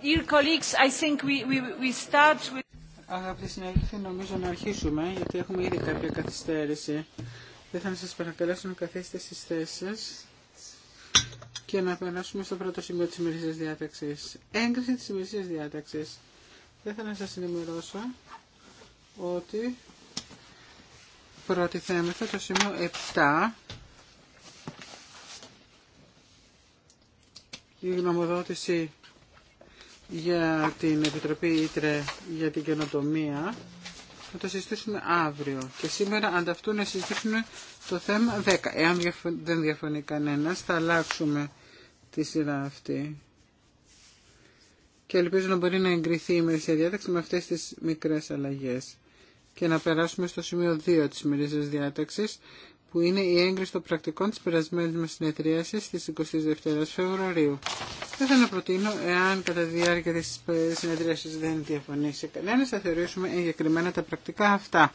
colleagues, Αγαπητοί συνάδελφοι, νομίζω να αρχίσουμε, γιατί έχουμε ήδη κάποια καθυστέρηση. Δεν θα σας παρακαλέσω να καθίσετε στις θέσεις σας και να περάσουμε στο πρώτο σημείο της ημερήσιας διάταξης. Έγκριση της ημερήσιας διάταξης. Δεν θα να σας ενημερώσω ότι προτιθέμεθα το σημείο 7 η γνωμοδότηση για την Επιτροπή Ήτρε για την καινοτομία θα το συζητήσουμε αύριο και σήμερα ανταυτού να συζητήσουμε το θέμα 10. Εάν δεν διαφωνεί κανένας θα αλλάξουμε τη σειρά αυτή και ελπίζω να μπορεί να εγκριθεί η ημερησία διάταξη με αυτές τις μικρές αλλαγές και να περάσουμε στο σημείο 2 της ημερησίας διάταξης που είναι η έγκριση των πρακτικών της περασμένης μας συνεδρίασης στις 22 Φεβρουαρίου. Θα να προτείνω, εάν κατά τη διάρκεια της συνεδρίασης δεν διαφωνήσει κανένας, θα θεωρήσουμε εγκεκριμένα τα πρακτικά αυτά.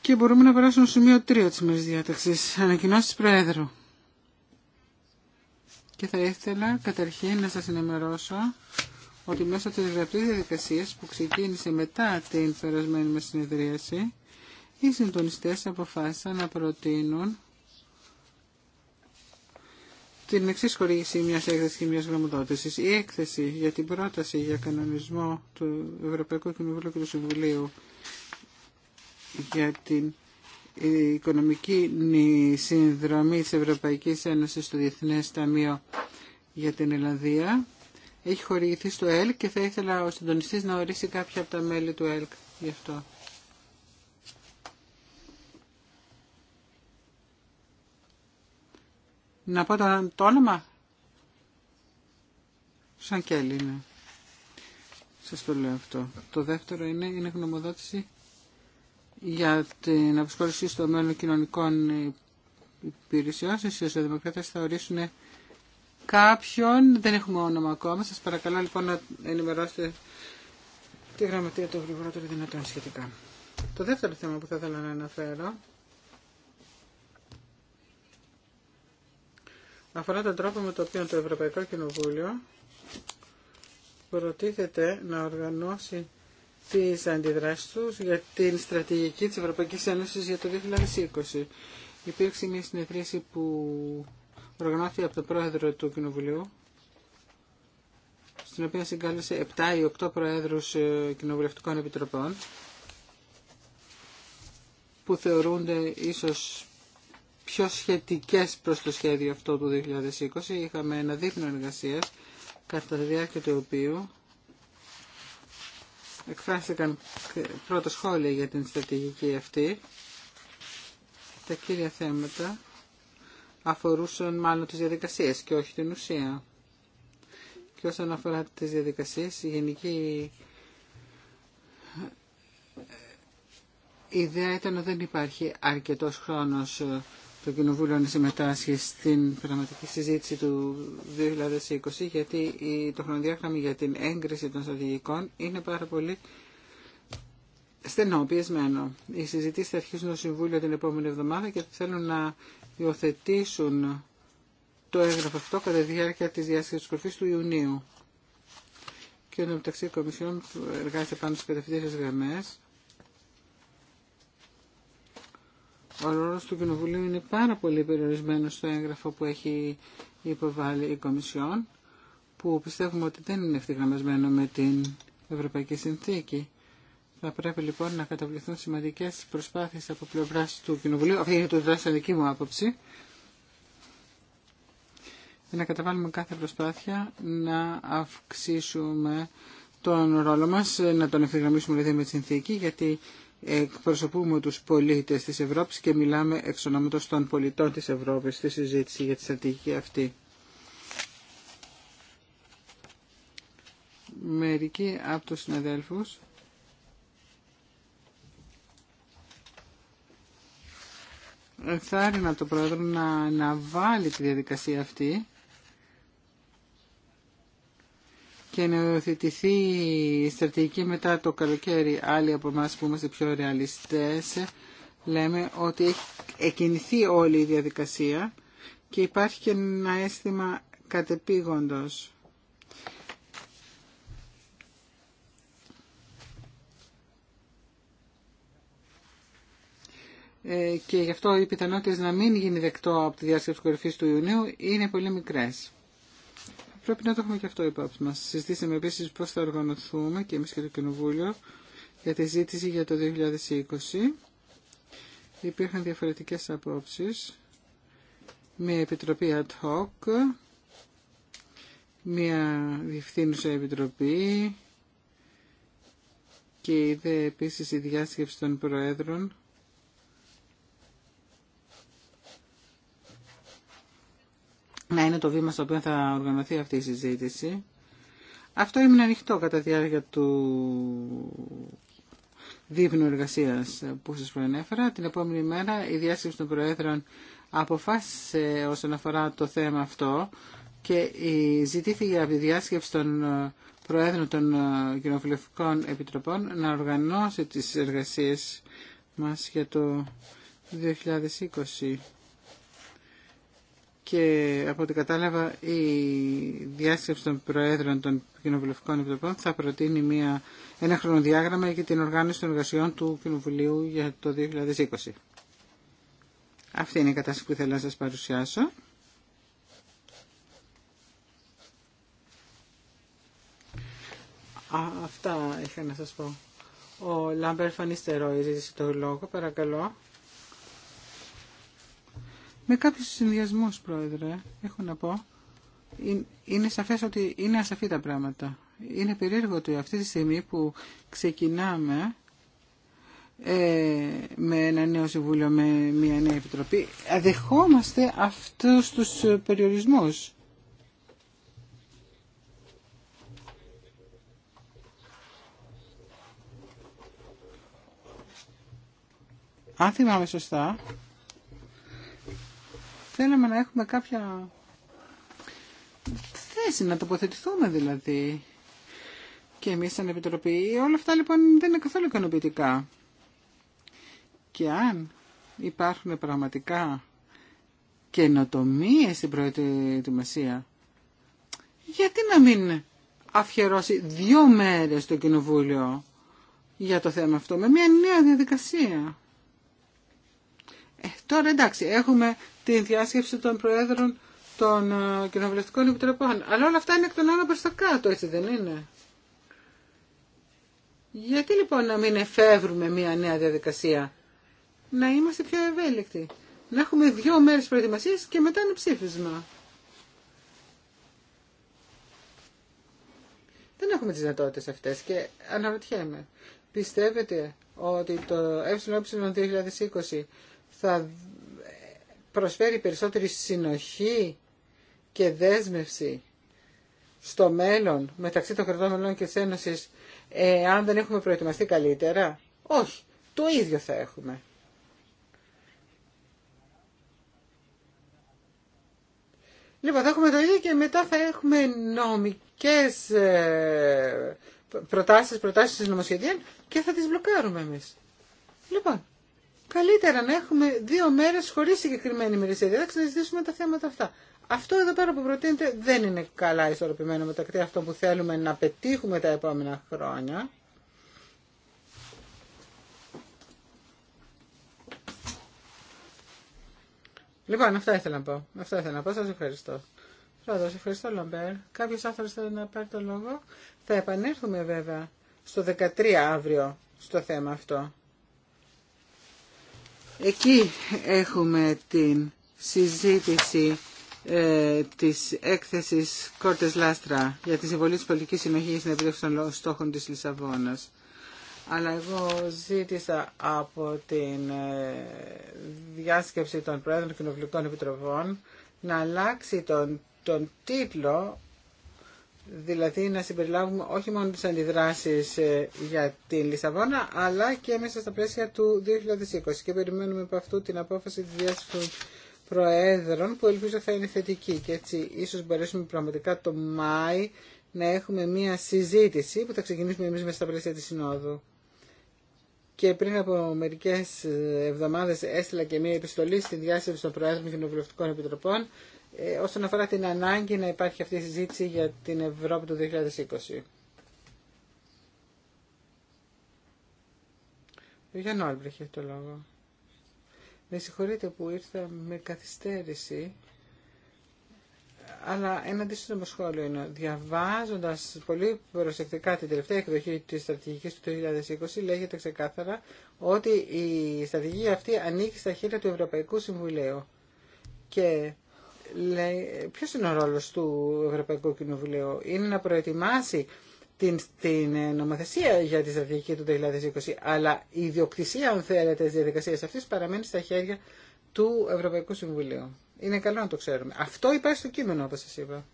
Και μπορούμε να περάσουμε στο σημείο 3 της μέρης διάταξης, ανακοινώσεις Προέδρου. Και θα ήθελα καταρχήν να σας ενημερώσω ότι μέσω της γραπτής διαδικασίας που ξεκίνησε μετά την περασμένη μας συνεδρίαση, οι συντονιστές αποφάσισαν να προτείνουν την εξή χορήγηση μια έκθεση και μια γνωμοδότηση. Η έκθεση για την πρόταση για κανονισμό του Ευρωπαϊκού Κοινοβουλίου και του Συμβουλίου για την οικονομική συνδρομή της Ευρωπαϊκής Ένωσης στο Διεθνές Ταμείο για την Ελλανδία έχει χορηγηθεί στο ΕΛΚ και θα ήθελα ο συντονιστής να ορίσει κάποια από τα μέλη του ΕΛΚ γι' αυτό. Να πω το, το όνομα. Σαν Κέλλη είναι. Σας το λέω αυτό. Το δεύτερο είναι, είναι γνωμοδότηση για την απασχόληση στο μέλλον κοινωνικών υπηρεσιών. Οι σοσιαλδημοκράτες θα ορίσουν κάποιον. Δεν έχουμε όνομα ακόμα. Σας παρακαλώ λοιπόν να ενημερώσετε τη γραμματεία το γρηγορότερο δυνατόν σχετικά. Το δεύτερο θέμα που θα ήθελα να αναφέρω αφορά τον τρόπο με το οποίο το Ευρωπαϊκό Κοινοβούλιο προτίθεται να οργανώσει τις αντιδράσεις του για την στρατηγική της Ευρωπαϊκής Ένωσης για το 2020. Υπήρξε μια συνεδρίαση που οργανώθηκε από τον πρόεδρο του Κοινοβουλίου, στην οποία συγκάλεσε 7 ή 8 προέδρους ε, κοινοβουλευτικών επιτροπών, που θεωρούνται ίσως πιο σχετικές προς το σχέδιο αυτό του 2020. Είχαμε ένα δείπνο εργασία κατά τη διάρκεια του οποίου εκφράστηκαν πρώτα σχόλια για την στρατηγική αυτή. Τα κύρια θέματα αφορούσαν μάλλον τις διαδικασίες και όχι την ουσία. Και όσον αφορά τις διαδικασίες, η γενική η ιδέα ήταν ότι δεν υπάρχει αρκετός χρόνος το Κοινοβούλιο να συμμετάσχει στην πραγματική συζήτηση του 2020 γιατί το χρονοδιάγραμμα για την έγκριση των στρατηγικών είναι πάρα πολύ στενοποιημένο. Οι συζητήσεις θα αρχίσουν στο Συμβούλιο την επόμενη εβδομάδα και θέλουν να υιοθετήσουν το έγγραφο αυτό κατά τη διάρκεια της διάσκεψης κορφής του Ιουνίου. Και μεταξύ Κομισιόν εργάζεται πάνω στις κατευθύνσεις γραμμές ο ρόλο του Κοινοβουλίου είναι πάρα πολύ περιορισμένο στο έγγραφο που έχει υποβάλει η Κομισιόν, που πιστεύουμε ότι δεν είναι ευθυγραμμισμένο με την Ευρωπαϊκή Συνθήκη. Θα πρέπει λοιπόν να καταβληθούν σημαντικέ προσπάθειες από πλευρά του Κοινοβουλίου, αυτή είναι το δράση δική μου άποψη, να καταβάλουμε κάθε προσπάθεια να αυξήσουμε τον ρόλο μας, να τον ευθυγραμμίσουμε δηλαδή με τη συνθήκη, γιατί εκπροσωπούμε τους πολίτες της Ευρώπης και μιλάμε εξ ονόματος των πολιτών της Ευρώπης στη συζήτηση για τη στρατηγική αυτή. Μερικοί από τους συναδέλφους θα από τον Πρόεδρο να, να βάλει τη διαδικασία αυτή και να υιοθετηθεί η στρατηγική μετά το καλοκαίρι. Άλλοι από εμά που είμαστε πιο ρεαλιστές λέμε ότι έχει εκκινηθεί όλη η διαδικασία και υπάρχει και ένα αίσθημα κατεπήγοντος. Ε, και γι' αυτό οι πιθανότητες να μην γίνει δεκτό από τη διάσκεψη κορυφής του Ιουνίου είναι πολύ μικρές. Πρέπει να το έχουμε και αυτό υπόψη μα. Συζητήσαμε επίση πώ θα οργανωθούμε και εμεί και το Κοινοβούλιο για τη ζήτηση για το 2020. Υπήρχαν διαφορετικέ απόψει. Μια επιτροπή ad hoc, μια διευθύνουσα επιτροπή και είδε επίσης η διάσκεψη των Προέδρων να είναι το βήμα στο οποίο θα οργανωθεί αυτή η συζήτηση. Αυτό ήμουν ανοιχτό κατά τη διάρκεια του δείπνου εργασία που σας προενέφερα. Την επόμενη μέρα η διάσκεψη των Προέδρων αποφάσισε όσον αφορά το θέμα αυτό και ζητήθηκε από τη διάσκεψη των ε, Προέδρων των ε, Κοινοβουλευτικών Επιτροπών να οργανώσει τις εργασίες μας για το 2020 και από ό,τι κατάλαβα η διάσκεψη των Προέδρων των Κοινοβουλευτικών Επιτροπών θα προτείνει μια, ένα χρονοδιάγραμμα για την οργάνωση των εργασιών του Κοινοβουλίου για το 2020. Αυτή είναι η κατάσταση που ήθελα να σας παρουσιάσω. αυτά είχα να σας πω. Ο Λάμπερ Φανιστερό ζήτησε το λόγο, παρακαλώ. Με κάποιους συνδυασμούς, Πρόεδρε, έχω να πω, είναι σαφές ότι είναι ασαφή τα πράγματα. Είναι περίεργο ότι αυτή τη στιγμή που ξεκινάμε ε, με ένα νέο συμβούλιο, με μια νέα επιτροπή, αδεχόμαστε αυτούς τους περιορισμούς. Αν θυμάμαι σωστά, θέλαμε να έχουμε κάποια θέση, να τοποθετηθούμε δηλαδή. Και εμείς σαν Επιτροπή, όλα αυτά λοιπόν δεν είναι καθόλου ικανοποιητικά. Και αν υπάρχουν πραγματικά καινοτομίε στην προετοιμασία, γιατί να μην αφιερώσει δύο μέρες το Κοινοβούλιο για το θέμα αυτό, με μια νέα διαδικασία. Ε, τώρα εντάξει, έχουμε την διάσκεψη των Προέδρων των ε, Κοινοβουλευτικών Επιτροπών. Αλλά όλα αυτά είναι εκ των άλλων προς τα κάτω, έτσι δεν είναι. Γιατί λοιπόν να μην εφεύρουμε μια νέα διαδικασία. Να είμαστε πιο ευέλικτοι. Να έχουμε δύο μέρες προετοιμασίας και μετά ένα ψήφισμα. Δεν έχουμε τις δυνατότητε αυτές και αναρωτιέμαι. Πιστεύετε ότι το ΕΕ 2020 θα προσφέρει περισσότερη συνοχή και δέσμευση στο μέλλον μεταξύ των κρατών μελών και της Ένωσης ε, αν δεν έχουμε προετοιμαστεί καλύτερα. Όχι, το ίδιο θα έχουμε. Λοιπόν, θα έχουμε το ίδιο και μετά θα έχουμε νομικές ε, προτάσεις, προτάσεις νομοσχεδίων και θα τις μπλοκάρουμε εμείς. Λοιπόν, καλύτερα να έχουμε δύο μέρε χωρί συγκεκριμένη ημερησία διάταξη να συζητήσουμε τα θέματα αυτά. Αυτό εδώ πέρα που προτείνεται δεν είναι καλά ισορροπημένο μεταξύ αυτό που θέλουμε να πετύχουμε τα επόμενα χρόνια. Λοιπόν, αυτά ήθελα να πω. Αυτά ήθελα να πω. Σας ευχαριστώ. Πρώτα, σας ευχαριστώ Λαμπέρ. Κάποιο άνθρωπος θέλει να πάρει το λόγο. Θα επανέλθουμε βέβαια στο 13 αύριο στο θέμα αυτό. Εκεί έχουμε την συζήτηση ε, της έκθεσης Κόρτες Λάστρα για τη συμβολή της πολιτικής συνοχής στην επίδευση των στόχων της Λισαβόνας. Αλλά εγώ ζήτησα από την ε, διάσκεψη των Πρόεδρων Κοινοβουλικών Επιτροπών να αλλάξει τον, τον τίτλο Δηλαδή να συμπεριλάβουμε όχι μόνο τις αντιδράσεις ε, για την Λισαβόνα, αλλά και μέσα στα πλαίσια του 2020. Και περιμένουμε από αυτού την απόφαση της διάσης των Προέδρων, που ελπίζω θα είναι θετική. Και έτσι ίσως μπορέσουμε πραγματικά το Μάη να έχουμε μία συζήτηση που θα ξεκινήσουμε εμείς μέσα στα πλαίσια της Συνόδου. Και πριν από μερικές εβδομάδες έστειλα και μία επιστολή στη Διάστηση των Προέδρων Κοινοβουλευτικών Επιτροπών, ε, όσον αφορά την ανάγκη να υπάρχει αυτή η συζήτηση για την Ευρώπη του 2020. Για Γιάννη το λόγο. Με συγχωρείτε που ήρθα με καθυστέρηση, αλλά ένα αντίστοιχο σχόλιο είναι, διαβάζοντας πολύ προσεκτικά την τελευταία εκδοχή της στρατηγικής του 2020, λέγεται ξεκάθαρα ότι η στρατηγική αυτή ανήκει στα χέρια του Ευρωπαϊκού Συμβουλίου. Και λέει, ποιος είναι ο ρόλος του Ευρωπαϊκού Κοινοβουλίου, είναι να προετοιμάσει την, την νομοθεσία για τη στρατηγική του 2020, αλλά η ιδιοκτησία, αν θέλετε, της διαδικασίας αυτής παραμένει στα χέρια του Ευρωπαϊκού Συμβουλίου. Είναι καλό να το ξέρουμε. Αυτό υπάρχει στο κείμενο, όπως σας είπα.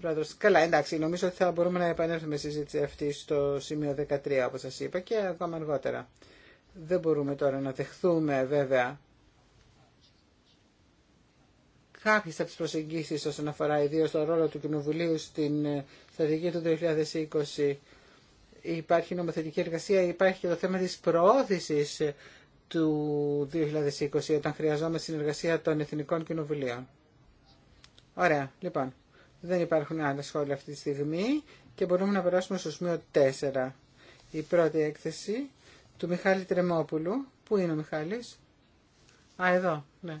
Πρόεδρος. Καλά, εντάξει, νομίζω ότι θα μπορούμε να επανέλθουμε στη συζήτηση αυτή στο σημείο 13, όπως σας είπα, και ακόμα αργότερα. Δεν μπορούμε τώρα να δεχθούμε, βέβαια, κάποιες από τις προσεγγίσεις όσον αφορά ιδίως το ρόλο του Κοινοβουλίου στην ε, στρατηγική του 2020. Υπάρχει νομοθετική εργασία, υπάρχει και το θέμα της προώθησης ε, του 2020 όταν χρειαζόμαστε συνεργασία των Εθνικών Κοινοβουλίων. Ωραία, λοιπόν. Δεν υπάρχουν άλλα σχόλια αυτή τη στιγμή και μπορούμε να περάσουμε στο σημείο 4. Η πρώτη έκθεση του Μιχάλη Τρεμόπουλου. Πού είναι ο Μιχάλης? Α, εδώ, ναι.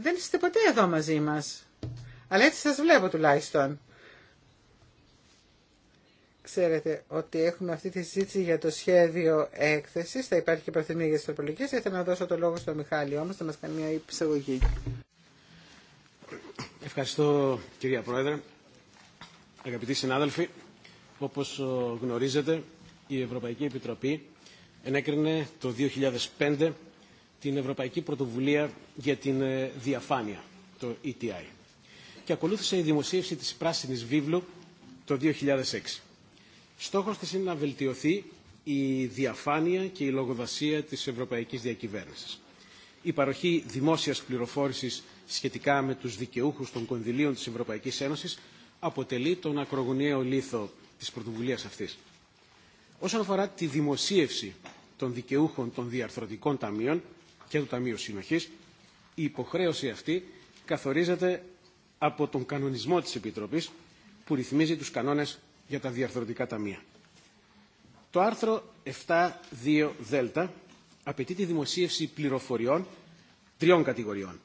Δεν είστε ποτέ εδώ μαζί μας. Αλλά έτσι σας βλέπω τουλάχιστον. Ξέρετε ότι έχουμε αυτή τη συζήτηση για το σχέδιο έκθεσης. Θα υπάρχει και προθυμία για τις τροπολογίες. Ήθελα να δώσω το λόγο στον Μιχάλη όμως, θα μας κάνει μια Ευχαριστώ κυρία Πρόεδρε. Αγαπητοί συνάδελφοι, όπως ε, γνωρίζετε, η Ευρωπαϊκή Επιτροπή ενέκρινε το 2005 την Ευρωπαϊκή Πρωτοβουλία για την ε, Διαφάνεια, το ETI. Και ακολούθησε η δημοσίευση της Πράσινης Βίβλου το 2006. Στόχος της είναι να βελτιωθεί η διαφάνεια και η λογοδοσία της Ευρωπαϊκής Διακυβέρνησης. Η παροχή δημόσιας πληροφόρησης σχετικά με τους δικαιούχους των κονδυλίων της Ευρωπαϊκής Ένωσης αποτελεί τον ακρογωνιαίο λίθο της πρωτοβουλίας αυτής. Όσον αφορά τη δημοσίευση των δικαιούχων των διαρθρωτικών ταμείων, και του Ταμείου Συνοχής, η υποχρέωση αυτή καθορίζεται από τον κανονισμό της Επιτροπής που ρυθμίζει τους κανόνες για τα διαρθρωτικά ταμεία. Το άρθρο 7.2 Δέλτα απαιτεί τη δημοσίευση πληροφοριών τριών κατηγοριών.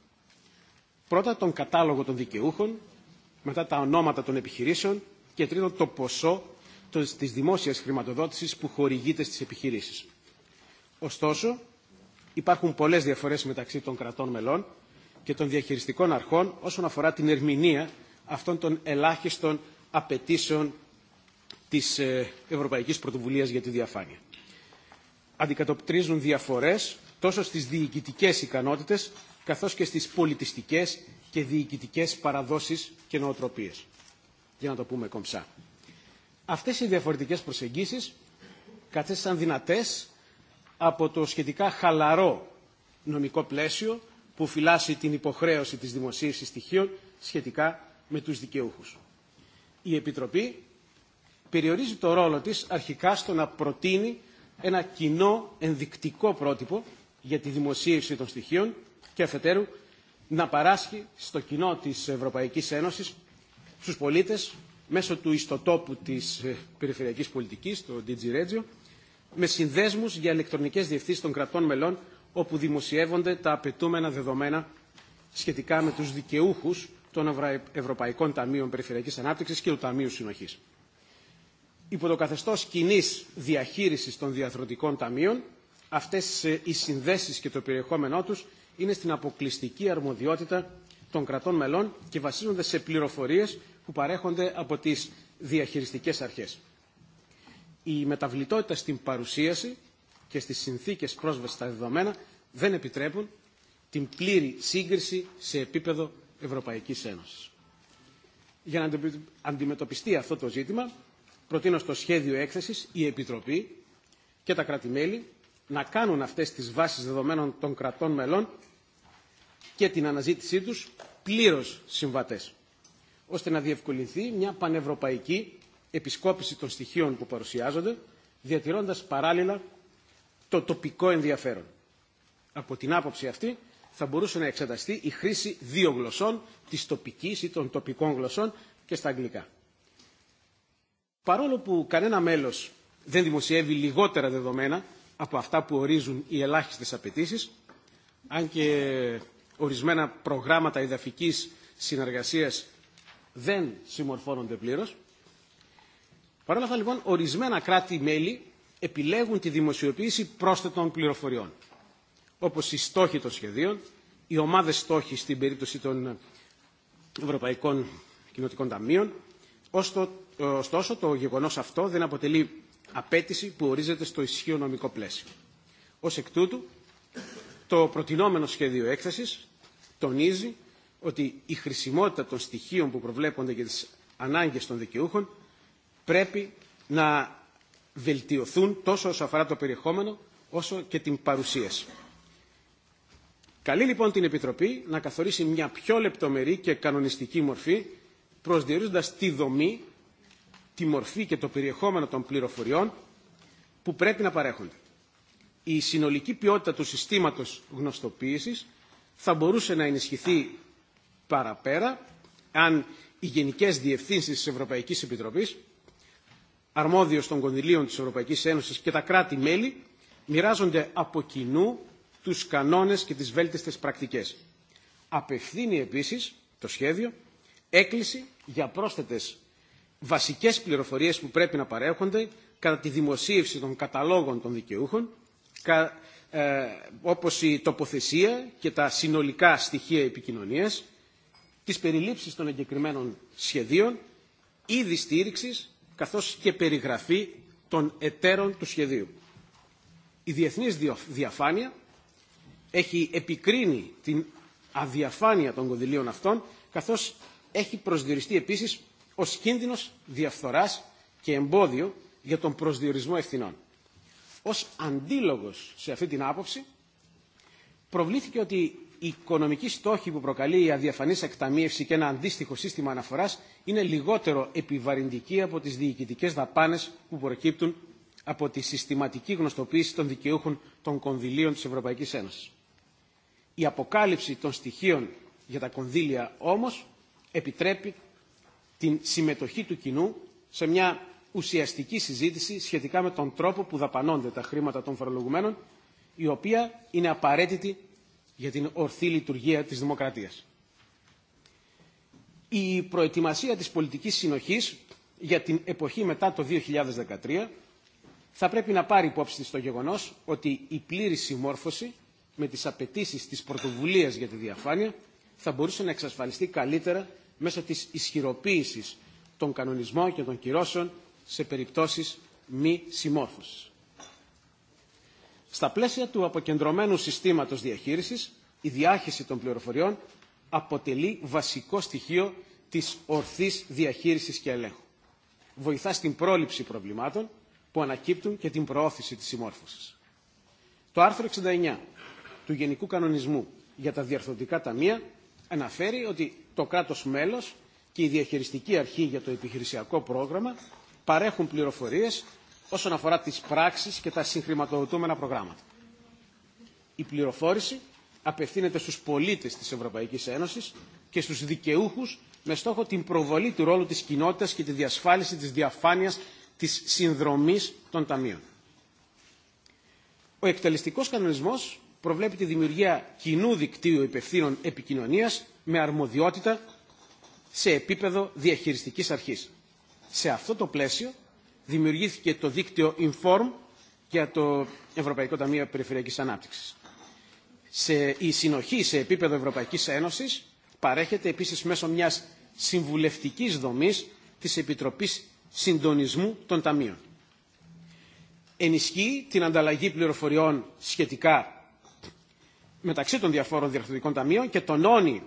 Πρώτα τον κατάλογο των δικαιούχων, μετά τα ονόματα των επιχειρήσεων και τρίτον το ποσό της δημόσιας χρηματοδότησης που χορηγείται στις επιχειρήσεις. Ωστόσο, υπάρχουν πολλές διαφορές μεταξύ των κρατών μελών και των διαχειριστικών αρχών όσον αφορά την ερμηνεία αυτών των ελάχιστων απαιτήσεων της ε, Ευρωπαϊκής Πρωτοβουλίας για τη Διαφάνεια. Αντικατοπτρίζουν διαφορές τόσο στις διοικητικές ικανότητες καθώς και στις πολιτιστικές και διοικητικές παραδόσεις και νοοτροπίες. Για να το πούμε κομψά. Αυτές οι διαφορετικές προσεγγίσεις κατέστησαν δυνατές από το σχετικά χαλαρό νομικό πλαίσιο που φυλάσσει την υποχρέωση της δημοσίευσης στοιχείων σχετικά με τους δικαιούχους. Η Επιτροπή περιορίζει το ρόλο της αρχικά στο να προτείνει ένα κοινό ενδεικτικό πρότυπο για τη δημοσίευση των στοιχείων και αφετέρου να παράσχει στο κοινό της Ευρωπαϊκής Ένωσης στους πολίτες μέσω του ιστοτόπου της ε, περιφερειακής πολιτικής, το DG Regio, με συνδέσμου για ηλεκτρονικέ διευθύνσει των κρατών μελών όπου δημοσιεύονται τα απαιτούμενα δεδομένα σχετικά με του δικαιούχου των Ευρωπαϊκών Ταμείων Περιφερειακή ανάπτυξη και του Ταμείου συνοχή. Υπό το καθεστώς κοινή διαχείριση των διαθροτικών ταμείων, αυτέ ε, οι συνδέσεις και το περιεχόμενό του, είναι στην αποκλειστική αρμοδιότητα των κρατών μελών και βασίζονται σε πληροφορίε που παρέχονται από τι διαχειριστικέ αρχέ η μεταβλητότητα στην παρουσίαση και στις συνθήκες πρόσβασης στα δεδομένα δεν επιτρέπουν την πλήρη σύγκριση σε επίπεδο Ευρωπαϊκής Ένωσης. Για να αντιμετωπιστεί αυτό το ζήτημα, προτείνω στο σχέδιο έκθεσης η Επιτροπή και τα κράτη-μέλη να κάνουν αυτές τις βάσεις δεδομένων των κρατών μελών και την αναζήτησή τους πλήρως συμβατές, ώστε να διευκολυνθεί μια πανευρωπαϊκή επισκόπηση των στοιχείων που παρουσιάζονται, διατηρώντας παράλληλα το τοπικό ενδιαφέρον. Από την άποψη αυτή θα μπορούσε να εξεταστεί η χρήση δύο γλωσσών, της τοπικής ή των τοπικών γλωσσών και στα αγγλικά. Παρόλο που κανένα μέλος δεν δημοσιεύει λιγότερα δεδομένα από αυτά που ορίζουν οι ελάχιστες απαιτήσει, αν και ορισμένα προγράμματα εδαφικής συνεργασίας δεν συμμορφώνονται πλήρως, Παρ' όλα αυτά λοιπόν ορισμένα κράτη-μέλη επιλέγουν τη δημοσιοποίηση πρόσθετων πληροφοριών, όπως οι στόχοι των σχεδίων, οι ομάδες στόχοι στην περίπτωση των Ευρωπαϊκών Κοινοτικών Ταμείων, ωστόσο το γεγονός αυτό δεν αποτελεί απέτηση που ορίζεται στο ισχύο νομικό πλαίσιο. Ως εκ τούτου, το προτινόμενο σχέδιο έκθεσης τονίζει ότι η χρησιμότητα των στοιχείων που προβλέπονται για τις ανάγκες των δικαιούχων πρέπει να βελτιωθούν τόσο όσο αφορά το περιεχόμενο όσο και την παρουσίαση. Καλή λοιπόν την Επιτροπή να καθορίσει μια πιο λεπτομερή και κανονιστική μορφή προσδιορίζοντας τη δομή, τη μορφή και το περιεχόμενο των πληροφοριών που πρέπει να παρέχονται. Η συνολική ποιότητα του συστήματος γνωστοποίησης θα μπορούσε να ενισχυθεί παραπέρα αν οι γενικές διευθύνσεις της Ευρωπαϊκής Επιτροπής αρμόδιος των κονδυλίων της Ευρωπαϊκής Ένωσης και τα κράτη-μέλη μοιράζονται από κοινού τους κανόνες και τις βέλτιστες πρακτικές. Απευθύνει επίσης το σχέδιο έκκληση για πρόσθετες βασικές πληροφορίες που πρέπει να παρέχονται κατά τη δημοσίευση των καταλόγων των δικαιούχων, ε, όπως η τοποθεσία και τα συνολικά στοιχεία επικοινωνίας, τις περιλήψεις των εγκεκριμένων σχεδίων, είδη στήριξη καθώς και περιγραφή των εταίρων του σχεδίου. Η διεθνής διαφάνεια έχει επικρίνει την αδιαφάνεια των κονδυλίων αυτών, καθώς έχει προσδιοριστεί επίσης ως κίνδυνος διαφθοράς και εμπόδιο για τον προσδιορισμό ευθυνών. Ως αντίλογος σε αυτή την άποψη, προβλήθηκε ότι η οικονομική στόχη που προκαλεί η αδιαφανής εκταμίευση και ένα αντίστοιχο σύστημα αναφοράς είναι λιγότερο επιβαρυντική από τις διοικητικές δαπάνες που προκύπτουν από τη συστηματική γνωστοποίηση των δικαιούχων των κονδυλίων της Ευρωπαϊκής Ένωσης. Η αποκάλυψη των στοιχείων για τα κονδύλια όμως επιτρέπει την συμμετοχή του κοινού σε μια ουσιαστική συζήτηση σχετικά με τον τρόπο που δαπανώνται τα χρήματα των φορολογουμένων, η οποία είναι απαραίτητη για την ορθή λειτουργία της δημοκρατίας. Η προετοιμασία της πολιτικής συνοχής για την εποχή μετά το 2013 θα πρέπει να πάρει υπόψη στο το γεγονός ότι η πλήρη συμμόρφωση με τις απαιτήσει της πρωτοβουλίας για τη διαφάνεια θα μπορούσε να εξασφαλιστεί καλύτερα μέσω της ισχυροποίησης των κανονισμών και των κυρώσεων σε περιπτώσεις μη συμμόρφωσης. Στα πλαίσια του αποκεντρωμένου συστήματος διαχείρισης, η διάχυση των πληροφοριών αποτελεί βασικό στοιχείο της ορθής διαχείρισης και ελέγχου. Βοηθά στην πρόληψη προβλημάτων που ανακύπτουν και την προώθηση της συμμόρφωσης. Το άρθρο 69 του Γενικού Κανονισμού για τα Διαρθωτικά Ταμεία αναφέρει ότι το κράτος μέλος και η διαχειριστική αρχή για το επιχειρησιακό πρόγραμμα παρέχουν πληροφορίες όσον αφορά τις πράξεις και τα συγχρηματοδοτούμενα προγράμματα. Η πληροφόρηση απευθύνεται στους πολίτες της Ευρωπαϊκής Ένωσης και στους δικαιούχους με στόχο την προβολή του ρόλου της κοινότητας και τη διασφάλιση της διαφάνειας της συνδρομής των ταμείων. Ο εκτελεστικός κανονισμός προβλέπει τη δημιουργία κοινού δικτύου υπευθύνων επικοινωνίας με αρμοδιότητα σε επίπεδο διαχειριστικής αρχής. Σε αυτό το πλαίσιο δημιουργήθηκε το δίκτυο Inform για το Ευρωπαϊκό Ταμείο Περιφερειακής Ανάπτυξης. Σε, η συνοχή σε επίπεδο Ευρωπαϊκής Ένωσης παρέχεται επίσης μέσω μιας συμβουλευτικής δομής της Επιτροπής Συντονισμού των Ταμείων. Ενισχύει την ανταλλαγή πληροφοριών σχετικά μεταξύ των διαφόρων διαρθρωτικών ταμείων και τονώνει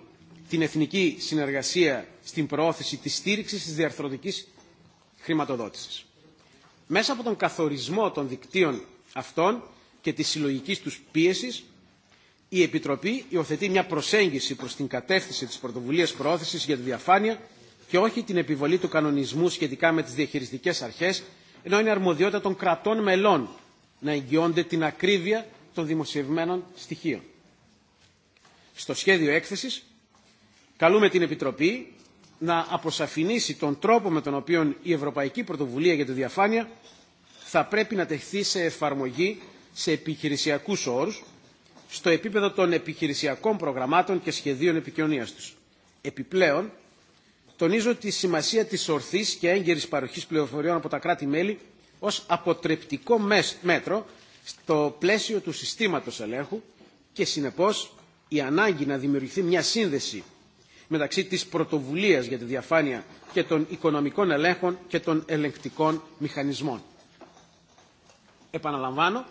την εθνική συνεργασία στην προώθηση της στήριξης της διαρθρωτικής χρηματοδότησης. Μέσα από τον καθορισμό των δικτύων αυτών και τη συλλογική τους πίεσης, η Επιτροπή υιοθετεί μια προσέγγιση προς την κατεύθυνση της πρωτοβουλίας προώθησης για τη διαφάνεια και όχι την επιβολή του κανονισμού σχετικά με τις διαχειριστικές αρχές, ενώ είναι αρμοδιότητα των κρατών μελών να εγγυώνται την ακρίβεια των δημοσιευμένων στοιχείων. Στο σχέδιο έκθεσης καλούμε την Επιτροπή να αποσαφηνίσει τον τρόπο με τον οποίο η Ευρωπαϊκή Πρωτοβουλία για τη Διαφάνεια θα πρέπει να τεχθεί σε εφαρμογή σε επιχειρησιακούς όρους στο επίπεδο των επιχειρησιακών προγραμμάτων και σχεδίων επικοινωνίας τους. Επιπλέον, τονίζω τη σημασία της ορθής και έγκαιρης παροχής πληροφοριών από τα κράτη-μέλη ως αποτρεπτικό μέτρο στο πλαίσιο του συστήματος ελέγχου και συνεπώς η ανάγκη να δημιουργηθεί μια σύνδεση μεταξύ της πρωτοβουλίας για τη διαφάνεια και των οικονομικών ελέγχων και των ελεγκτικών μηχανισμών. Επαναλαμβάνω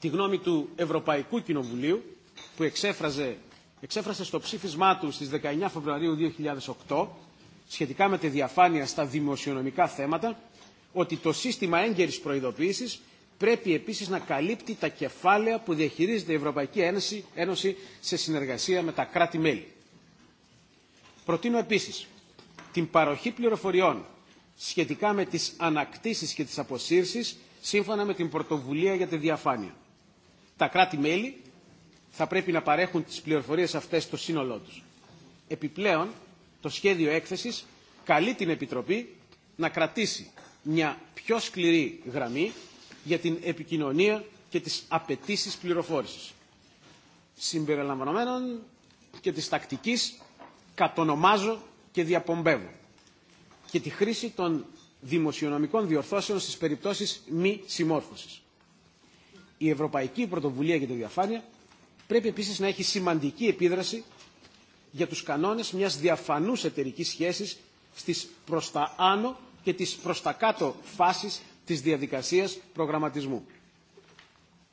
τη γνώμη του Ευρωπαϊκού Κοινοβουλίου που εξέφραζε, εξέφρασε στο ψήφισμά του στις 19 Φεβρουαρίου 2008 σχετικά με τη διαφάνεια στα δημοσιονομικά θέματα ότι το σύστημα έγκαιρης προειδοποίησης πρέπει επίσης να καλύπτει τα κεφάλαια που διαχειρίζεται η Ευρωπαϊκή Ένωση, Ένωση σε συνεργασία με τα κράτη-μέλη. Προτείνω επίσης την παροχή πληροφοριών σχετικά με τις ανακτήσεις και τις αποσύρσεις σύμφωνα με την πρωτοβουλία για τη διαφάνεια. Τα κράτη-μέλη θα πρέπει να παρέχουν τις πληροφορίες αυτές στο σύνολό τους. Επιπλέον, το σχέδιο έκθεσης καλεί την Επιτροπή να κρατήσει μια πιο σκληρή γραμμή για την επικοινωνία και τις απαιτήσει πληροφόρησης, συμπεριλαμβανομένων και της τακτικής κατονομάζω και διαπομπεύω και τη χρήση των δημοσιονομικών διορθώσεων στις περιπτώσεις μη συμμόρφωσης. Η Ευρωπαϊκή Πρωτοβουλία για τη Διαφάνεια πρέπει επίσης να έχει σημαντική επίδραση για τους κανόνες μιας διαφανούς εταιρικής σχέσης στις προς τα άνω και τις προς τα κάτω φάσεις της διαδικασίας προγραμματισμού.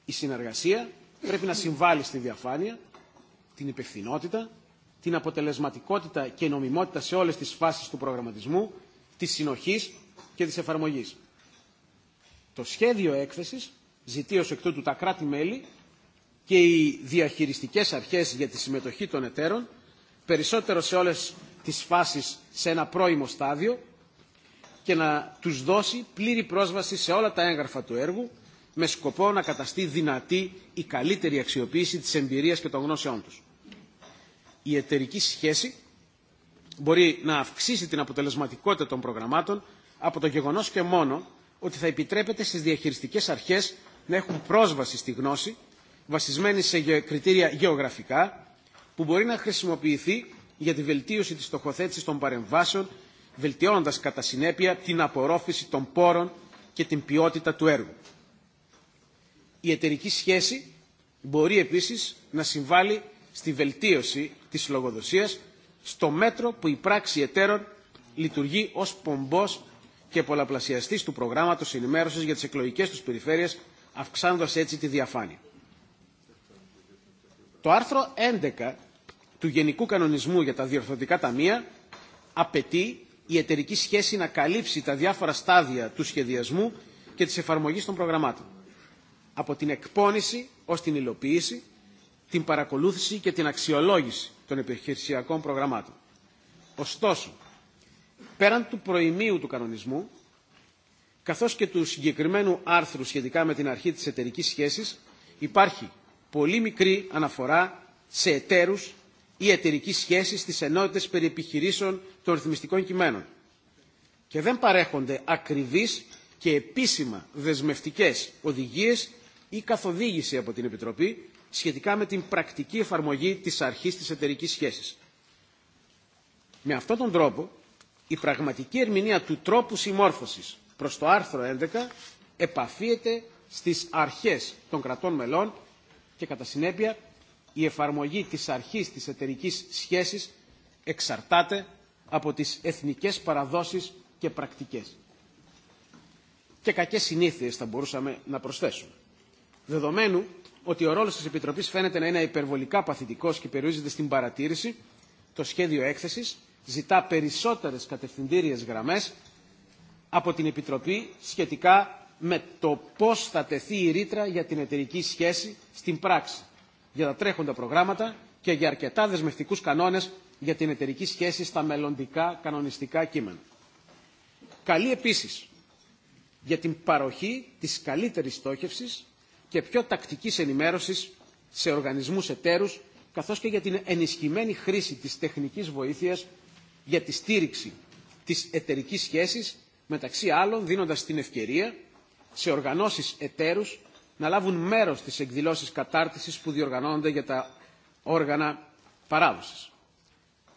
Η συνεργασία πρέπει να συμβάλλει στη διαφάνεια, την υπευθυνότητα, την αποτελεσματικότητα και νομιμότητα σε όλες τις φάσεις του προγραμματισμού, της συνοχής και της εφαρμογής. Το σχέδιο έκθεσης ζητεί ως εκ τούτου τα κράτη-μέλη και οι διαχειριστικές αρχές για τη συμμετοχή των εταίρων, περισσότερο σε όλες τις φάσεις σε ένα πρώιμο στάδιο και να τους δώσει πλήρη πρόσβαση σε όλα τα έγγραφα του έργου με σκοπό να καταστεί δυνατή η καλύτερη αξιοποίηση της εμπειρίας και των γνώσεών τους η εταιρική σχέση μπορεί να αυξήσει την αποτελεσματικότητα των προγραμμάτων από το γεγονός και μόνο ότι θα επιτρέπεται στις διαχειριστικές αρχές να έχουν πρόσβαση στη γνώση βασισμένη σε κριτήρια γεωγραφικά που μπορεί να χρησιμοποιηθεί για τη βελτίωση της στοχοθέτησης των παρεμβάσεων βελτιώνοντας κατά συνέπεια την απορρόφηση των πόρων και την ποιότητα του έργου. Η εταιρική σχέση μπορεί επίσης να συμβάλλει στη βελτίωση της λογοδοσίας στο μέτρο που η πράξη εταίρων λειτουργεί ως πομπός και πολλαπλασιαστής του προγράμματος ενημέρωσης για τις εκλογικές τους περιφέρειες, αυξάνοντας έτσι τη διαφάνεια. Το άρθρο 11 του Γενικού Κανονισμού για τα Διορθωτικά Ταμεία απαιτεί η εταιρική σχέση να καλύψει τα διάφορα στάδια του σχεδιασμού και της εφαρμογής των προγραμμάτων. Από την εκπόνηση ως την υλοποίηση, την παρακολούθηση και την αξιολόγηση των επιχειρησιακών προγραμμάτων. Ωστόσο, πέραν του προημίου του κανονισμού, καθώς και του συγκεκριμένου άρθρου σχετικά με την αρχή της εταιρικής σχέσης, υπάρχει πολύ μικρή αναφορά σε εταίρους ή εταιρική σχέση στις ενότητες περί επιχειρήσεων των ρυθμιστικών κειμένων και δεν παρέχονται ακριβείς και επίσημα δεσμευτικές οδηγίες ή καθοδήγηση από την Επιτροπή σχετικά με την πρακτική εφαρμογή της αρχής της εταιρικής σχέσης. Με αυτόν τον τρόπο, η πραγματική ερμηνεία του τρόπου συμμόρφωσης προς το άρθρο 11 επαφίεται στις αρχές των κρατών μελών και κατά συνέπεια η εφαρμογή της αρχής της εταιρικής σχέσης εξαρτάται από τις εθνικές παραδόσεις και πρακτικές. Και κακές συνήθειες θα μπορούσαμε να προσθέσουμε. Δεδομένου ότι ο ρόλο τη Επιτροπή φαίνεται να είναι υπερβολικά παθητικό και περιορίζεται στην παρατήρηση, το σχέδιο έκθεση, ζητά περισσότερε κατευθυντήριε γραμμέ από την Επιτροπή σχετικά με το πώ θα τεθεί η ρήτρα για την εταιρική σχέση στην πράξη, για τα τρέχοντα προγράμματα και για αρκετά δεσμευτικού κανόνε για την εταιρική σχέση στα μελλοντικά κανονιστικά κείμενα. Καλή επίση για την παροχή της καλύτερης στόχευση και πιο τακτικής ενημέρωσης σε οργανισμούς εταίρους, καθώς και για την ενισχυμένη χρήση της τεχνικής βοήθειας για τη στήριξη της εταιρική σχέσης, μεταξύ άλλων δίνοντας την ευκαιρία σε οργανώσεις εταίρους να λάβουν μέρος στις εκδηλώσεις κατάρτισης που διοργανώνονται για τα όργανα παράδοσης.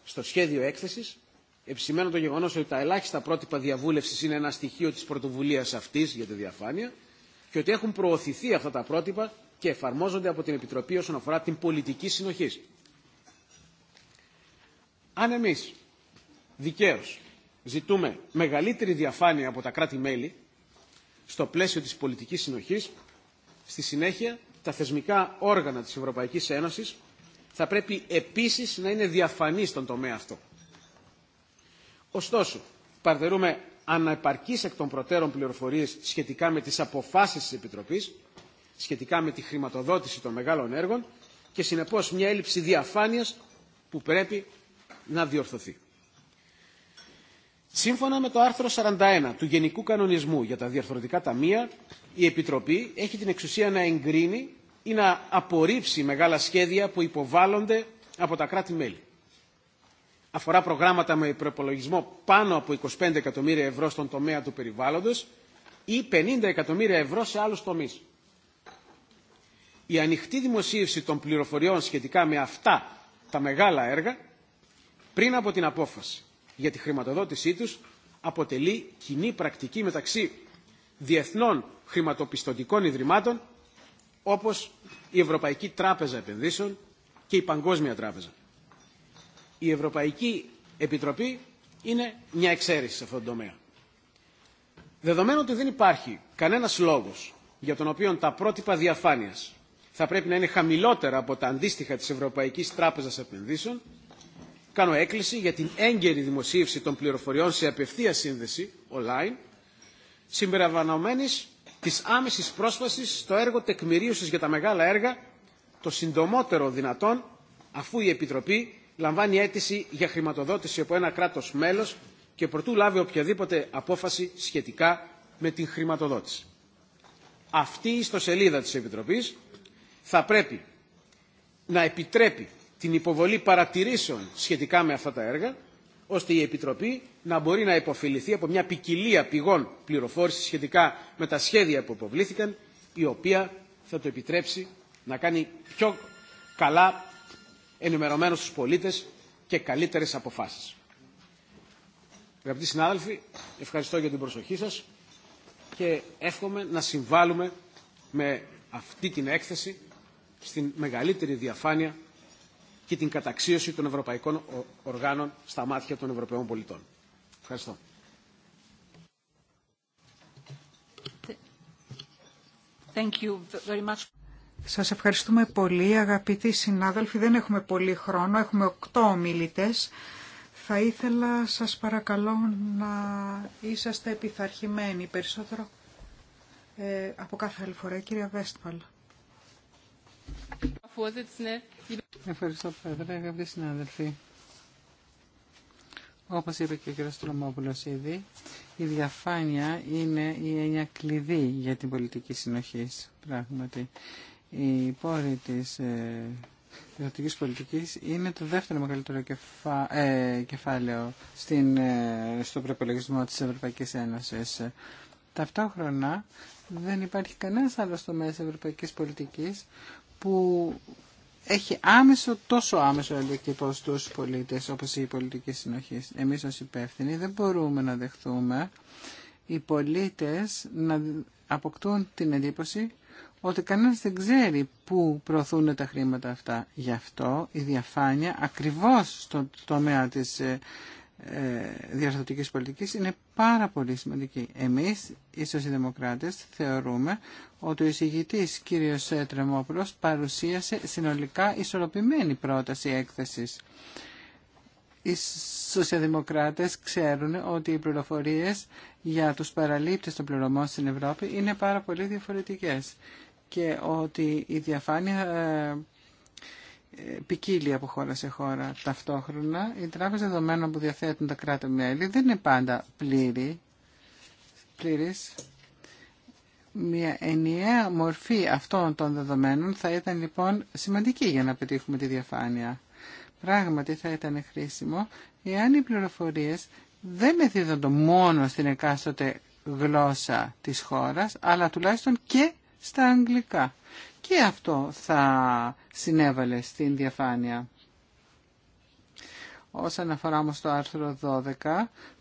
Στο σχέδιο έκθεσης επισημαίνω το γεγονός ότι τα ελάχιστα πρότυπα διαβούλευσης είναι ένα στοιχείο της πρωτοβουλίας αυτής για τη διαφάνεια και ότι έχουν προωθηθεί αυτά τα πρότυπα και εφαρμόζονται από την Επιτροπή όσον αφορά την πολιτική συνοχή. Αν εμεί δικαίω ζητούμε μεγαλύτερη διαφάνεια από τα κράτη-μέλη στο πλαίσιο της πολιτικής συνοχής, στη συνέχεια τα θεσμικά όργανα της Ευρωπαϊκής Ένωσης θα πρέπει επίσης να είναι διαφανή στον τομέα αυτό. Ωστόσο, παρτερούμε αναεπαρκής εκ των προτέρων πληροφορίες σχετικά με τις αποφάσεις της Επιτροπής, σχετικά με τη χρηματοδότηση των μεγάλων έργων και συνεπώς μια έλλειψη διαφάνειας που πρέπει να διορθωθεί. Σύμφωνα με το άρθρο 41 του Γενικού Κανονισμού για τα Διαρθρωτικά Ταμεία, η Επιτροπή έχει την εξουσία να εγκρίνει ή να απορρίψει μεγάλα σχέδια που υποβάλλονται από τα κράτη-μέλη αφορά προγράμματα με προπολογισμό πάνω από 25 εκατομμύρια ευρώ στον τομέα του περιβάλλοντος ή 50 εκατομμύρια ευρώ σε άλλους τομείς. Η ανοιχτή δημοσίευση των πληροφοριών σχετικά με αυτά τα μεγάλα έργα πριν από την απόφαση για τη χρηματοδότησή τους αποτελεί κοινή πρακτική μεταξύ διεθνών χρηματοπιστωτικών ιδρυμάτων όπως η Ευρωπαϊκή Τράπεζα Επενδύσεων και η Παγκόσμια Τράπεζα η Ευρωπαϊκή Επιτροπή είναι μια εξαίρεση σε αυτόν τον τομέα. Δεδομένου ότι δεν υπάρχει κανένας λόγος για τον οποίο τα πρότυπα διαφάνειας θα πρέπει να είναι χαμηλότερα από τα αντίστοιχα της Ευρωπαϊκής Τράπεζας Επενδύσεων, κάνω έκκληση για την έγκαιρη δημοσίευση των πληροφοριών σε απευθεία σύνδεση online, συμπεριλαμβανομένης της άμεσης πρόσβασης στο έργο τεκμηρίωσης για τα μεγάλα έργα το συντομότερο δυνατόν, αφού η Επιτροπή λαμβάνει αίτηση για χρηματοδότηση από ένα κράτος μέλος και προτού λάβει οποιαδήποτε απόφαση σχετικά με την χρηματοδότηση. Αυτή η ιστοσελίδα της Επιτροπής θα πρέπει να επιτρέπει την υποβολή παρατηρήσεων σχετικά με αυτά τα έργα, ώστε η Επιτροπή να μπορεί να υποφεληθεί από μια ποικιλία πηγών πληροφόρηση σχετικά με τα σχέδια που υποβλήθηκαν, η οποία θα το επιτρέψει να κάνει πιο καλά ενημερωμένους τους πολίτες και καλύτερες αποφάσεις. Αγαπητοί συνάδελφοι, ευχαριστώ για την προσοχή σας και εύχομαι να συμβάλλουμε με αυτή την έκθεση στην μεγαλύτερη διαφάνεια και την καταξίωση των ευρωπαϊκών οργάνων στα μάτια των Ευρωπαίων πολιτών. Ευχαριστώ. Thank you σας ευχαριστούμε πολύ αγαπητοί συνάδελφοι. Δεν έχουμε πολύ χρόνο, έχουμε οκτώ ομιλητές. Θα ήθελα σας παρακαλώ να είσαστε επιθαρχημένοι περισσότερο ε, από κάθε άλλη φορά. Κυρία Βέστβαλ. Ευχαριστώ Πρόεδρε, αγαπητοί συνάδελφοι. Όπως είπε και ο κ. Στρομόπουλος ήδη, η διαφάνεια είναι η έννοια κλειδί για την πολιτική συνοχή, πράγματι. Οι πόροι της ε, ιδιωτικής πολιτικής είναι το δεύτερο μεγαλύτερο ε, κεφάλαιο στην, ε, στο προπολογισμό της Ευρωπαϊκής Ένωσης. Ταυτόχρονα δεν υπάρχει κανένας άλλος τομέας ευρωπαϊκής πολιτικής που έχει άμεσο, τόσο άμεσο αντίκτυπο στους πολίτε, όπως η πολιτική συνοχή. Εμείς ως υπεύθυνοι δεν μπορούμε να δεχθούμε οι πολίτε να αποκτούν την εντύπωση ότι κανένας δεν ξέρει πού προωθούν τα χρήματα αυτά. Γι' αυτό η διαφάνεια ακριβώς στο τομέα της ε, ε πολιτικής είναι πάρα πολύ σημαντική. Εμείς, οι σοσιαλδημοκράτες, θεωρούμε ότι ο εισηγητής κ. Τρεμόπουλος παρουσίασε συνολικά ισορροπημένη πρόταση έκθεσης. Οι σοσιαλδημοκράτες ξέρουν ότι οι πληροφορίες για τους παραλήπτες των πληρωμών στην Ευρώπη είναι πάρα πολύ διαφορετικές και ότι η διαφάνεια ε, ε, ποικίλει από χώρα σε χώρα ταυτόχρονα. η τράπεζα δεδομένων που διαθέτουν τα κράτη-μέλη δεν είναι πάντα πλήρη, πλήρης. Μια ενιαία μορφή αυτών των δεδομένων θα ήταν λοιπόν σημαντική για να πετύχουμε τη διαφάνεια. Πράγματι θα ήταν χρήσιμο εάν οι πληροφορίες δεν μεθύδονται μόνο στην εκάστοτε γλώσσα της χώρας, αλλά τουλάχιστον και στα αγγλικά. Και αυτό θα συνέβαλε στην διαφάνεια. Όσον αφορά όμως το άρθρο 12,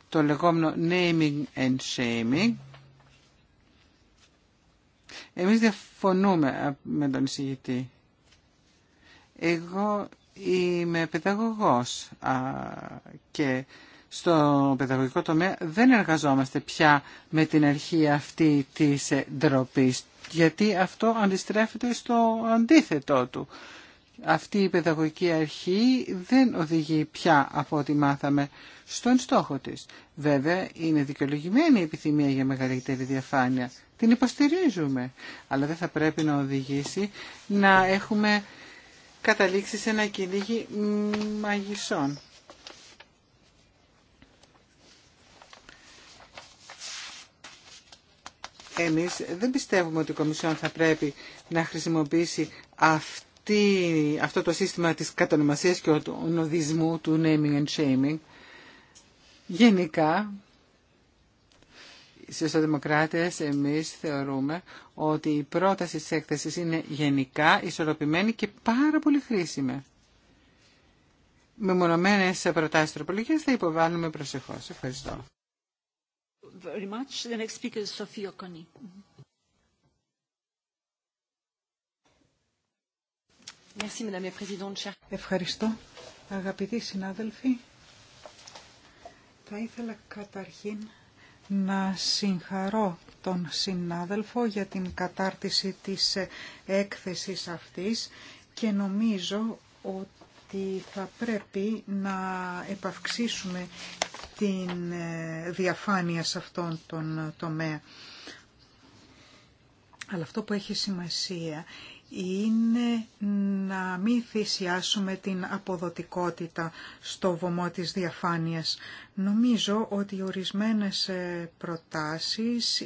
το λεγόμενο naming and shaming, εμείς διαφωνούμε με τον εισηγητή. Εγώ είμαι παιδαγωγός α, και στο παιδαγωγικό τομέα δεν εργαζόμαστε πια με την αρχή αυτή της ντροπή γιατί αυτό αντιστρέφεται στο αντίθετό του. Αυτή η παιδαγωγική αρχή δεν οδηγεί πια από ό,τι μάθαμε στον στόχο της. Βέβαια είναι δικαιολογημένη η επιθυμία για μεγαλύτερη διαφάνεια. Την υποστηρίζουμε, αλλά δεν θα πρέπει να οδηγήσει να έχουμε καταλήξει σε ένα κυνήγι μαγισσών. Εμείς δεν πιστεύουμε ότι η Κομισιόν θα πρέπει να χρησιμοποιήσει αυτή, αυτό το σύστημα της κατονομασίας και του νοδισμού, του naming and shaming. Γενικά, οι σοσιαλδημοκράτες εμείς θεωρούμε ότι η πρόταση της έκθεσης είναι γενικά ισορροπημένη και πάρα πολύ χρήσιμη. Με μονομένε προτάσεις τροπολογίας θα υποβάλουμε προσεχώς. Ευχαριστώ very much. The next speaker is mm-hmm. Ευχαριστώ. Αγαπητοί συνάδελφοι, θα ήθελα καταρχήν να συγχαρώ τον συνάδελφο για την κατάρτιση της ε, έκθεσης αυτής και νομίζω ότι ότι θα πρέπει να επαυξήσουμε την ε, διαφάνεια σε αυτόν τον ε, τομέα. Αλλά αυτό που έχει σημασία είναι να μην θυσιάσουμε την αποδοτικότητα στο βωμό της διαφάνειας. Νομίζω ότι ορισμένες ε, προτάσεις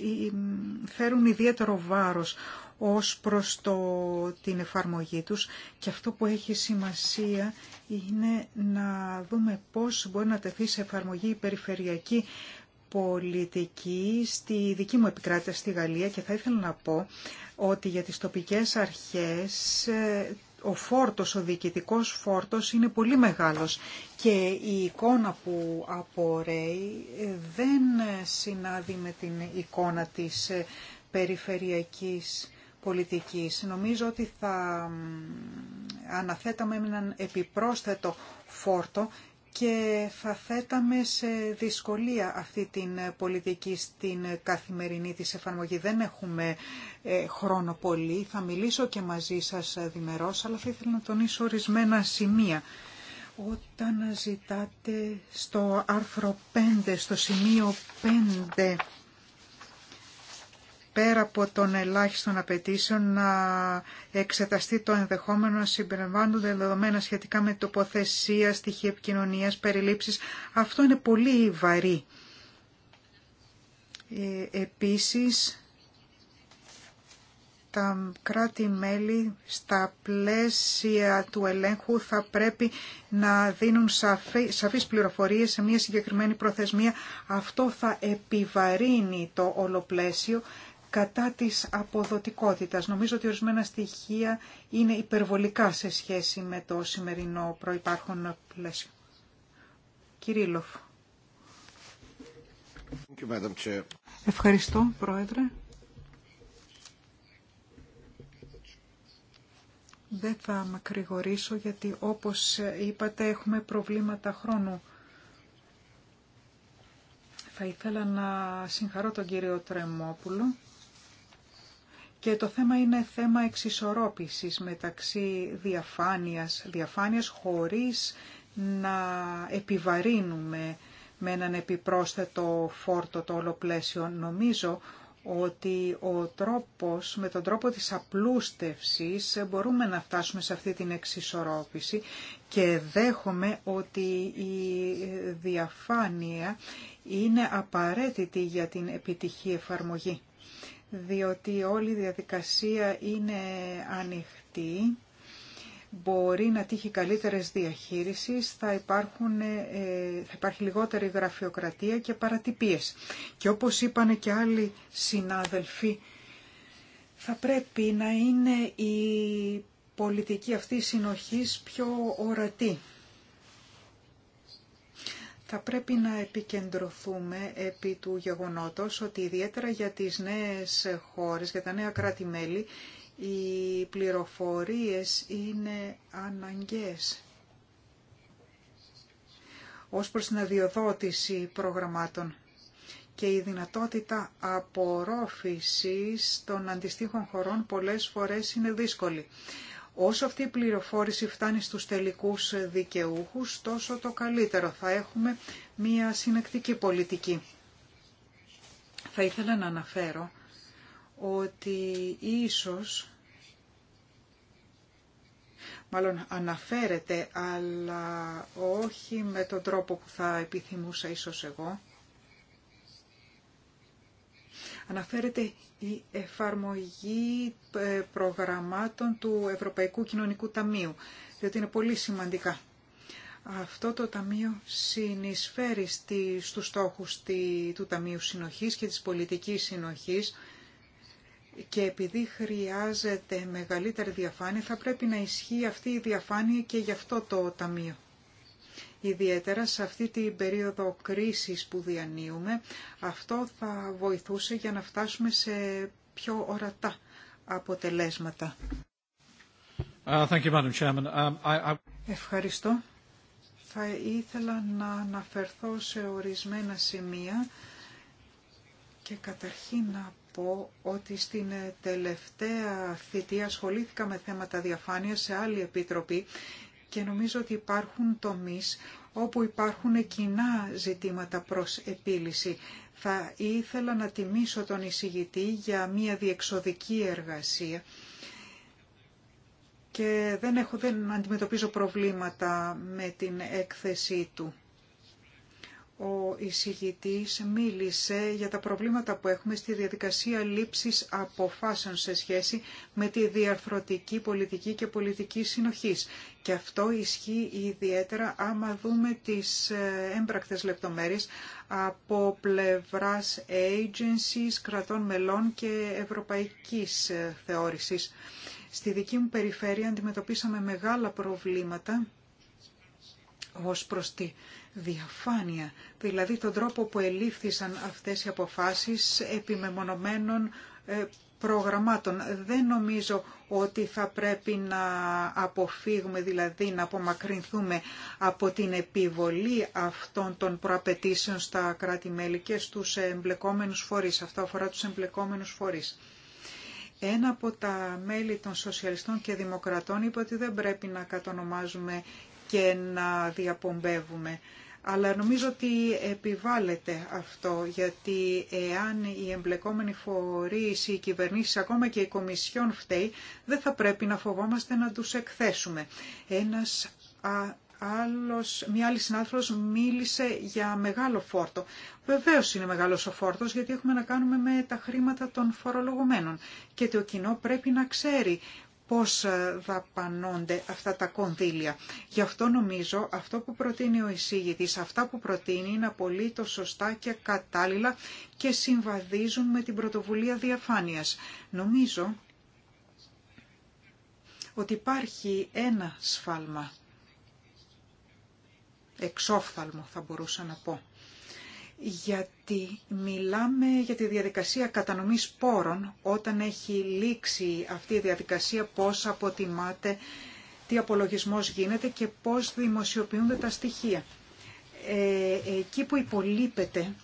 φέρουν ιδιαίτερο βάρος ως προς την εφαρμογή τους και αυτό που έχει σημασία είναι να δούμε πώς μπορεί να τεθεί σε εφαρμογή η περιφερειακή πολιτική στη δική μου επικράτεια στη Γαλλία και θα ήθελα να πω ότι για τις τοπικές αρχές ε, ο φόρτος, ο διοικητικός φόρτος είναι πολύ μεγάλος και η εικόνα που απορρέει ε, δεν συνάδει με την εικόνα της ε, περιφερειακής πολιτικής. Νομίζω ότι θα αναθέταμε έναν επιπρόσθετο φόρτο και θα θέταμε σε δυσκολία αυτή την πολιτική στην καθημερινή της εφαρμογή. Δεν έχουμε ε, χρόνο πολύ. Θα μιλήσω και μαζί σας ε, διμερώς, αλλά θα ήθελα να τονίσω ορισμένα σημεία. Όταν ζητάτε στο άρθρο 5, στο σημείο 5 πέρα από των ελάχιστων απαιτήσεων να εξεταστεί το ενδεχόμενο να συμπεριλαμβάνονται δεδομένα σχετικά με τοποθεσία, στοιχεία επικοινωνίας, περιλήψεις. Αυτό είναι πολύ βαρύ. Ε, επίσης, τα κράτη-μέλη στα πλαίσια του ελέγχου θα πρέπει να δίνουν σαφείς πληροφορίες σε μια συγκεκριμένη προθεσμία. Αυτό θα επιβαρύνει το ολοπλαίσιο κατά της αποδοτικότητας. Νομίζω ότι ορισμένα στοιχεία είναι υπερβολικά σε σχέση με το σημερινό προϋπάρχον πλαίσιο. Κυρίλοφ. Ευχαριστώ, Πρόεδρε. Δεν θα μακρηγορήσω γιατί όπως είπατε έχουμε προβλήματα χρόνου. Θα ήθελα να συγχαρώ τον κύριο Τρεμόπουλο και το θέμα είναι θέμα εξισορρόπησης μεταξύ διαφάνειας, διαφάνειας χωρίς να επιβαρύνουμε με έναν επιπρόσθετο φόρτο το όλο πλαίσιο. Νομίζω ότι ο τρόπος, με τον τρόπο της απλούστευσης μπορούμε να φτάσουμε σε αυτή την εξισορρόπηση και δέχομαι ότι η διαφάνεια είναι απαραίτητη για την επιτυχή εφαρμογή διότι όλη η διαδικασία είναι ανοιχτή, μπορεί να τύχει καλύτερες διαχείρισης, θα, υπάρχουν, ε, θα υπάρχει λιγότερη γραφειοκρατία και παρατυπίες. Και όπως είπανε και άλλοι συνάδελφοι, θα πρέπει να είναι η πολιτική αυτή συνοχής πιο ορατή θα πρέπει να επικεντρωθούμε επί του γεγονότος ότι ιδιαίτερα για τις νέες χώρες, για τα νέα κράτη-μέλη, οι πληροφορίες είναι αναγκαίες ως προς την αδειοδότηση προγραμμάτων και η δυνατότητα απορρόφησης των αντιστοίχων χωρών πολλές φορές είναι δύσκολη. Όσο αυτή η πληροφόρηση φτάνει στους τελικούς δικαιούχους, τόσο το καλύτερο θα έχουμε μία συνεκτική πολιτική. Θα ήθελα να αναφέρω ότι ίσως, μάλλον αναφέρεται, αλλά όχι με τον τρόπο που θα επιθυμούσα ίσως εγώ, Αναφέρεται η εφαρμογή ε, προγραμμάτων του Ευρωπαϊκού Κοινωνικού Ταμείου, διότι είναι πολύ σημαντικά. Αυτό το Ταμείο συνεισφέρει στους στόχους του Ταμείου Συνοχής και της πολιτικής συνοχής και επειδή χρειάζεται μεγαλύτερη διαφάνεια θα πρέπει να ισχύει αυτή η διαφάνεια και για αυτό το Ταμείο ιδιαίτερα σε αυτή την περίοδο κρίσης που διανύουμε. Αυτό θα βοηθούσε για να φτάσουμε σε πιο ορατά αποτελέσματα. Uh, you, um, Ευχαριστώ. Θα ήθελα να αναφερθώ σε ορισμένα σημεία και καταρχήν να πω ότι στην τελευταία θητεία ασχολήθηκα με θέματα διαφάνειας σε άλλη επιτροπή και νομίζω ότι υπάρχουν τομείς όπου υπάρχουν κοινά ζητήματα προς επίλυση. Θα ήθελα να τιμήσω τον εισηγητή για μια διεξοδική εργασία και δεν, έχω, δεν αντιμετωπίζω προβλήματα με την έκθεσή του. Ο εισηγητής μίλησε για τα προβλήματα που έχουμε στη διαδικασία λήψης αποφάσεων σε σχέση με τη διαρθρωτική πολιτική και πολιτική συνοχής. Και αυτό ισχύει ιδιαίτερα άμα δούμε τις ε, έμπρακτες λεπτομέρειες από πλευράς agencies, κρατών μελών και ευρωπαϊκής ε, θεώρησης. Στη δική μου περιφέρεια αντιμετωπίσαμε μεγάλα προβλήματα ως προς τη διαφάνεια, δηλαδή τον τρόπο που ελήφθησαν αυτές οι αποφάσεις επιμεμονωμένων ε, προγραμμάτων. Δεν νομίζω ότι θα πρέπει να αποφύγουμε, δηλαδή να απομακρυνθούμε από την επιβολή αυτών των προαπαιτήσεων στα κράτη-μέλη και στους εμπλεκόμενους φορείς. Αυτό αφορά τους εμπλεκόμενους φορείς. Ένα από τα μέλη των σοσιαλιστών και δημοκρατών είπε ότι δεν πρέπει να κατονομάζουμε και να διαπομπεύουμε αλλά νομίζω ότι επιβάλλεται αυτό, γιατί εάν οι εμπλεκόμενοι φορείς, οι κυβερνήσεις, ακόμα και οι κομισιόν φταίει, δεν θα πρέπει να φοβόμαστε να τους εκθέσουμε. Ένας άλλος, μια άλλη συνάδελφος μίλησε για μεγάλο φόρτο. Βεβαίως είναι μεγάλος ο φόρτος γιατί έχουμε να κάνουμε με τα χρήματα των φορολογωμένων. και το κοινό πρέπει να ξέρει πώς ε, δαπανώνται αυτά τα κονδύλια. Γι' αυτό νομίζω αυτό που προτείνει ο εισήγητης, αυτά που προτείνει είναι απολύτω σωστά και κατάλληλα και συμβαδίζουν με την πρωτοβουλία διαφάνειας. Νομίζω ότι υπάρχει ένα σφάλμα, εξόφθαλμο θα μπορούσα να πω γιατί μιλάμε για τη διαδικασία κατανομής πόρων όταν έχει λήξει αυτή η διαδικασία πώς αποτιμάται, τι απολογισμός γίνεται και πώς δημοσιοποιούνται τα στοιχεία. Ε, εκεί που υπολείπεται,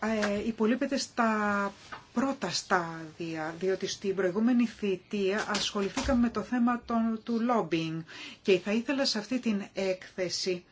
ε, υπολείπεται στα πρώτα στάδια, διότι στην προηγούμενη θητεία ασχοληθήκαμε με το θέμα του lobbying και θα ήθελα σε αυτή την έκθεση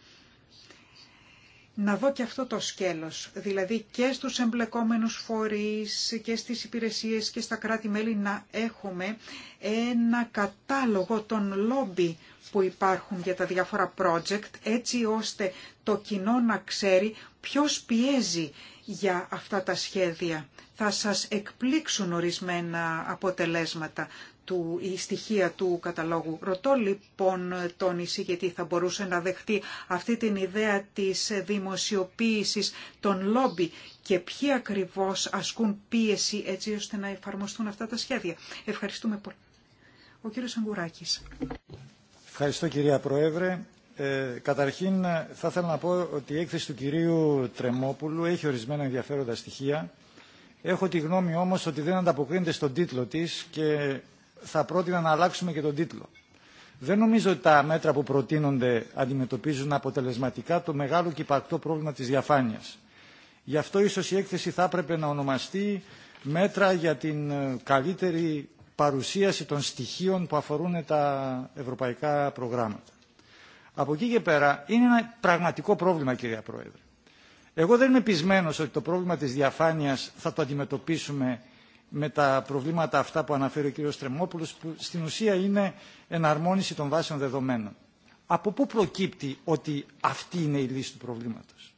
να δω και αυτό το σκέλος, δηλαδή και στους εμπλεκόμενους φορείς και στις υπηρεσίες και στα κράτη-μέλη να έχουμε ένα κατάλογο των λόμπι που υπάρχουν για τα διάφορα project, έτσι ώστε το κοινό να ξέρει ποιος πιέζει για αυτά τα σχέδια. Θα σας εκπλήξουν ορισμένα αποτελέσματα του, η στοιχεία του καταλόγου. Ρωτώ λοιπόν τον γιατί θα μπορούσε να δεχτεί αυτή την ιδέα της δημοσιοποίησης των λόμπι και ποιοι ακριβώς ασκούν πίεση έτσι ώστε να εφαρμοστούν αυτά τα σχέδια. Ευχαριστούμε πολύ. Ο κύριος Αγκουράκης. Ευχαριστώ κυρία Πρόεδρε. Ε, καταρχήν θα ήθελα να πω ότι η έκθεση του κυρίου Τρεμόπουλου έχει ορισμένα ενδιαφέροντα στοιχεία. Έχω τη γνώμη όμως ότι δεν ανταποκρίνεται στον τίτλο της και θα πρότεινα να αλλάξουμε και τον τίτλο. Δεν νομίζω ότι τα μέτρα που προτείνονται αντιμετωπίζουν αποτελεσματικά το μεγάλο και υπαρκτό πρόβλημα της διαφάνειας. Γι' αυτό ίσως η έκθεση θα έπρεπε να ονομαστεί μέτρα για την ε, καλύτερη παρουσίαση των στοιχείων που αφορούν τα ευρωπαϊκά προγράμματα. Από εκεί και πέρα είναι ένα πραγματικό πρόβλημα κυρία Πρόεδρε. Εγώ δεν είμαι πεισμένος ότι το πρόβλημα της διαφάνειας θα το αντιμετωπίσουμε με τα προβλήματα αυτά που αναφέρει ο κ. Στρεμόπουλο, που στην ουσία είναι εναρμόνιση των βάσεων δεδομένων. Από πού προκύπτει ότι αυτή είναι η λύση του προβλήματος.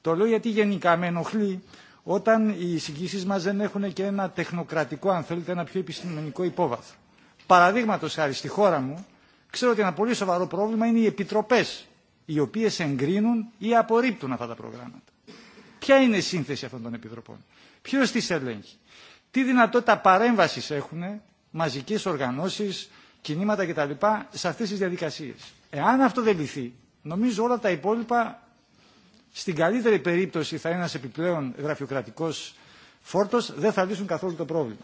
Το λέω γιατί γενικά με ενοχλεί όταν οι συγκίσεις μας δεν έχουν και ένα τεχνοκρατικό, αν θέλετε, ένα πιο επιστημονικό υπόβαθρο. Παραδείγματο χάρη στη χώρα μου, ξέρω ότι ένα πολύ σοβαρό πρόβλημα είναι οι επιτροπές, οι οποίες εγκρίνουν ή απορρίπτουν αυτά τα προγράμματα. Ποια είναι η σύνθεση αυτών των επιτροπών, ποιο τι ελέγχει, τι δυνατότητα παρέμβασης έχουν μαζικές οργανώσεις, κινήματα κτλ. σε αυτές τις διαδικασίες. Εάν αυτό δεν λυθεί, νομίζω όλα τα υπόλοιπα στην καλύτερη περίπτωση θα είναι ένας επιπλέον γραφειοκρατικός φόρτος, δεν θα λύσουν καθόλου το πρόβλημα.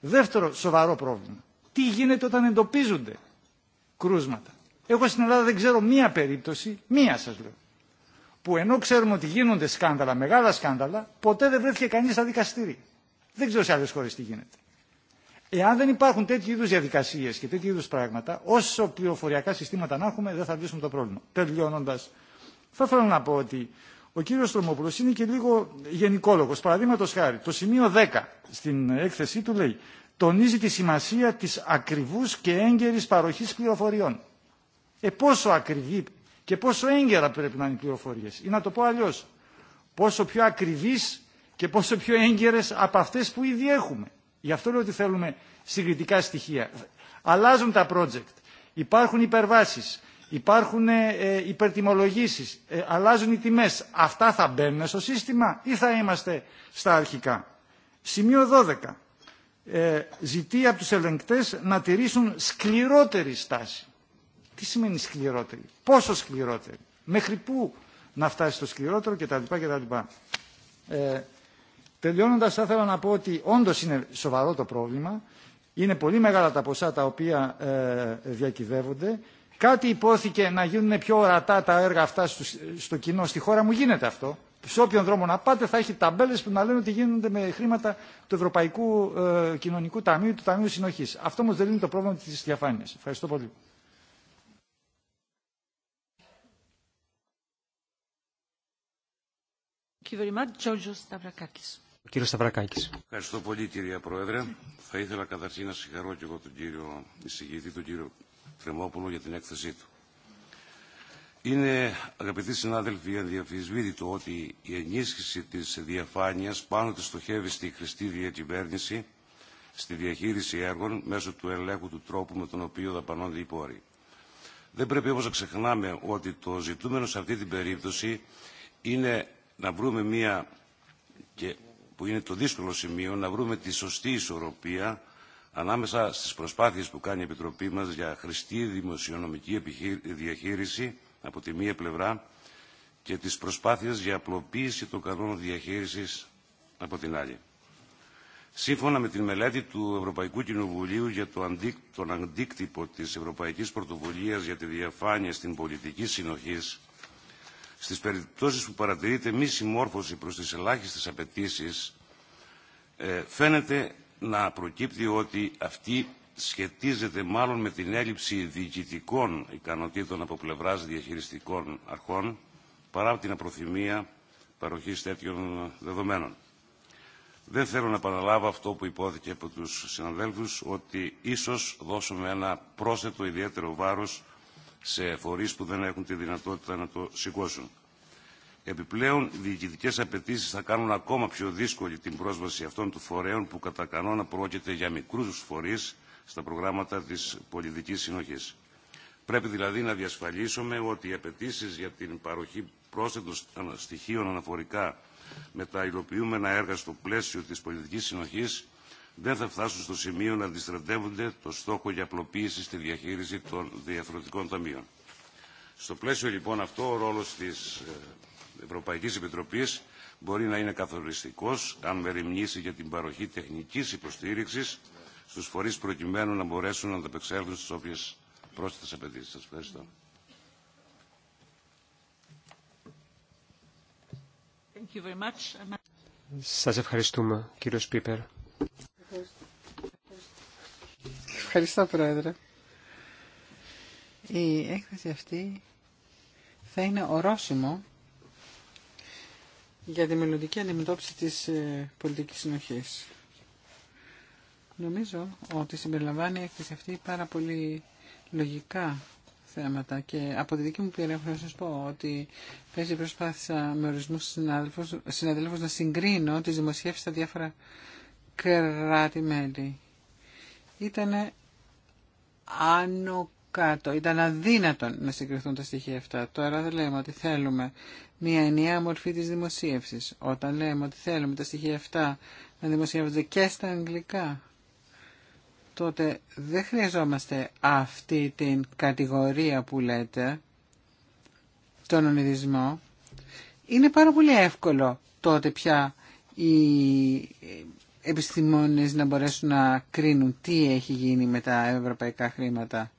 Δεύτερο σοβαρό πρόβλημα. Τι γίνεται όταν εντοπίζονται κρούσματα. Εγώ στην Ελλάδα δεν ξέρω μία περίπτωση, μία σας λέω, που ενώ ξέρουμε ότι γίνονται σκάνδαλα, μεγάλα σκάνδαλα, ποτέ δεν βρέθηκε κανεί στα δικαστήρια. Δεν ξέρω σε άλλε χώρε τι γίνεται. Εάν δεν υπάρχουν τέτοιου είδου διαδικασίε και τέτοιου είδου πράγματα, όσο πληροφοριακά συστήματα να έχουμε, δεν θα λύσουμε το πρόβλημα. Τελειώνοντα, θα ήθελα να πω ότι ο κύριο Τρομόπουλο είναι και λίγο γενικόλογο. Παραδείγματο χάρη, το σημείο 10 στην έκθεσή του λέει τονίζει τη σημασία τη ακριβού και έγκαιρη παροχή πληροφοριών. Ε, πόσο ακριβή και πόσο έγκαιρα πρέπει να είναι οι πληροφορίε. Ή να το πω αλλιώ, πόσο πιο ακριβή και πόσο πιο έγκαιρες από αυτές που ήδη έχουμε. Γι' αυτό λέω ότι θέλουμε συγκριτικά στοιχεία. Αλλάζουν τα project, υπάρχουν υπερβάσεις, υπάρχουν ε, ε υπερτιμολογήσεις, ε, αλλάζουν οι τιμές. Αυτά θα μπαίνουν στο σύστημα ή θα είμαστε στα αρχικά. Σημείο 12. Ε, ζητεί από τους ελεγκτές να τηρήσουν σκληρότερη στάση. Τι σημαίνει σκληρότερη, πόσο σκληρότερη, μέχρι πού να φτάσει στο σκληρότερο κτλ. κτλ. Ε, Τελειώνοντα, θα ήθελα να πω ότι όντω είναι σοβαρό το πρόβλημα. Είναι πολύ μεγάλα τα ποσά τα οποία ε, διακυβεύονται. Κάτι υπόθηκε να γίνουν πιο ορατά τα έργα αυτά στο, κοινό. Στη χώρα μου γίνεται αυτό. Σε όποιον δρόμο να πάτε θα έχει ταμπέλες που να λένε ότι γίνονται με χρήματα του Ευρωπαϊκού ε, Κοινωνικού Ταμείου του Ταμείου Συνοχή. Αυτό όμω δεν είναι το πρόβλημα τη διαφάνεια. Ευχαριστώ πολύ. Thank you very much. Ο κύριος Σταυρακάκης. Ευχαριστώ πολύ κυρία Πρόεδρε. Θα ήθελα καταρχήν να συγχαρώ και εγώ τον κύριο εισηγητή, τον κύριο Τρεμόπουλο για την έκθεσή του. Είναι, αγαπητοί συνάδελφοι, αδιαφυσβήτητο ότι η ενίσχυση της διαφάνειας πάνω τη στοχεύει στη χρηστή διακυβέρνηση, στη διαχείριση έργων μέσω του ελέγχου του τρόπου με τον οποίο δαπανώνται οι πόροι. Δεν πρέπει όμως να ξεχνάμε ότι το ζητούμενο σε αυτή την περίπτωση είναι να βρούμε μια και που είναι το δύσκολο σημείο, να βρούμε τη σωστή ισορροπία ανάμεσα στις προσπάθειες που κάνει η Επιτροπή μας για χρηστή δημοσιονομική διαχείριση από τη μία πλευρά και τις προσπάθειες για απλοποίηση των κανόνων διαχείρισης από την άλλη. Σύμφωνα με την μελέτη του Ευρωπαϊκού Κοινοβουλίου για τον αντίκτυπο της Ευρωπαϊκής Πρωτοβουλίας για τη διαφάνεια στην πολιτική συνοχής, στις περιπτώσεις που παρατηρείται μη συμμόρφωση προς τις ελάχιστες απαιτήσει, ε, φαίνεται να προκύπτει ότι αυτή σχετίζεται μάλλον με την έλλειψη διοικητικών ικανοτήτων από πλευράς διαχειριστικών αρχών παρά την απροθυμία παροχής τέτοιων δεδομένων. Δεν θέλω να παραλάβω αυτό που υπόθηκε από τους συναδέλφους ότι ίσως δώσουμε ένα πρόσθετο ιδιαίτερο βάρος σε φορείς που δεν έχουν τη δυνατότητα να το σηκώσουν. Επιπλέον, οι διοικητικέ απαιτήσει θα κάνουν ακόμα πιο δύσκολη την πρόσβαση αυτών των φορέων που κατά κανόνα πρόκειται για μικρού φορεί στα προγράμματα τη πολιτική συνοχή. Πρέπει δηλαδή να διασφαλίσουμε ότι οι απαιτήσει για την παροχή πρόσθετων στοιχείων αναφορικά με τα υλοποιούμενα έργα στο πλαίσιο τη πολιτική συνοχή δεν θα φτάσουν στο σημείο να αντιστρατεύονται το στόχο για απλοποίηση στη διαχείριση των διαφορετικών ταμείων. Στο πλαίσιο λοιπόν αυτό, ο ρόλος της ε, Ευρωπαϊκής Επιτροπής μπορεί να είναι καθοριστικός, αν μεριμνήσει για την παροχή τεχνικής υποστήριξης στους φορείς προκειμένου να μπορέσουν να ανταπεξέλθουν στις όποιες πρόσθετες απαιτήσεις. Σας ευχαριστώ. Σας ευχαριστούμε, κύριο Πίπερ. Ευχαριστώ, Πρόεδρε. Η έκθεση αυτή θα είναι ορόσημο για τη μελλοντική αντιμετώπιση της ε, πολιτικής συνοχής. Νομίζω ότι συμπεριλαμβάνει η έκθεση αυτή πάρα πολύ λογικά θέματα και από τη δική μου πείρα έχω σας πω ότι πέρσι προσπάθησα με ορισμούς συναδέλφους να συγκρίνω τις δημοσιεύσεις στα διάφορα κράτη-μέλη. Ήτανε άνω κάτω. Ήταν αδύνατον να συγκριθούν τα στοιχεία αυτά. Τώρα δεν λέμε ότι θέλουμε μια ενιαία μορφή της δημοσίευσης. Όταν λέμε ότι θέλουμε τα στοιχεία αυτά να δημοσιεύονται και στα αγγλικά, τότε δεν χρειαζόμαστε αυτή την κατηγορία που λέτε, τον ονειδισμό. Είναι πάρα πολύ εύκολο τότε πια η επιστημόνες να μπορέσουν να κρίνουν τι έχει γίνει με τα ευρωπαϊκά χρήματα.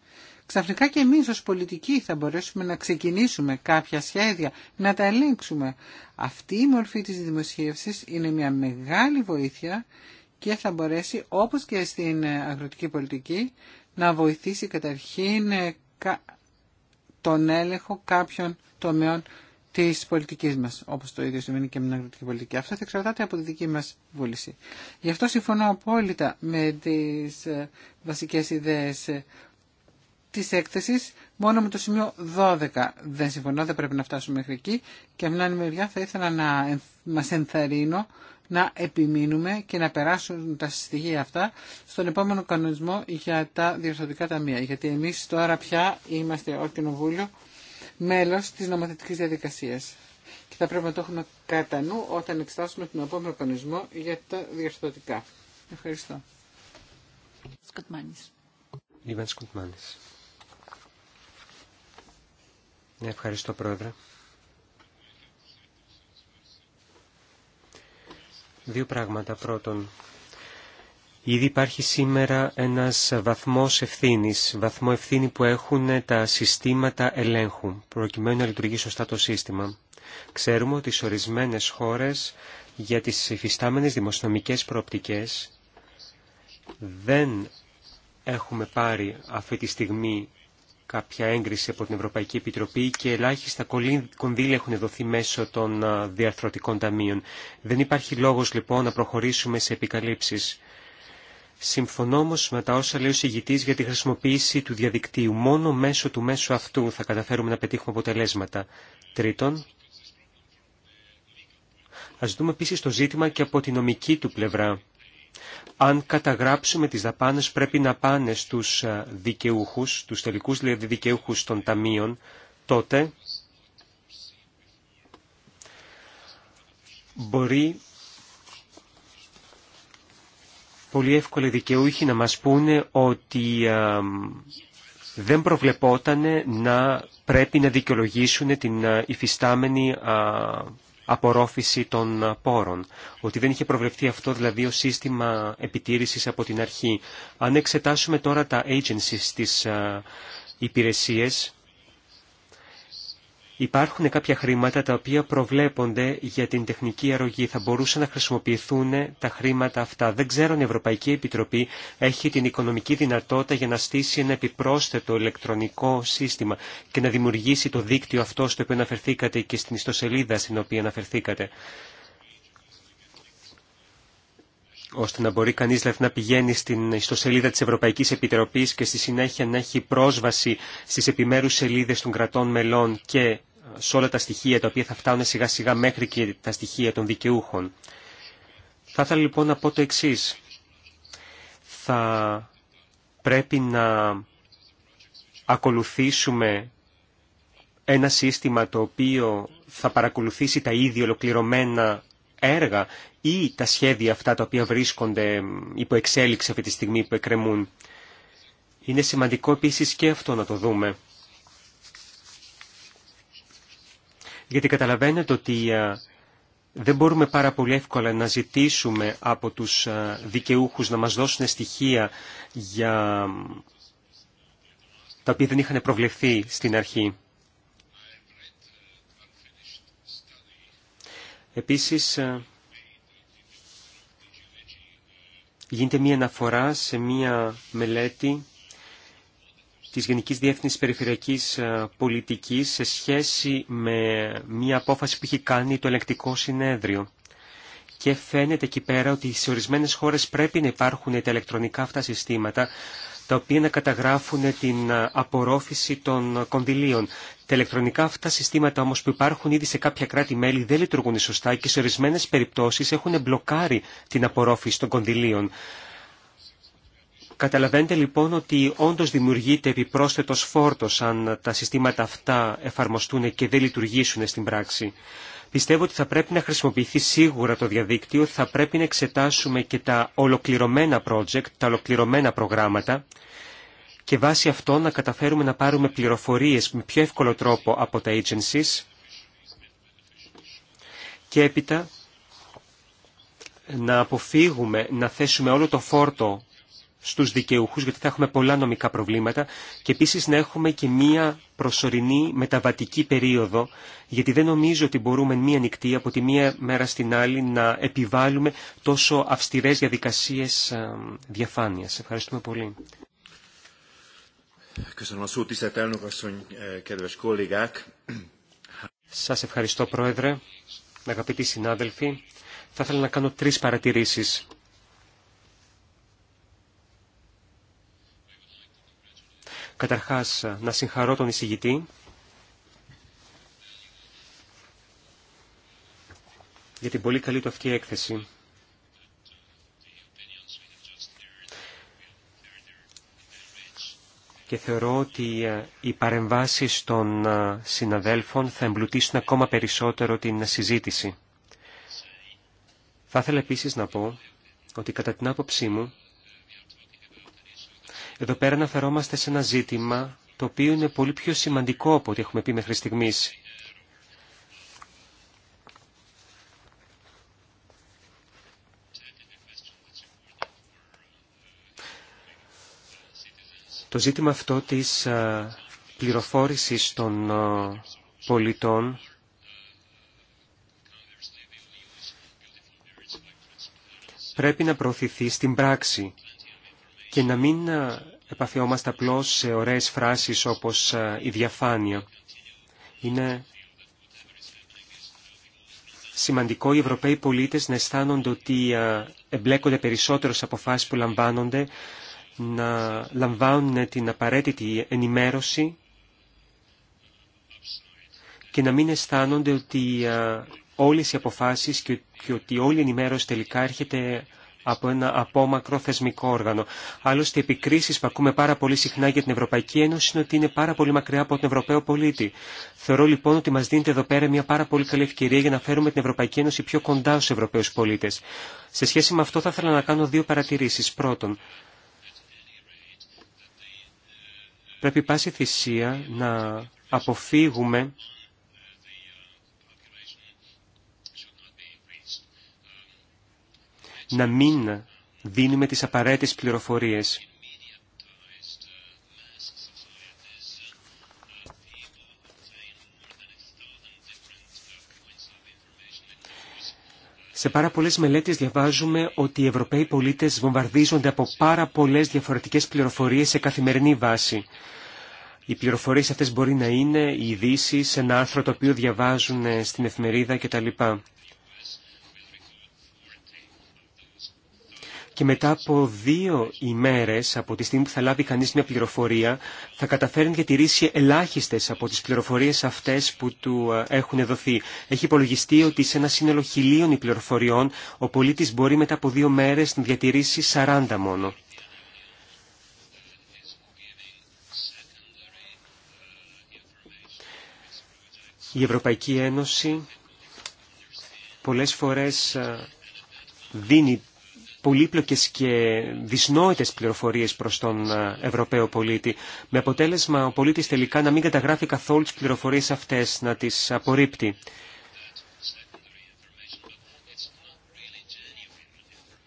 Ξαφνικά και εμείς ως πολιτικοί θα μπορέσουμε να ξεκινήσουμε κάποια σχέδια, να τα ελέγξουμε. Αυτή η μορφή της δημοσίευσης είναι μια μεγάλη βοήθεια και θα μπορέσει όπως και στην αγροτική πολιτική να βοηθήσει καταρχήν ε, τον έλεγχο κάποιων τομέων τη πολιτική μα, όπω το ίδιο σημαίνει και με την αγροτική πολιτική. Αυτό θα εξαρτάται από τη δική μα βούληση. Γι' αυτό συμφωνώ απόλυτα με τι ε, βασικέ ιδέε ε, τη έκθεση, μόνο με το σημείο 12 δεν συμφωνώ, δεν πρέπει να φτάσουμε μέχρι εκεί. Και από την άλλη μεριά θα ήθελα να μα ενθαρρύνω να επιμείνουμε και να περάσουν τα στοιχεία αυτά στον επόμενο κανονισμό για τα διορθωτικά ταμεία. Γιατί εμεί τώρα πια είμαστε ο κοινοβούλιο μέλος της νομοθετικής διαδικασίας. Και θα πρέπει να το έχουμε κατά νου όταν εξετάσουμε τον επόμενο κανονισμό για τα διορθωτικά. Ευχαριστώ. Λίβαν Σκουτμάνης. Ναι, ευχαριστώ Πρόεδρε. Δύο πράγματα. Πρώτον, Ήδη υπάρχει σήμερα ένας βαθμός ευθύνης, βαθμό ευθύνη που έχουν τα συστήματα ελέγχου, προκειμένου να λειτουργεί σωστά το σύστημα. Ξέρουμε ότι σε ορισμένες χώρες για τις εφιστάμενες δημοσιονομικές προοπτικές δεν έχουμε πάρει αυτή τη στιγμή κάποια έγκριση από την Ευρωπαϊκή Επιτροπή και ελάχιστα κονδύλια έχουν δοθεί μέσω των διαρθρωτικών ταμείων. Δεν υπάρχει λόγος λοιπόν να προχωρήσουμε σε επικαλύψεις. Συμφωνώ όμω με τα όσα λέει ο συγητή για τη χρησιμοποίηση του διαδικτύου. Μόνο μέσω του μέσου αυτού θα καταφέρουμε να πετύχουμε αποτελέσματα. Τρίτον, α δούμε επίση το ζήτημα και από τη νομική του πλευρά. Αν καταγράψουμε τις δαπάνες πρέπει να πάνε στους ε, δικαιούχους, τους τελικούς δηλαδή δικαιούχους των ταμείων, τότε μπορεί πολύ εύκολα οι δικαιούχοι να μας πούνε ότι δεν προβλεπότανε να πρέπει να δικαιολογήσουν την ε, υφιστάμενη ε, απορρόφηση των ε, πόρων. Ότι δεν είχε προβλεφθεί αυτό δηλαδή ο σύστημα επιτήρησης από την αρχή. Αν εξετάσουμε τώρα τα agencies της υπηρεσίες, Υπάρχουν κάποια χρήματα τα οποία προβλέπονται για την τεχνική αρρωγή. Θα μπορούσαν να χρησιμοποιηθούν τα χρήματα αυτά. Δεν ξέρω αν η Ευρωπαϊκή Επιτροπή έχει την οικονομική δυνατότητα για να στήσει ένα επιπρόσθετο ηλεκτρονικό σύστημα και να δημιουργήσει το δίκτυο αυτό στο οποίο αναφερθήκατε και στην ιστοσελίδα στην οποία αναφερθήκατε ώστε να μπορεί κανείς δηλαδή, να πηγαίνει στην ιστοσελίδα της Ευρωπαϊκής Επιτροπής και στη συνέχεια να έχει πρόσβαση στις επιμέρους σελίδες των κρατών μελών και ε, σε όλα τα στοιχεία τα οποία θα φτάνουν σιγά σιγά μέχρι και τα στοιχεία των δικαιούχων. Θα ήθελα λοιπόν να πω το εξή. Θα πρέπει να ακολουθήσουμε ένα σύστημα το οποίο θα παρακολουθήσει τα ίδια ολοκληρωμένα έργα ή τα σχέδια αυτά τα οποία βρίσκονται υπό εξέλιξη αυτή τη στιγμή που εκκρεμούν. Είναι σημαντικό επίσης και αυτό να το δούμε. Γιατί καταλαβαίνετε ότι δεν μπορούμε πάρα πολύ εύκολα να ζητήσουμε από τους δικαιούχους να μας δώσουν στοιχεία για τα οποία δεν είχαν προβλεφθεί στην αρχή. Επίσης, γίνεται μία αναφορά σε μία μελέτη της Γενικής Διεύθυνσης Περιφερειακής ε, Πολιτικής σε σχέση με μία απόφαση που έχει κάνει το ελεκτικό συνέδριο. Και φαίνεται εκεί πέρα ότι σε ορισμένες χώρες πρέπει να υπάρχουν τα ηλεκτρονικά αυτά συστήματα, τα οποία να καταγράφουν την ε, απορρόφηση των κονδυλίων. Τα ηλεκτρονικά αυτά συστήματα όμως που υπάρχουν ήδη σε κάποια κράτη-μέλη δεν λειτουργούν σωστά και σε ορισμένε περιπτώσεις έχουν μπλοκάρει την απορρόφηση των κονδυλίων. Καταλαβαίνετε λοιπόν ότι όντως δημιουργείται επιπρόσθετος φόρτος αν τα συστήματα αυτά εφαρμοστούν και δεν λειτουργήσουν στην πράξη. Πιστεύω ότι θα πρέπει να χρησιμοποιηθεί σίγουρα το διαδίκτυο, θα πρέπει να εξετάσουμε και τα ολοκληρωμένα project, τα ολοκληρωμένα προγράμματα και βάσει αυτό να καταφέρουμε να πάρουμε πληροφορίες με πιο εύκολο τρόπο από τα agencies και έπειτα να αποφύγουμε να θέσουμε όλο το φόρτο στους δικαιούχους, γιατί θα έχουμε πολλά νομικά προβλήματα και επίσης να έχουμε και μία προσωρινή μεταβατική περίοδο, γιατί δεν νομίζω ότι μπορούμε μία νυχτή από τη μία μέρα στην άλλη να επιβάλλουμε τόσο αυστηρές διαδικασίες ε, διαφάνειας. Ευχαριστούμε πολύ. Eh, Σας ευχαριστώ Πρόεδρε, αγαπητοί συνάδελφοι. Θα ήθελα να κάνω τρεις παρατηρήσεις. Καταρχάς, να συγχαρώ τον εισηγητή για την πολύ καλή του αυτή έκθεση. Και θεωρώ ότι ε, οι παρεμβάσεις των ε, συναδέλφων θα εμπλουτίσουν ακόμα περισσότερο την συζήτηση. Θα ήθελα επίσης να πω ότι κατά την άποψή μου εδώ πέρα αναφερόμαστε σε ένα ζήτημα το οποίο είναι πολύ πιο σημαντικό από ό,τι έχουμε πει μέχρι στιγμής. Το ζήτημα αυτό της πληροφόρησης των πολιτών πρέπει να προωθηθεί στην πράξη και να μην ε, επαφιόμαστε απλώς σε ωραίες φράσεις όπως ε, η διαφάνεια. Είναι σημαντικό οι Ευρωπαίοι πολίτες να αισθάνονται ότι ε, εμπλέκονται περισσότερο σε αποφάσεις που λαμβάνονται, να λαμβάνουν την απαραίτητη ενημέρωση και να μην αισθάνονται ότι όλες οι αποφάσεις και ότι όλη η ενημέρωση τελικά έρχεται από ένα απόμακρο θεσμικό όργανο. Άλλωστε, οι επικρίσει που ακούμε πάρα πολύ συχνά για την Ευρωπαϊκή Ένωση είναι ότι είναι πάρα πολύ μακριά από τον Ευρωπαίο πολίτη. Θεωρώ λοιπόν ότι μα δίνεται εδώ πέρα μια πάρα πολύ καλή ευκαιρία για να φέρουμε την Ευρωπαϊκή Ένωση πιο κοντά στου Ευρωπαίους πολίτες. Σε σχέση με αυτό, θα ήθελα να κάνω δύο παρατηρήσει. Πρώτον, πρέπει πάση θυσία να αποφύγουμε να μην δίνουμε τις απαραίτητες πληροφορίες. Σε πάρα πολλέ μελέτε διαβάζουμε ότι οι Ευρωπαίοι πολίτε βομβαρδίζονται από πάρα πολλέ διαφορετικέ πληροφορίε σε καθημερινή βάση. Οι πληροφορίε αυτέ μπορεί να είναι οι ειδήσει, ένα άρθρο το οποίο διαβάζουν στην εφημερίδα κτλ. και μετά από δύο ημέρες από τη στιγμή που θα λάβει κανείς μια πληροφορία θα καταφέρει να διατηρήσει ελάχιστες από τις πληροφορίες αυτές που του ε, έχουν δοθεί. Έχει υπολογιστεί ότι σε ένα σύνολο χιλίων πληροφοριών ο πολίτης μπορεί μετά από δύο μέρες να διατηρήσει 40 μόνο. Η Ευρωπαϊκή Ένωση πολλές φορές ε, δίνει πολύπλοκες και δυσνόητες πληροφορίες προς τον ε, Ευρωπαίο πολίτη, με αποτέλεσμα ο πολίτης τελικά να μην καταγράφει καθόλου τις πληροφορίες αυτές, να τις απορρίπτει.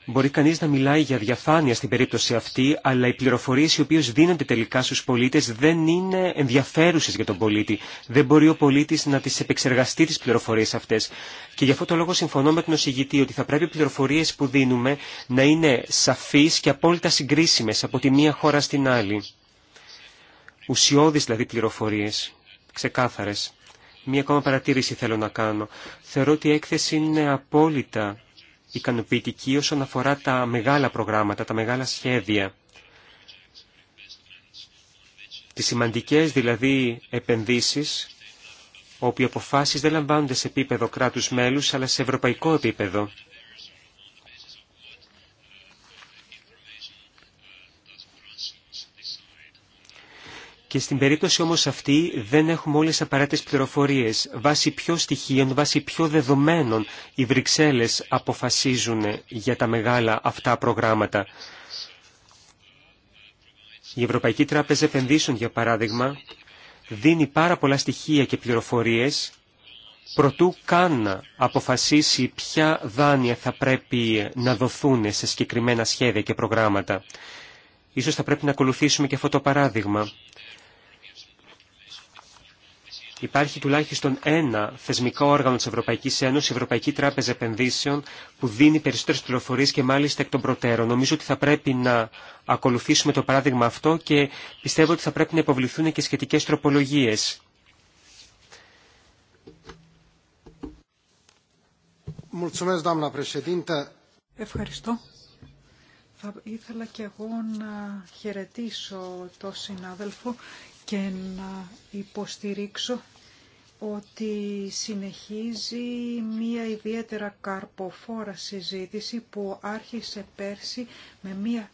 Μπορεί κανεί να μιλάει για διαφάνεια στην περίπτωση αυτή, αλλά οι πληροφορίε οι οποίε δίνονται τελικά στου πολίτε δεν είναι ενδιαφέρουσε για τον πολίτη. Δεν μπορεί ο πολίτη να τι επεξεργαστεί τι πληροφορίε αυτέ. Και γι' αυτό το λόγο συμφωνώ με τον οσηγητή ότι θα πρέπει οι πληροφορίε που δίνουμε να είναι σαφεί και απόλυτα συγκρίσιμε από τη μία χώρα στην άλλη. Ουσιώδει δηλαδή πληροφορίε, ξεκάθαρε, Μία ακόμα παρατήρηση θέλω να κάνω. Θεωρώ ότι η έκθεση είναι απόλυτα ικανοποιητική όσον αφορά τα μεγάλα προγράμματα, τα μεγάλα σχέδια. Τις σημαντικές δηλαδή επενδύσεις, όπου οι αποφάσεις δεν λαμβάνονται σε επίπεδο κράτους μέλους, αλλά σε ευρωπαϊκό επίπεδο. Και στην περίπτωση όμως αυτή δεν έχουμε όλες τις απαραίτητες πληροφορίες. Βάσει ποιο στοιχείων, βάσει ποιο δεδομένων οι Βρυξέλλες αποφασίζουν για τα μεγάλα αυτά προγράμματα. Η Ευρωπαϊκή Τράπεζα Επενδύσεων, για παράδειγμα, δίνει πάρα πολλά στοιχεία και πληροφορίες προτού καν να αποφασίσει ποια δάνεια θα πρέπει να δοθούν σε συγκεκριμένα σχέδια και προγράμματα. Ίσως θα πρέπει να ακολουθήσουμε και αυτό το παράδειγμα. Υπάρχει τουλάχιστον ένα θεσμικό όργανο της Ευρωπαϊκής Ένωσης, η Ευρωπαϊκή Τράπεζα Επενδύσεων, που δίνει περισσότερες πληροφορίες και μάλιστα εκ των προτέρων. Νομίζω ότι θα πρέπει να ακολουθήσουμε το παράδειγμα αυτό και πιστεύω ότι θα πρέπει να υποβληθούν και σχετικές τροπολογίες. Ευχαριστώ. Θα ήθελα και εγώ να χαιρετήσω το συνάδελφο και να υποστηρίξω ότι συνεχίζει μία ιδιαίτερα καρποφόρα συζήτηση που άρχισε πέρσι με μία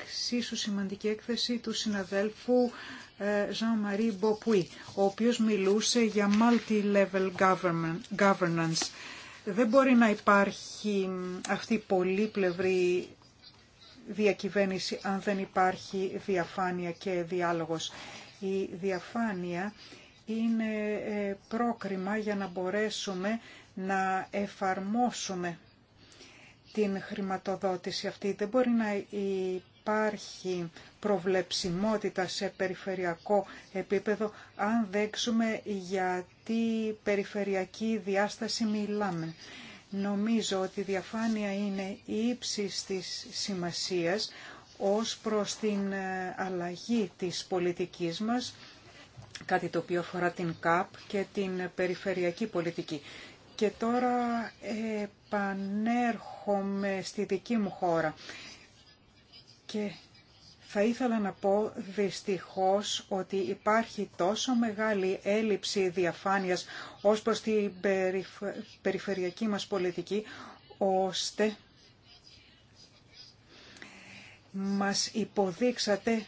εξίσου σημαντική έκθεση του συναδέλφου ε, Jean-Marie ο οποίος μιλούσε για multi-level governance. Δεν μπορεί να υπάρχει αυτή η πολύπλευρη διακυβέρνηση αν δεν υπάρχει διαφάνεια και διάλογος. Η διαφάνεια είναι ε, πρόκριμα για να μπορέσουμε να εφαρμόσουμε την χρηματοδότηση αυτή. Δεν μπορεί να υπάρχει προβλεψιμότητα σε περιφερειακό επίπεδο αν δέξουμε για τι περιφερειακή διάσταση μιλάμε. Νομίζω ότι η διαφάνεια είναι ύψης της σημασίας ως προς την ε, αλλαγή της πολιτικής μας, κάτι το οποίο αφορά την ΚΑΠ και την περιφερειακή πολιτική. Και τώρα επανέρχομαι στη δική μου χώρα θα ήθελα να πω δυστυχώς ότι υπάρχει τόσο μεγάλη έλλειψη διαφάνειας ως προς την περιφερειακή μας πολιτική, ώστε μας υποδείξατε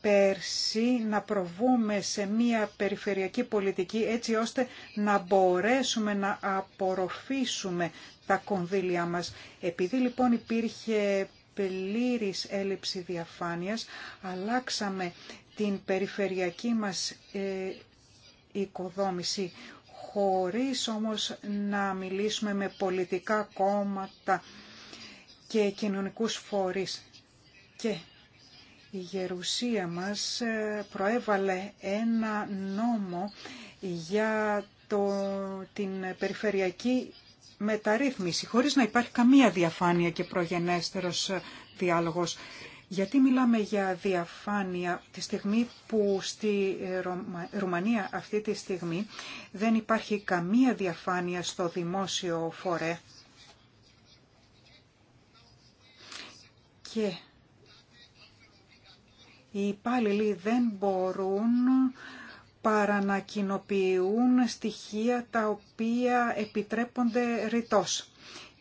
πέρσι να προβούμε σε μια περιφερειακή πολιτική έτσι ώστε να μπορέσουμε να απορροφήσουμε τα κονδύλια μας. Επειδή λοιπόν υπήρχε πλήρης έλλειψη διαφάνειας, αλλάξαμε την περιφερειακή μας ε, οικοδόμηση, χωρίς όμως να μιλήσουμε με πολιτικά κόμματα και κοινωνικούς φορείς. Και η γερουσία μας ε, προέβαλε ένα νόμο για το, την περιφερειακή μεταρρύθμιση, χωρίς να υπάρχει καμία διαφάνεια και προγενέστερος ε, διάλογος. Γιατί μιλάμε για διαφάνεια τη στιγμή που στη ε, Ρουμανία αυτή τη στιγμή δεν υπάρχει καμία διαφάνεια στο δημόσιο φορέ. Και οι υπάλληλοι δεν μπορούν να κοινοποιούν στοιχεία τα οποία επιτρέπονται ρητός.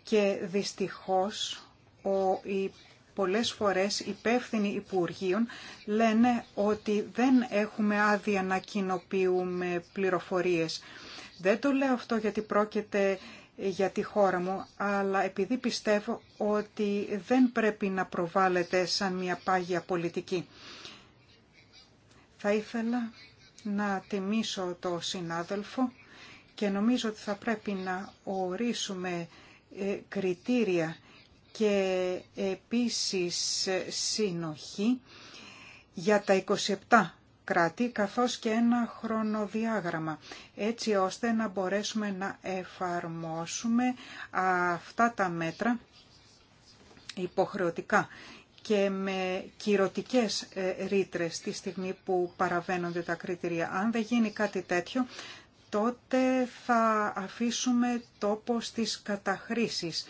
Και δυστυχώς ο, οι, πολλές φορές υπεύθυνοι υπουργείων λένε ότι δεν έχουμε άδεια να κοινοποιούμε πληροφορίες. Δεν το λέω αυτό γιατί πρόκειται για τη χώρα μου, αλλά επειδή πιστεύω ότι δεν πρέπει να προβάλλεται σαν μια πάγια πολιτική. Θα ήθελα να τιμήσω το συνάδελφο και νομίζω ότι θα πρέπει να ορίσουμε ε, κριτήρια και επίσης ε, συνοχή για τα 27 κράτη καθώς και ένα χρονοδιάγραμμα έτσι ώστε να μπορέσουμε να εφαρμόσουμε αυτά τα μέτρα υποχρεωτικά και με κυρωτικές ε, ρήτρε τη στιγμή που παραβαίνονται τα κριτήρια. Αν δεν γίνει κάτι τέτοιο, τότε θα αφήσουμε τόπο στις καταχρήσεις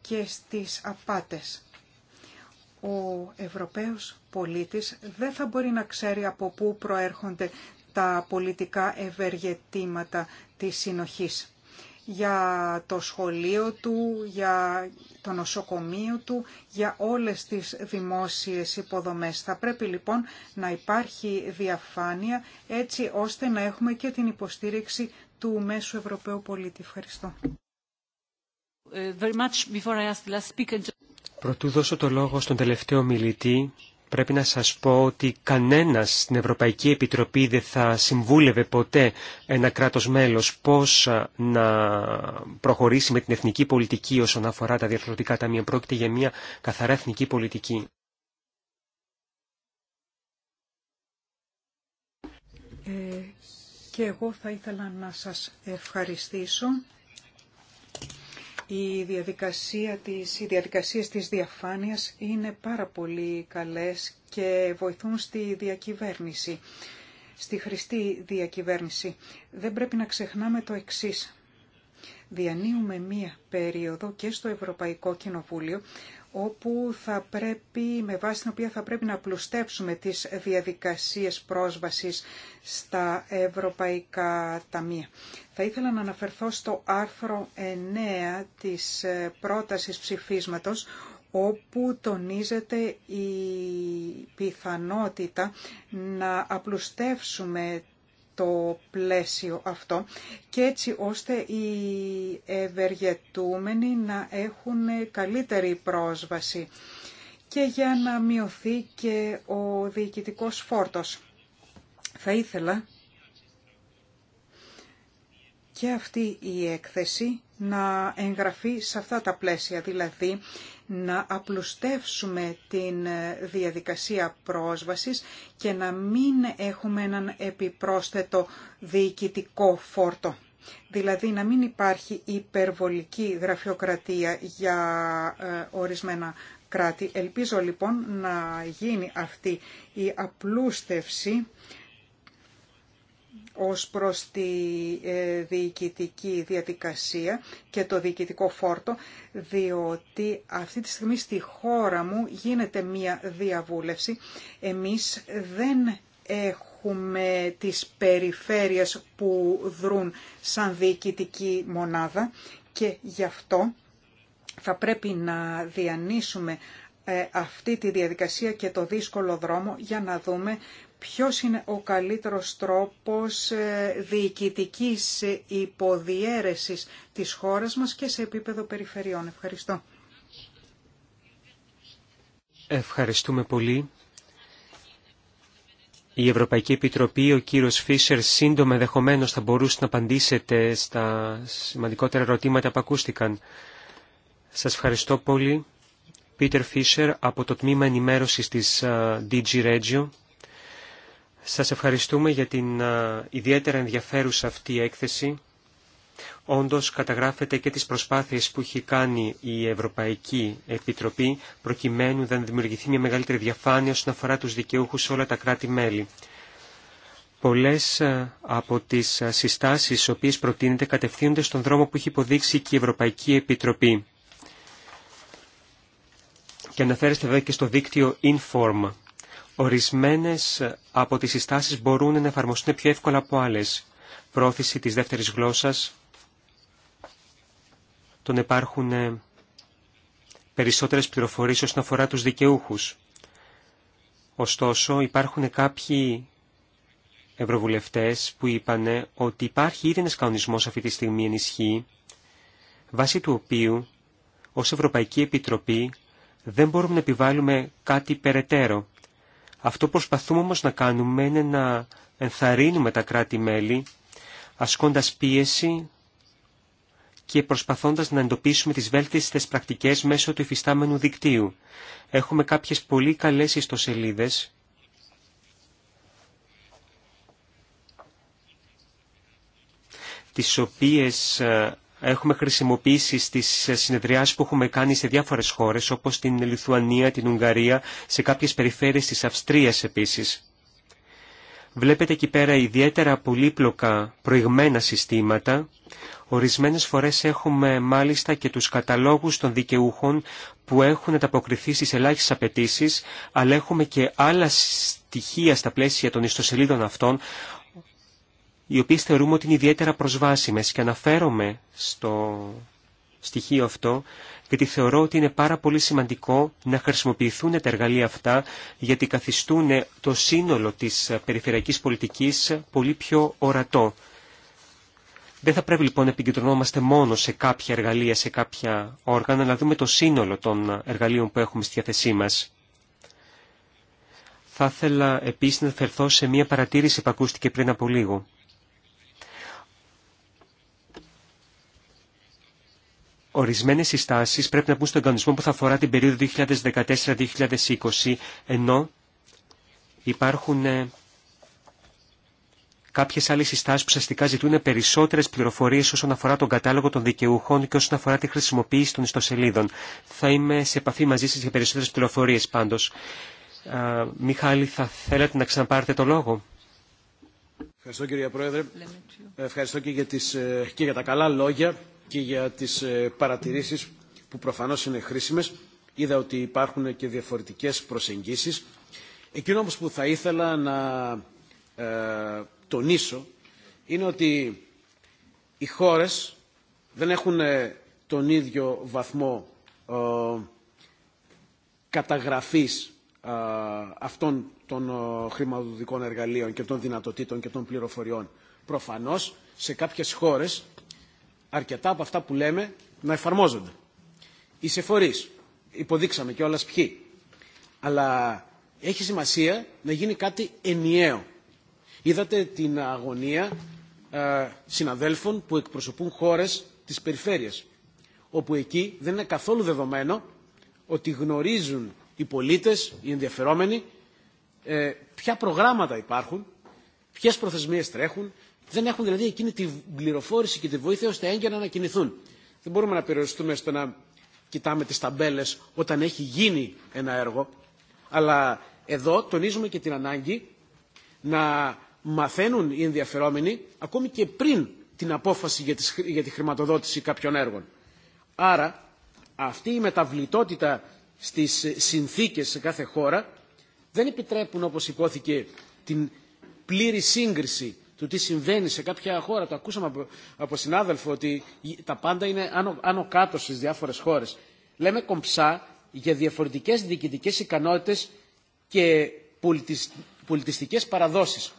και στις απάτες. Ο Ευρωπαίος πολίτης δεν θα μπορεί να ξέρει από πού προέρχονται τα πολιτικά ευεργετήματα της συνοχής για το σχολείο του, για το νοσοκομείο του, για όλες τις δημόσιες υποδομές. Θα πρέπει λοιπόν να υπάρχει διαφάνεια έτσι ώστε να έχουμε και την υποστήριξη του μέσου Ευρωπαίου πολίτη. Ευχαριστώ. Ε, very Προτού δώσω το λόγο στον τελευταίο μιλητή, Πρέπει να σας πω ότι κανένας στην Ευρωπαϊκή Επιτροπή δεν θα συμβούλευε ποτέ ένα κράτος μέλος πώς να προχωρήσει με την εθνική πολιτική όσον αφορά τα διαφορετικά ταμεία. Πρόκειται για μια καθαρά εθνική πολιτική. Ε, και εγώ θα ήθελα να σας ευχαριστήσω η διαδικασία της, οι διαδικασίες της διαφάνειας είναι πάρα πολύ καλές και βοηθούν στη διακυβέρνηση, στη χρηστή διακυβέρνηση. Δεν πρέπει να ξεχνάμε το εξής διανύουμε μία περίοδο και στο Ευρωπαϊκό Κοινοβούλιο όπου θα πρέπει, με βάση την οποία θα πρέπει να πλουστέψουμε τις διαδικασίες πρόσβασης στα ευρωπαϊκά ταμεία. Θα ήθελα να αναφερθώ στο άρθρο 9 της ε, πρότασης ψηφίσματος, όπου τονίζεται η πιθανότητα να απλουστεύσουμε το πλαίσιο αυτό και έτσι ώστε οι ευεργετούμενοι να έχουν καλύτερη πρόσβαση και για να μειωθεί και ο διοικητικός φόρτος. Θα ήθελα και αυτή η έκθεση να εγγραφεί σε αυτά τα πλαίσια, δηλαδή να απλουστεύσουμε την διαδικασία πρόσβασης και να μην έχουμε έναν επιπρόσθετο διοικητικό φόρτο. Δηλαδή να μην υπάρχει υπερβολική γραφειοκρατία για ε, ορισμένα κράτη. Ελπίζω λοιπόν να γίνει αυτή η απλούστευση ως προς τη ε, διοικητική διαδικασία και το διοικητικό φόρτο, διότι αυτή τη στιγμή στη χώρα μου γίνεται μία διαβούλευση. Εμείς δεν έχουμε τις περιφέρειες που δρούν σαν διοικητική μονάδα και γι' αυτό θα πρέπει να διανύσουμε ε, αυτή τη διαδικασία και το δύσκολο δρόμο για να δούμε ποιος είναι ο καλύτερος τρόπος ε, διοικητικής υποδιέρεσης της χώρας μας και σε επίπεδο περιφερειών. Ευχαριστώ. Ευχαριστούμε πολύ. Η Ευρωπαϊκή Επιτροπή, ο κύριος Φίσερ, σύντομα ενδεχομένω θα μπορούσε να απαντήσετε στα σημαντικότερα ερωτήματα που ακούστηκαν. Σας ευχαριστώ πολύ. Πίτερ Φίσερ από το Τμήμα Ενημέρωσης της ε, DG Regio. Σας ευχαριστούμε για την ε, ιδιαίτερα ενδιαφέρουσα αυτή έκθεση. Όντως καταγράφεται και τις προσπάθειες που έχει κάνει η Ευρωπαϊκή Επιτροπή προκειμένου να δημιουργηθεί μια μεγαλύτερη διαφάνεια όσον αφορά τους δικαιούχους σε όλα τα κράτη-μέλη. Πολλές ε, από τις ε, συστάσεις οι οποίες προτείνεται κατευθύνονται στον δρόμο που έχει υποδείξει και η Ευρωπαϊκή Επιτροπή. Και αναφέρεστε βέβαια και στο δίκτυο Inform Ορισμένες από τις συστάσεις μπορούν να εφαρμοστούν πιο εύκολα από άλλες. Πρόθεση της δεύτερης γλώσσας, τον υπάρχουν ε, περισσότερες πληροφορίες όσον αφορά τους δικαιούχους. Ωστόσο, υπάρχουν κάποιοι ευρωβουλευτές που είπαν ε, ότι υπάρχει ήδη ένας κανονισμός αυτή τη στιγμή ενισχύει, βάσει του οποίου ως Ευρωπαϊκή Επιτροπή δεν μπορούμε να επιβάλλουμε κάτι περαιτέρω. Αυτό που προσπαθούμε όμως να κάνουμε είναι να ενθαρρύνουμε τα κράτη-μέλη ασκώντας πίεση και προσπαθώντας να εντοπίσουμε τις βέλτιστες πρακτικές μέσω του υφιστάμενου δικτύου. Έχουμε κάποιες πολύ καλές ιστοσελίδες τις οποίες ε, έχουμε χρησιμοποιήσει στις συνεδριάσεις που έχουμε κάνει σε διάφορες χώρες, όπως την Λιθουανία, την Ουγγαρία, σε κάποιες περιφέρειες της Αυστρίας επίσης. Βλέπετε εκεί πέρα ιδιαίτερα πολύπλοκα προηγμένα συστήματα. Ορισμένες φορές έχουμε μάλιστα και τους καταλόγους των δικαιούχων που έχουν ανταποκριθεί στις ελάχιστες απαιτήσει, αλλά έχουμε και άλλα στοιχεία στα πλαίσια των ιστοσελίδων αυτών οι οποίες θεωρούμε ότι είναι ιδιαίτερα προσβάσιμες και αναφέρομαι στο στοιχείο αυτό γιατί θεωρώ ότι είναι πάρα πολύ σημαντικό να χρησιμοποιηθούν τα εργαλεία αυτά γιατί καθιστούν το σύνολο της περιφερειακής πολιτικής πολύ πιο ορατό. Δεν θα πρέπει λοιπόν να επικεντρωνόμαστε μόνο σε κάποια εργαλεία, σε κάποια όργανα, αλλά να δούμε το σύνολο των εργαλείων που έχουμε στη διάθεσή μας. Θα ήθελα επίσης να φερθώ σε μία παρατήρηση που ακούστηκε πριν από λίγο. Ορισμένες συστάσεις πρέπει να μπουν στον κανονισμό που θα αφορά την περίοδο 2014-2020, ενώ υπάρχουν ε, κάποιες άλλες συστάσεις που ουσιαστικά ζητούν περισσότερες πληροφορίες όσον αφορά τον κατάλογο των δικαιούχων και όσον αφορά τη χρησιμοποίηση των ιστοσελίδων. Θα είμαι σε επαφή μαζί σας για περισσότερες πληροφορίες πάντως. Ε, Μιχάλη, θα θέλατε να ξαναπάρετε το λόγο. Ευχαριστώ κύριε Πρόεδρε. Ευχαριστώ και για, τις, ε, και για τα καλά λόγια και για τις ε, παρατηρήσεις που προφανώς είναι χρήσιμες. Είδα ότι υπάρχουν και διαφορετικές προσεγγίσεις. Εκείνο όμως που θα ήθελα να ε, τονίσω είναι ότι οι χώρες δεν έχουν ε, τον ίδιο βαθμό καταγραφής αυτών των χρηματοδοτικών εργαλείων και των δυνατοτήτων και των πληροφοριών. Προφανώς σε κάποιες χώρες αρκετά από αυτά που λέμε να εφαρμόζονται. Οι σεφορείς, υποδείξαμε κιόλα ποιοι. Αλλά έχει σημασία να γίνει κάτι ενιαίο. Είδατε την αγωνία ε, συναδέλφων που εκπροσωπούν χώρες της περιφέρειας, όπου εκεί δεν είναι καθόλου δεδομένο ότι γνωρίζουν οι πολίτε, οι ενδιαφερόμενοι, ε, ποια προγράμματα υπάρχουν ποιε προθεσμίε τρέχουν, δεν έχουν δηλαδή εκείνη την πληροφόρηση και τη βοήθεια ώστε έγκαιρα να κινηθούν. Δεν μπορούμε να περιοριστούμε στο να κοιτάμε τι ταμπέλε όταν έχει γίνει ένα έργο, αλλά εδώ τονίζουμε και την ανάγκη να μαθαίνουν οι ενδιαφερόμενοι ακόμη και πριν την απόφαση για τη χρηματοδότηση κάποιων έργων. Άρα αυτή η μεταβλητότητα στις συνθήκες σε κάθε χώρα δεν επιτρέπουν όπως υπόθηκε την πλήρη σύγκριση του τι συμβαίνει σε κάποια χώρα. Το ακούσαμε από, από συνάδελφο ότι τα πάντα είναι άνω, άνω κάτω στις διάφορες χώρες. Λέμε κομψά για διαφορετικές διοικητικές ικανότητες και πολιτισ, πολιτιστικές παραδόσεις.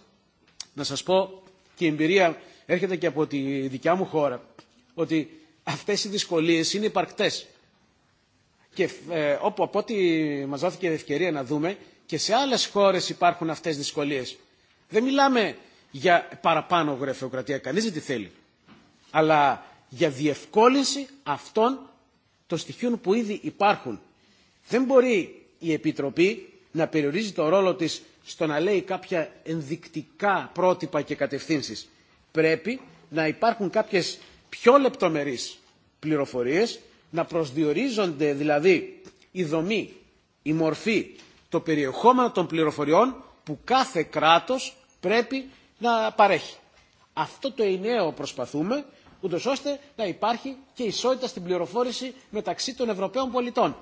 Να σας πω και η εμπειρία έρχεται και από τη δικιά μου χώρα ότι αυτές οι δυσκολίες είναι υπαρκτέ. Και ε, όπου από ό,τι μας δόθηκε ευκαιρία να δούμε και σε άλλες χώρες υπάρχουν αυτές τις δυσκολίες. Δεν μιλάμε για παραπάνω γραφειοκρατία, κανείς δεν τη θέλει. Αλλά για διευκόλυνση αυτών των στοιχείων που ήδη υπάρχουν. Δεν μπορεί η Επιτροπή να περιορίζει το ρόλο της στο να λέει κάποια ενδεικτικά πρότυπα και κατευθύνσεις. Πρέπει να υπάρχουν κάποιες πιο λεπτομερείς πληροφορίες, να προσδιορίζονται δηλαδή η δομή, η μορφή, το περιεχόμενο των πληροφοριών που κάθε κράτος πρέπει να παρέχει. Αυτό το ενιαίο προσπαθούμε, ούτω ώστε να υπάρχει και ισότητα στην πληροφόρηση μεταξύ των Ευρωπαίων πολιτών.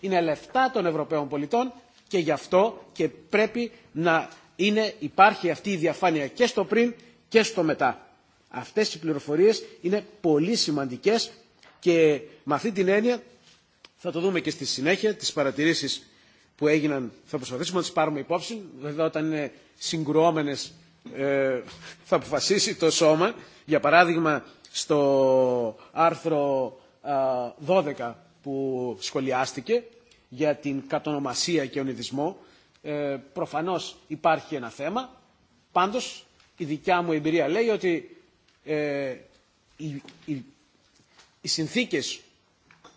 Είναι λεφτά των Ευρωπαίων πολιτών και γι' αυτό και πρέπει να είναι, υπάρχει αυτή η διαφάνεια και στο πριν και στο μετά. Αυτές οι πληροφορίες είναι πολύ σημαντικές και με αυτή την έννοια θα το δούμε και στη συνέχεια τις παρατηρήσεις που έγιναν θα προσπαθήσουμε να τις πάρουμε υπόψη. Βέβαια όταν είναι συγκρουόμενες ε, θα αποφασίσει το σώμα. Για παράδειγμα στο άρθρο 12 που σχολιάστηκε για την κατονομασία και ονειδισμό ε, προφανώς υπάρχει ένα θέμα. Πάντως η δικιά μου εμπειρία λέει ότι ε, οι, οι, οι συνθήκες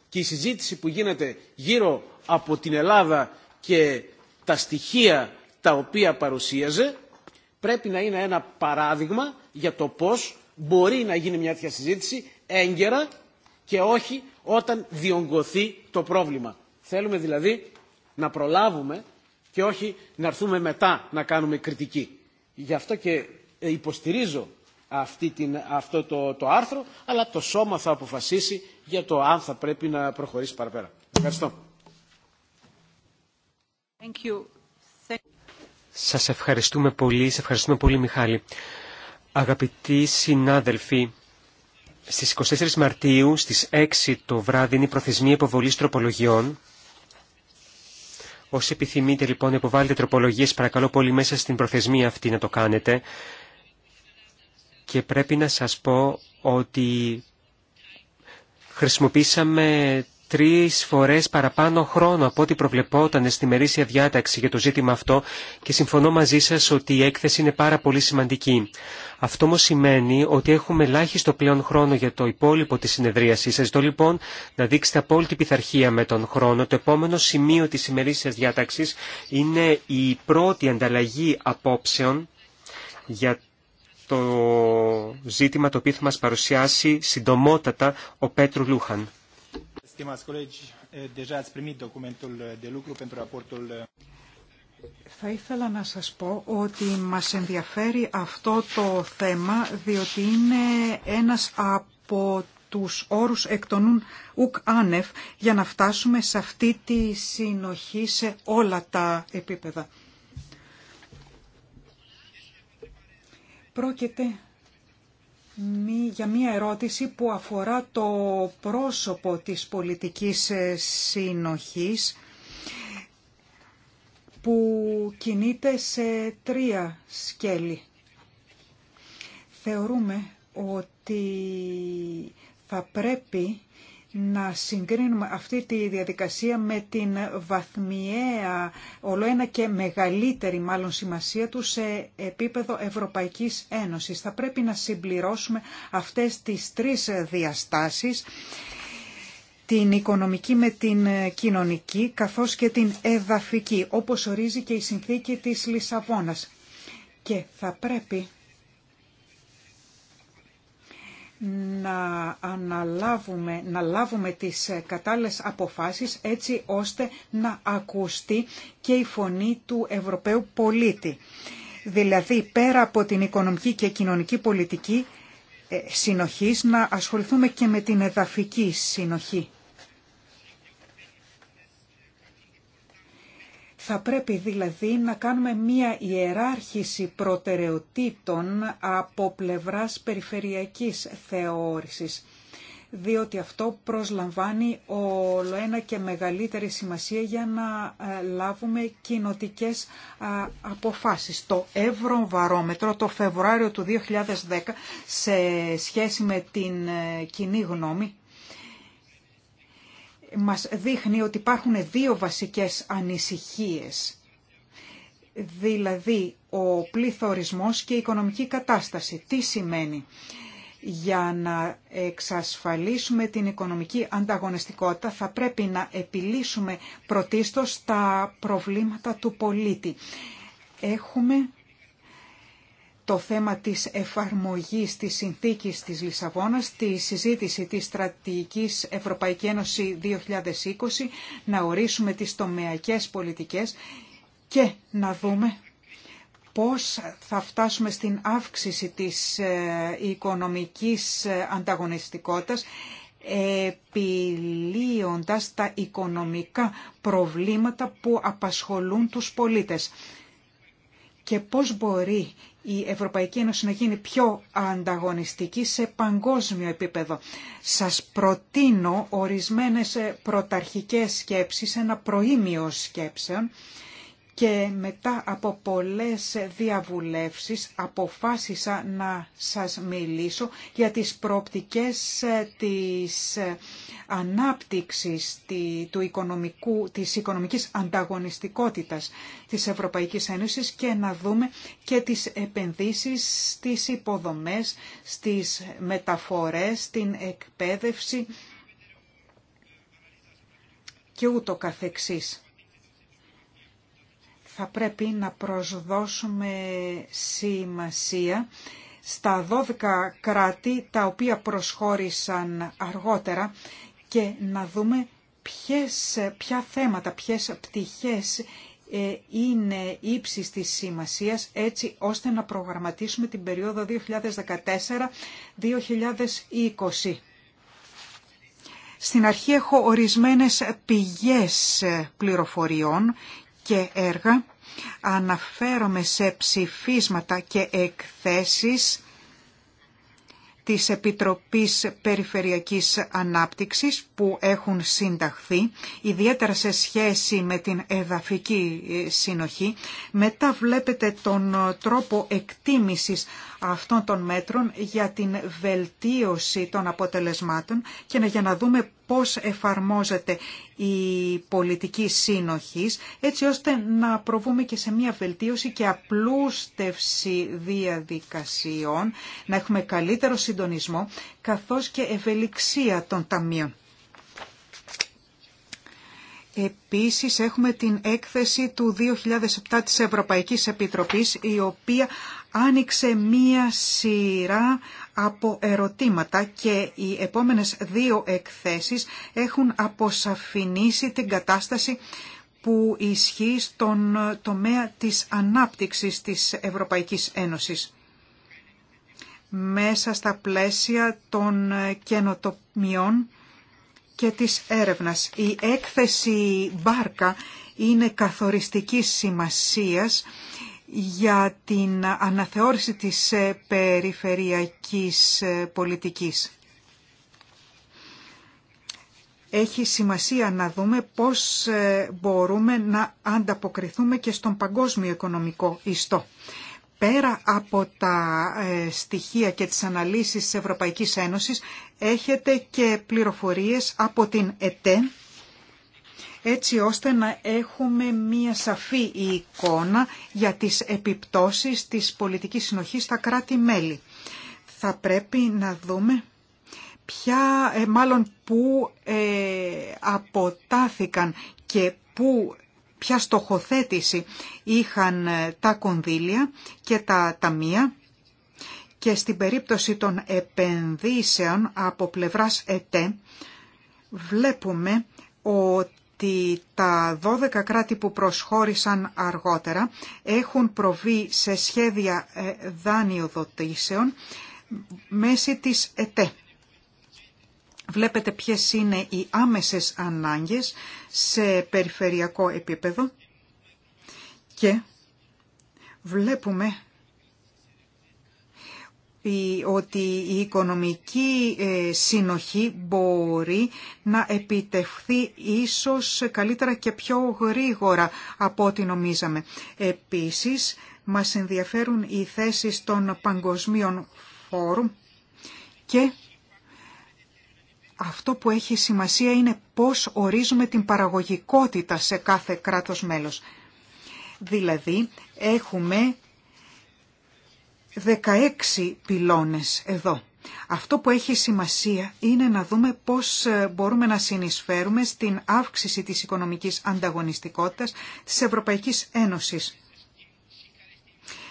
και η συζήτηση που γίνεται γύρω από την Ελλάδα και τα στοιχεία τα οποία παρουσίαζε πρέπει να είναι ένα παράδειγμα για το πώς μπορεί να γίνει μια τέτοια συζήτηση έγκαιρα και όχι όταν διονγκωθεί το πρόβλημα. Θέλουμε δηλαδή να προλάβουμε και όχι να έρθουμε μετά να κάνουμε κριτική. Γι' αυτό και υποστηρίζω αυτή την, αυτό το, το άρθρο, αλλά το σώμα θα αποφασίσει για το αν θα πρέπει να προχωρήσει παραπέρα. Ευχαριστώ. Σας ευχαριστούμε πολύ, σε ευχαριστούμε πολύ Μιχάλη. Αγαπητοί συνάδελφοι, στις 24 Μαρτίου στις 6 το βράδυ είναι η προθεσμία υποβολή τροπολογιών. Όσοι επιθυμείτε λοιπόν να υποβάλλετε τροπολογίες παρακαλώ πολύ μέσα στην προθεσμία αυτή να το κάνετε. Και πρέπει να σας πω ότι χρησιμοποίησαμε τρεις φορές παραπάνω χρόνο από ό,τι προβλεπόταν στη μερίσια διάταξη για το ζήτημα αυτό και συμφωνώ μαζί σας ότι η έκθεση είναι πάρα πολύ σημαντική. Αυτό όμως σημαίνει ότι έχουμε ελάχιστο πλέον χρόνο για το υπόλοιπο της συνεδρίασης. Σας ζητώ λοιπόν να δείξετε απόλυτη πειθαρχία με τον χρόνο. Το επόμενο σημείο της ημερήσιας διάταξης είναι η πρώτη ανταλλαγή απόψεων για το ζήτημα το οποίο θα μας παρουσιάσει συντομότατα ο Πέτρου Λούχαν. Θα ήθελα να σας πω ότι μας ενδιαφέρει αυτό το θέμα διότι είναι ένας από τους όρους εκ των ουκ άνευ για να φτάσουμε σε αυτή τη συνοχή σε όλα τα επίπεδα. Πρόκειται για μία ερώτηση που αφορά το πρόσωπο της πολιτικής ε, συνοχής που κινείται σε τρία σκέλη. Θεωρούμε ότι θα πρέπει να συγκρίνουμε αυτή τη διαδικασία με την βαθμιαία, ένα και μεγαλύτερη μάλλον σημασία του σε επίπεδο Ευρωπαϊκής Ένωσης. Θα πρέπει να συμπληρώσουμε αυτές τις τρεις διαστάσεις την οικονομική με την κοινωνική καθώς και την εδαφική, όπως ορίζει και η συνθήκη της Λισαβόνας. Και θα πρέπει να αναλάβουμε, να λάβουμε τις ε, κατάλληλες αποφάσεις έτσι ώστε να ακουστεί και η φωνή του Ευρωπαίου πολίτη. Δηλαδή πέρα από την οικονομική και κοινωνική πολιτική ε, συνοχής να ασχοληθούμε και με την εδαφική συνοχή. Θα πρέπει δηλαδή να κάνουμε μία ιεράρχηση προτεραιοτήτων από πλευράς περιφερειακής θεώρησης, διότι αυτό προσλαμβάνει όλο ένα και μεγαλύτερη σημασία για να ε, λάβουμε κοινοτικές αποφάσεις. Το Ευρωβαρόμετρο το Φεβρουάριο του 2010 σε σχέση με την ε, κοινή γνώμη μας δείχνει ότι υπάρχουν δύο βασικές ανησυχίες. Δηλαδή, ο πληθωρισμός και η οικονομική κατάσταση. Τι σημαίνει για να εξασφαλίσουμε την οικονομική ανταγωνιστικότητα θα πρέπει να επιλύσουμε πρωτίστως τα προβλήματα του πολίτη. Έχουμε το θέμα της εφαρμογής της συνθήκης της Λισαβόνας, τη συζήτηση της στρατηγικής Ευρωπαϊκή Ένωση 2020, να ορίσουμε τις τομεακές πολιτικές και να δούμε πώς θα φτάσουμε στην αύξηση της ε, οικονομικής ε, ανταγωνιστικότητας επιλύοντας τα οικονομικά προβλήματα που απασχολούν τους πολίτες και πώς μπορεί η Ευρωπαϊκή Ένωση να γίνει πιο ανταγωνιστική σε παγκόσμιο επίπεδο. Σας προτείνω ορισμένες ε, πρωταρχικές σκέψεις, ένα προήμιο σκέψεων, και μετά από πολλές διαβουλεύσεις αποφάσισα να σας μιλήσω για τις προοπτικές ε, της ε, ανάπτυξης του οικονομικού, της οικονομικής ανταγωνιστικότητας της Ευρωπαϊκής Ένωσης και να δούμε και τις επενδύσεις στις υποδομές, στις μεταφορές, στην εκπαίδευση και ούτω καθεξής θα πρέπει να προσδώσουμε σημασία στα 12 κράτη τα οποία προσχώρησαν αργότερα και να δούμε ποια θέματα, ποιες πτυχές ε, είναι ύψης της σημασίας έτσι ώστε να προγραμματίσουμε την περίοδο 2014-2020. Στην αρχή έχω ορισμένες πηγές πληροφοριών και έργα. Αναφέρομαι σε ψηφίσματα και εκθέσεις της Επιτροπής Περιφερειακής Ανάπτυξης που έχουν συνταχθεί, ιδιαίτερα σε σχέση με την εδαφική συνοχή. Μετά βλέπετε τον τρόπο εκτίμησης αυτών των μέτρων για την βελτίωση των αποτελεσμάτων και για να δούμε πώς εφαρμόζεται η πολιτική σύνοχης, έτσι ώστε να προβούμε και σε μια βελτίωση και απλούστευση διαδικασιών, να έχουμε καλύτερο συντονισμό, καθώς και ευελιξία των ταμείων. Επίσης έχουμε την έκθεση του 2007 της Ευρωπαϊκής Επιτροπής η οποία άνοιξε μία σειρά από ερωτήματα και οι επόμενες δύο εκθέσεις έχουν αποσαφηνίσει την κατάσταση που ισχύει στον τομέα της ανάπτυξης της Ευρωπαϊκής Ένωσης μέσα στα πλαίσια των καινοτομιών και της έρευνας. Η έκθεση Μπάρκα είναι καθοριστικής σημασίας για την αναθεώρηση της ε, περιφερειακής ε, πολιτικής. Έχει σημασία να δούμε πώς ε, μπορούμε να ανταποκριθούμε και στον παγκόσμιο οικονομικό ιστό. Πέρα από τα στοιχεία και τις αναλύσεις της Ευρωπαϊκής Ένωσης, έχετε και πληροφορίες από την ΕΤΕ έτσι ώστε να έχουμε μία σαφή εικόνα για τις επιπτώσεις της πολιτικής συνοχής στα κράτη-μέλη. Θα πρέπει να δούμε ποια, ε, μάλλον πού ε, αποτάθηκαν και πού ποια στοχοθέτηση είχαν ε, τα κονδύλια και τα ταμεία και στην περίπτωση των επενδύσεων από πλευράς ΕΤΕ βλέπουμε ότι ότι τα 12 κράτη που προσχώρησαν αργότερα έχουν προβεί σε σχέδια ε, δάνειοδοτήσεων μέση της ΕΤΕ. Βλέπετε ποιες είναι οι άμεσες ανάγκες σε περιφερειακό επίπεδο και βλέπουμε ότι η οικονομική ε, συνοχή μπορεί να επιτευχθεί ίσως καλύτερα και πιο γρήγορα από ό,τι νομίζαμε. Επίσης, μας ενδιαφέρουν οι θέσεις των παγκοσμίων φόρουμ και αυτό που έχει σημασία είναι πώς ορίζουμε την παραγωγικότητα σε κάθε κράτος μέλος. Δηλαδή, έχουμε 16 πυλώνες εδώ. Αυτό που έχει σημασία είναι να δούμε πώς ε, μπορούμε να συνεισφέρουμε στην αύξηση της οικονομικής ανταγωνιστικότητας της Ευρωπαϊκής Ένωσης.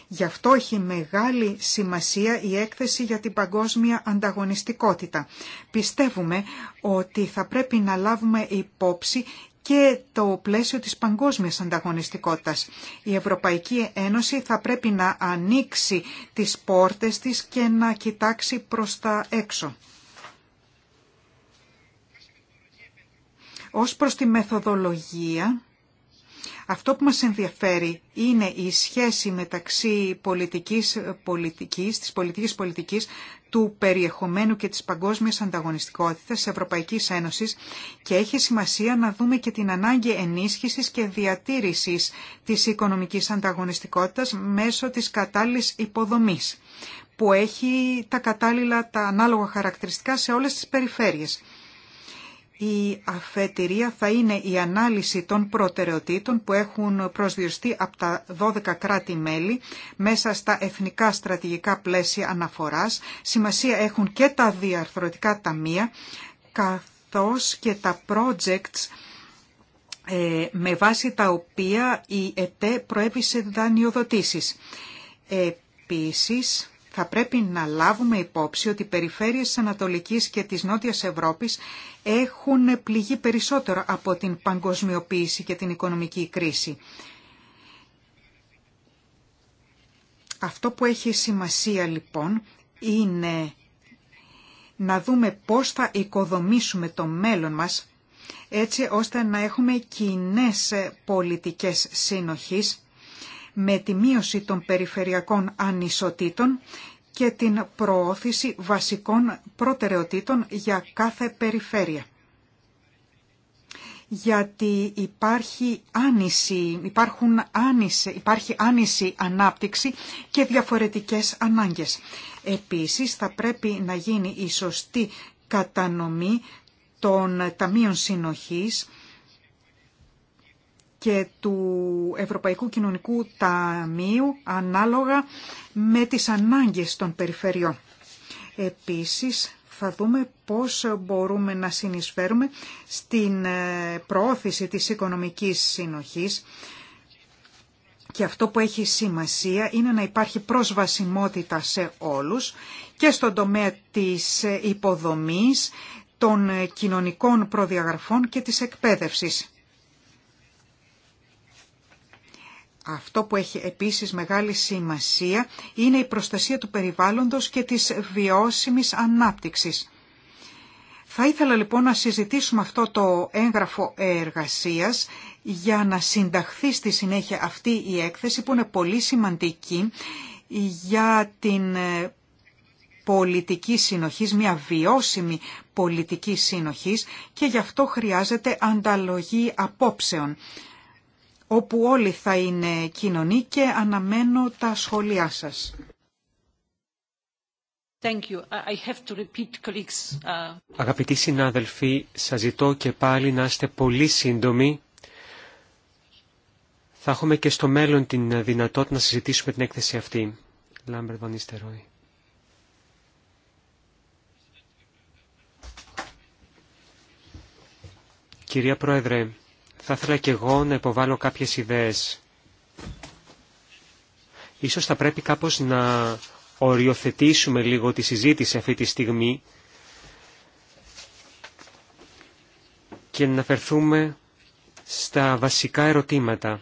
Γι' αυτό έχει μεγάλη σημασία η έκθεση για την παγκόσμια ανταγωνιστικότητα. Πιστεύουμε ότι θα πρέπει να λάβουμε υπόψη και το πλαίσιο της παγκόσμιας ανταγωνιστικότητας. Η Ευρωπαϊκή Ένωση θα πρέπει να ανοίξει τις πόρτες της και να κοιτάξει προς τα έξω. Ως προς τη μεθοδολογία, αυτό που μας ενδιαφέρει είναι η σχέση μεταξύ πολιτικής πολιτικής, της πολιτικής πολιτικής του περιεχομένου και της παγκόσμιας ανταγωνιστικότητας της Ευρωπαϊκής Ένωσης και έχει σημασία να δούμε και την ανάγκη ενίσχυσης και διατήρησης της οικονομικής ανταγωνιστικότητας μέσω της κατάλληλης υποδομής που έχει τα κατάλληλα, τα ανάλογα χαρακτηριστικά σε όλες τις περιφέρειες η αφετηρία θα είναι η ανάλυση των προτεραιοτήτων που έχουν προσδιοριστεί από τα 12 κράτη-μέλη μέσα στα εθνικά στρατηγικά πλαίσια αναφοράς. Σημασία έχουν και τα διαρθρωτικά ταμεία καθώς και τα projects ε, με βάση τα οποία η ΕΤΕ προέβησε δανειοδοτήσεις. Επίσης, θα πρέπει να λάβουμε υπόψη ότι οι περιφέρειες της Ανατολικής και της Νότιας Ευρώπης έχουν πληγεί περισσότερο από την παγκοσμιοποίηση και την οικονομική κρίση. Αυτό που έχει σημασία λοιπόν είναι να δούμε πώς θα οικοδομήσουμε το μέλλον μας έτσι ώστε να έχουμε κοινές πολιτικές σύνοχης με τη μείωση των περιφερειακών ανισοτήτων και την προώθηση βασικών προτεραιοτήτων για κάθε περιφέρεια. Γιατί υπάρχει άνηση, υπάρχουν άνηση, υπάρχει άνηση ανάπτυξη και διαφορετικές ανάγκες. Επίσης θα πρέπει να γίνει η σωστή κατανομή των Ταμείων Συνοχής και του Ευρωπαϊκού Κοινωνικού Ταμείου ανάλογα με τις ανάγκες των περιφερειών. Επίσης, θα δούμε πώς μπορούμε να συνεισφέρουμε στην ε, προώθηση της οικονομικής συνοχής και αυτό που έχει σημασία είναι να υπάρχει προσβασιμότητα σε όλους και στον τομέα της ε, υποδομής, των ε, κοινωνικών προδιαγραφών και της εκπαίδευσης. Αυτό που έχει επίσης μεγάλη σημασία είναι η προστασία του περιβάλλοντος και της βιώσιμης ανάπτυξης. Θα ήθελα λοιπόν να συζητήσουμε αυτό το έγγραφο εργασίας για να συνταχθεί στη συνέχεια αυτή η έκθεση που είναι πολύ σημαντική για την ε, πολιτική συνοχής, μια βιώσιμη πολιτική συνοχής και γι' αυτό χρειάζεται ανταλογή απόψεων όπου όλοι θα είναι κοινωνοί και αναμένω τα σχόλιά σας. Uh, Αγαπητοί συνάδελφοι, σας ζητώ και πάλι να είστε πολύ σύντομοι. Θα έχουμε και στο μέλλον την δυνατότητα να συζητήσουμε την έκθεση αυτή. Λάμπερ Βανίστερόι. Κυρία Πρόεδρε, θα ήθελα και εγώ να υποβάλω κάποιες ιδέες. Ίσως θα πρέπει κάπως να οριοθετήσουμε λίγο τη συζήτηση αυτή τη στιγμή και να αναφερθούμε στα βασικά ερωτήματα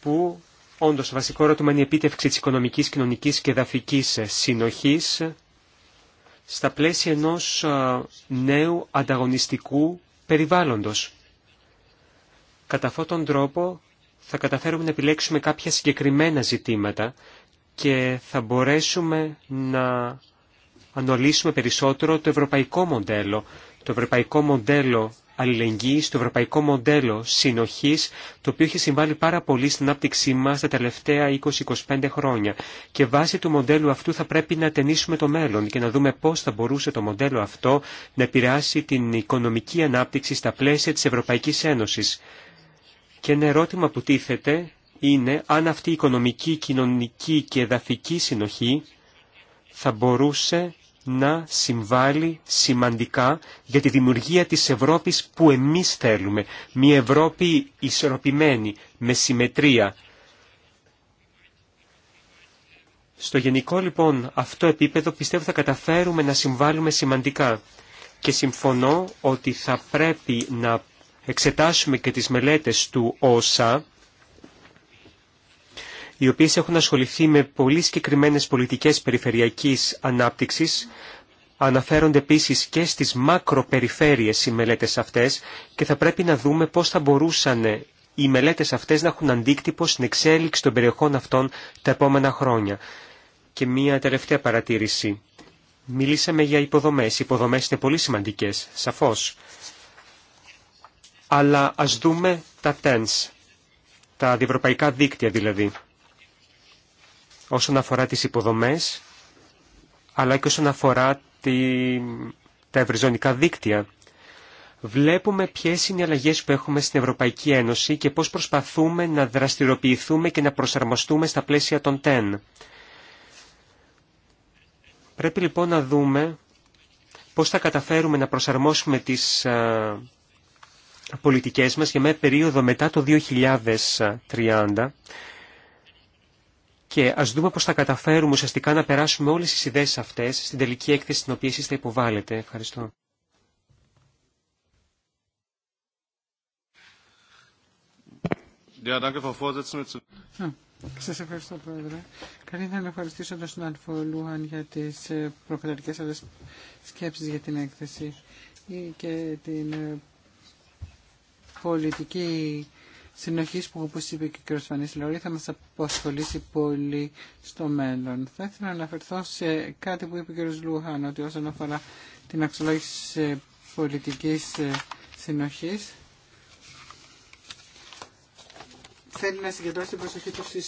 που όντως βασικό ερώτημα είναι η επίτευξη της οικονομικής, κοινωνικής και δαφικής συνοχής στα πλαίσια ενός ε, νέου ανταγωνιστικού περιβάλλοντος. Κατά αυτόν τον τρόπο θα καταφέρουμε να επιλέξουμε κάποια συγκεκριμένα ζητήματα και θα μπορέσουμε να αναλύσουμε περισσότερο το ευρωπαϊκό μοντέλο. Το ευρωπαϊκό μοντέλο Αλληλεγγύη στο ευρωπαϊκό μοντέλο συνοχής, το οποίο έχει συμβάλει πάρα πολύ στην ανάπτυξή μας τα τελευταία 20-25 χρόνια. Και βάσει του μοντέλου αυτού θα πρέπει να ταινίσουμε το μέλλον και να δούμε πώς θα μπορούσε το μοντέλο αυτό να επηρεάσει την οικονομική ανάπτυξη στα πλαίσια της Ευρωπαϊκής Ένωσης. Και ένα ερώτημα που τίθεται είναι αν αυτή η οικονομική, κοινωνική και εδαφική συνοχή θα μπορούσε να συμβάλλει σημαντικά για τη δημιουργία της Ευρώπης που εμείς θέλουμε. Μια Ευρώπη ισορροπημένη, με συμμετρία. Στο γενικό λοιπόν αυτό επίπεδο πιστεύω θα καταφέρουμε να συμβάλλουμε σημαντικά και συμφωνώ ότι θα πρέπει να εξετάσουμε και τις μελέτες του ΩΣΑ οι οποίες έχουν ασχοληθεί με πολύ συγκεκριμένε πολιτικές περιφερειακής ανάπτυξης. Αναφέρονται επίσης και στις μακροπεριφέρειες οι μελέτες αυτές και θα πρέπει να δούμε πώς θα μπορούσαν οι μελέτες αυτές να έχουν αντίκτυπο στην εξέλιξη των περιοχών αυτών τα επόμενα χρόνια. Και μία τελευταία παρατήρηση. Μιλήσαμε για υποδομές. Οι υποδομές είναι πολύ σημαντικές, σαφώς. Αλλά ας δούμε τα TENS, τα διευρωπαϊκά δίκτυα δηλαδή όσον αφορά τις υποδομές, αλλά και όσον αφορά τη, τα ευρυζωνικά δίκτυα. Βλέπουμε ποιες είναι οι αλλαγές που έχουμε στην Ευρωπαϊκή Ένωση και πώς προσπαθούμε να δραστηριοποιηθούμε και να προσαρμοστούμε στα πλαίσια των ΤΕΝ. Πρέπει λοιπόν να δούμε πώς θα καταφέρουμε να προσαρμόσουμε τις πολιτικές μας για μια περίοδο μετά το 2030 και ας δούμε πώς θα καταφέρουμε ουσιαστικά να περάσουμε όλες τις ιδέες αυτές στην τελική έκθεση την οποία εσείς θα υποβάλλετε. Ευχαριστώ. Hm. Σα ευχαριστώ, Πρόεδρε. Καλή να ευχαριστήσω τον συνάδελφο Λούχαν για τι ε, προκαταρικέ σα σκέψει για την έκθεση και την ε, πολιτική Συνοχή που όπω είπε και ο κ. Φανής Λεωρή θα μα αποσχολήσει πολύ στο μέλλον. Θα ήθελα να αναφερθώ σε κάτι που είπε ο κ. Λούχαν ότι όσον αφορά την αξιολόγηση πολιτική ε, συνοχή, θέλει να συγκεντρώσει την προσοχή του στι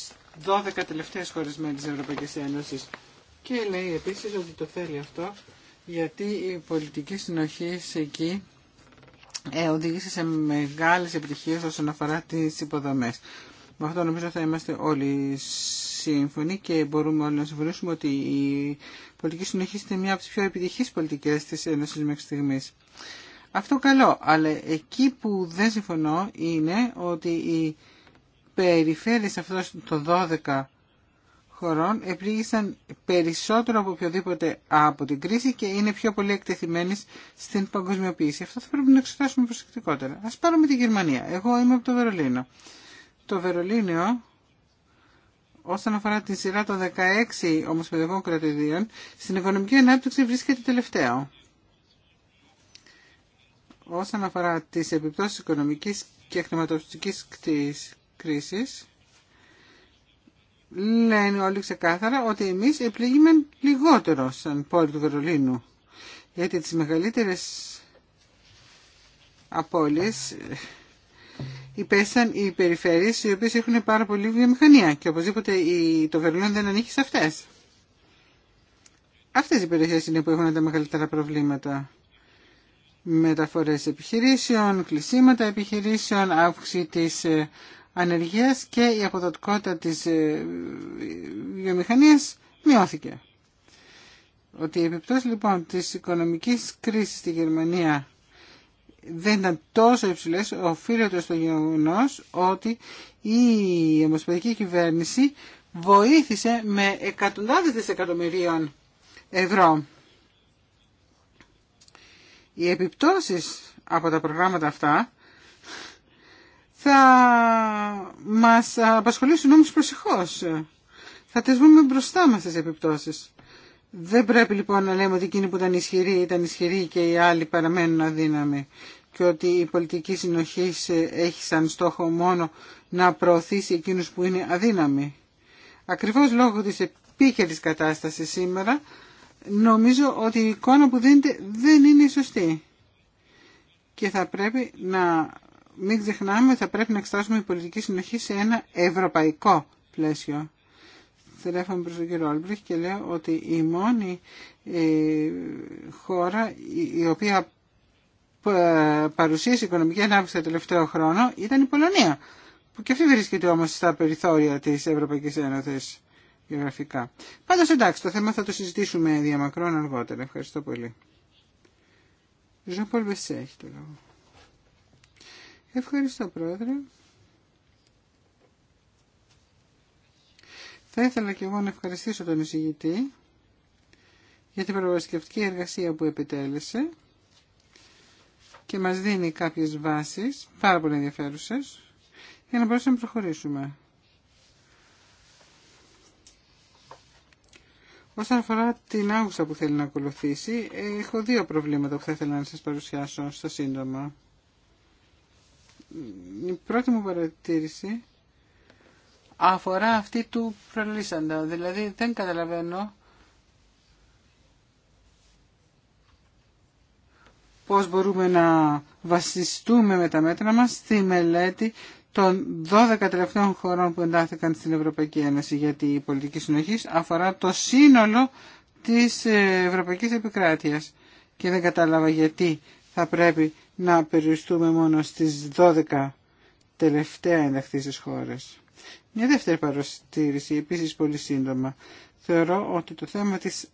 12 τελευταίε χώρες μέλη της Ευρωπαϊκής Ένωσης και λέει επίση ότι το θέλει αυτό γιατί η πολιτική συνοχή εκεί ε, οδήγησε σε μεγάλες επιτυχίες όσον αφορά τις υποδομές. Με αυτό νομίζω θα είμαστε όλοι σύμφωνοι και μπορούμε όλοι να συμφωνήσουμε ότι η πολιτική συνοχή είναι μια από τις πιο επιτυχείς πολιτικές της Ένωσης μέχρι στιγμής. Αυτό καλό, αλλά εκεί που δεν συμφωνώ είναι ότι οι περιφέρειες αυτών το 12 χωρών επλήγησαν περισσότερο από οποιοδήποτε από την κρίση και είναι πιο πολύ εκτεθειμένε στην παγκοσμιοποίηση. Αυτό θα πρέπει να εξετάσουμε προσεκτικότερα. Ας πάρουμε τη Γερμανία. Εγώ είμαι από το Βερολίνο. Το Βερολίνο, όσον αφορά τη σειρά των 16 ομοσπονδιακών κρατηδίων, στην οικονομική ανάπτυξη βρίσκεται τελευταίο. Όσον αφορά τις επιπτώσεις οικονομικής και χρηματοπιστικής κρίσης, λένε όλοι ξεκάθαρα ότι εμείς επλήγημεν λιγότερο σαν πόλη του Βερολίνου. Γιατί τις μεγαλύτερες απώλειες ε, υπέσαν οι περιφέρειες οι οποίες έχουν πάρα πολύ βιομηχανία και οπωσδήποτε το Βερολίνο δεν ανήκει σε αυτές. Αυτές οι περιοχές είναι που έχουν τα μεγαλύτερα προβλήματα. Μεταφορές επιχειρήσεων, κλεισίματα επιχειρήσεων, αύξηση της ε, ανεργίας και η αποδοτικότητα της ε, βιομηχανίας μειώθηκε. Ότι η επιπτώση λοιπόν της οικονομικής κρίσης στη Γερμανία δεν ήταν τόσο υψηλές οφείλεται στο γεγονό ότι η ομοσπονδιακή κυβέρνηση βοήθησε με εκατοντάδες δισεκατομμυρίων ευρώ. Οι επιπτώσεις από τα προγράμματα αυτά θα μας απασχολήσουν όμως προσεχώς. Θα τις μπροστά μας τις επιπτώσεις. Δεν πρέπει λοιπόν να λέμε ότι εκείνοι που ήταν ισχυροί ήταν ισχυροί και οι άλλοι παραμένουν αδύναμοι και ότι η πολιτική συνοχή έχει σαν στόχο μόνο να προωθήσει εκείνους που είναι αδύναμοι. Ακριβώς λόγω της επίκαιρης κατάστασης σήμερα νομίζω ότι η εικόνα που δίνεται δεν είναι σωστή και θα πρέπει να μην ξεχνάμε ότι θα πρέπει να εξετάσουμε η πολιτική συνοχή σε ένα ευρωπαϊκό πλαίσιο. Στρέφομαι προς τον κύριο Όλμπριχ και λέω ότι η μόνη ε, χώρα η οποία ε, παρουσίασε οικονομική ανάπτυξη το τελευταίο χρόνο ήταν η Πολωνία, που και αυτή βρίσκεται όμως στα περιθώρια της Ευρωπαϊκής Ένωσης γεωγραφικά. Πάντως εντάξει, το θέμα θα το συζητήσουμε διαμακρόν αργότερα. Ευχαριστώ πολύ. Ζωπολ έχει το λόγο. Ευχαριστώ πρόεδρε. Θα ήθελα και εγώ να ευχαριστήσω τον εισηγητή για την προβασκευτική εργασία που επιτέλεσε και μας δίνει κάποιες βάσεις πάρα πολύ ενδιαφέρουσες για να μπορέσουμε να προχωρήσουμε. Όσον αφορά την άγουσα που θέλει να ακολουθήσει, έχω δύο προβλήματα που θα ήθελα να σας παρουσιάσω στο σύντομα. Η πρώτη μου παρατήρηση αφορά αυτή του προλύσαντα. Δηλαδή δεν καταλαβαίνω πώς μπορούμε να βασιστούμε με τα μέτρα μας στη μελέτη των 12 τελευταίων χωρών που εντάχθηκαν στην Ευρωπαϊκή Ένωση γιατί η πολιτική συνοχή αφορά το σύνολο της Ευρωπαϊκής Επικράτειας και δεν κατάλαβα γιατί θα πρέπει να περιοριστούμε μόνο στις 12 τελευταία ενταχθήσεις χώρες. Μια δεύτερη παρουσίαση, επίσης πολύ σύντομα. Θεωρώ ότι το θέμα της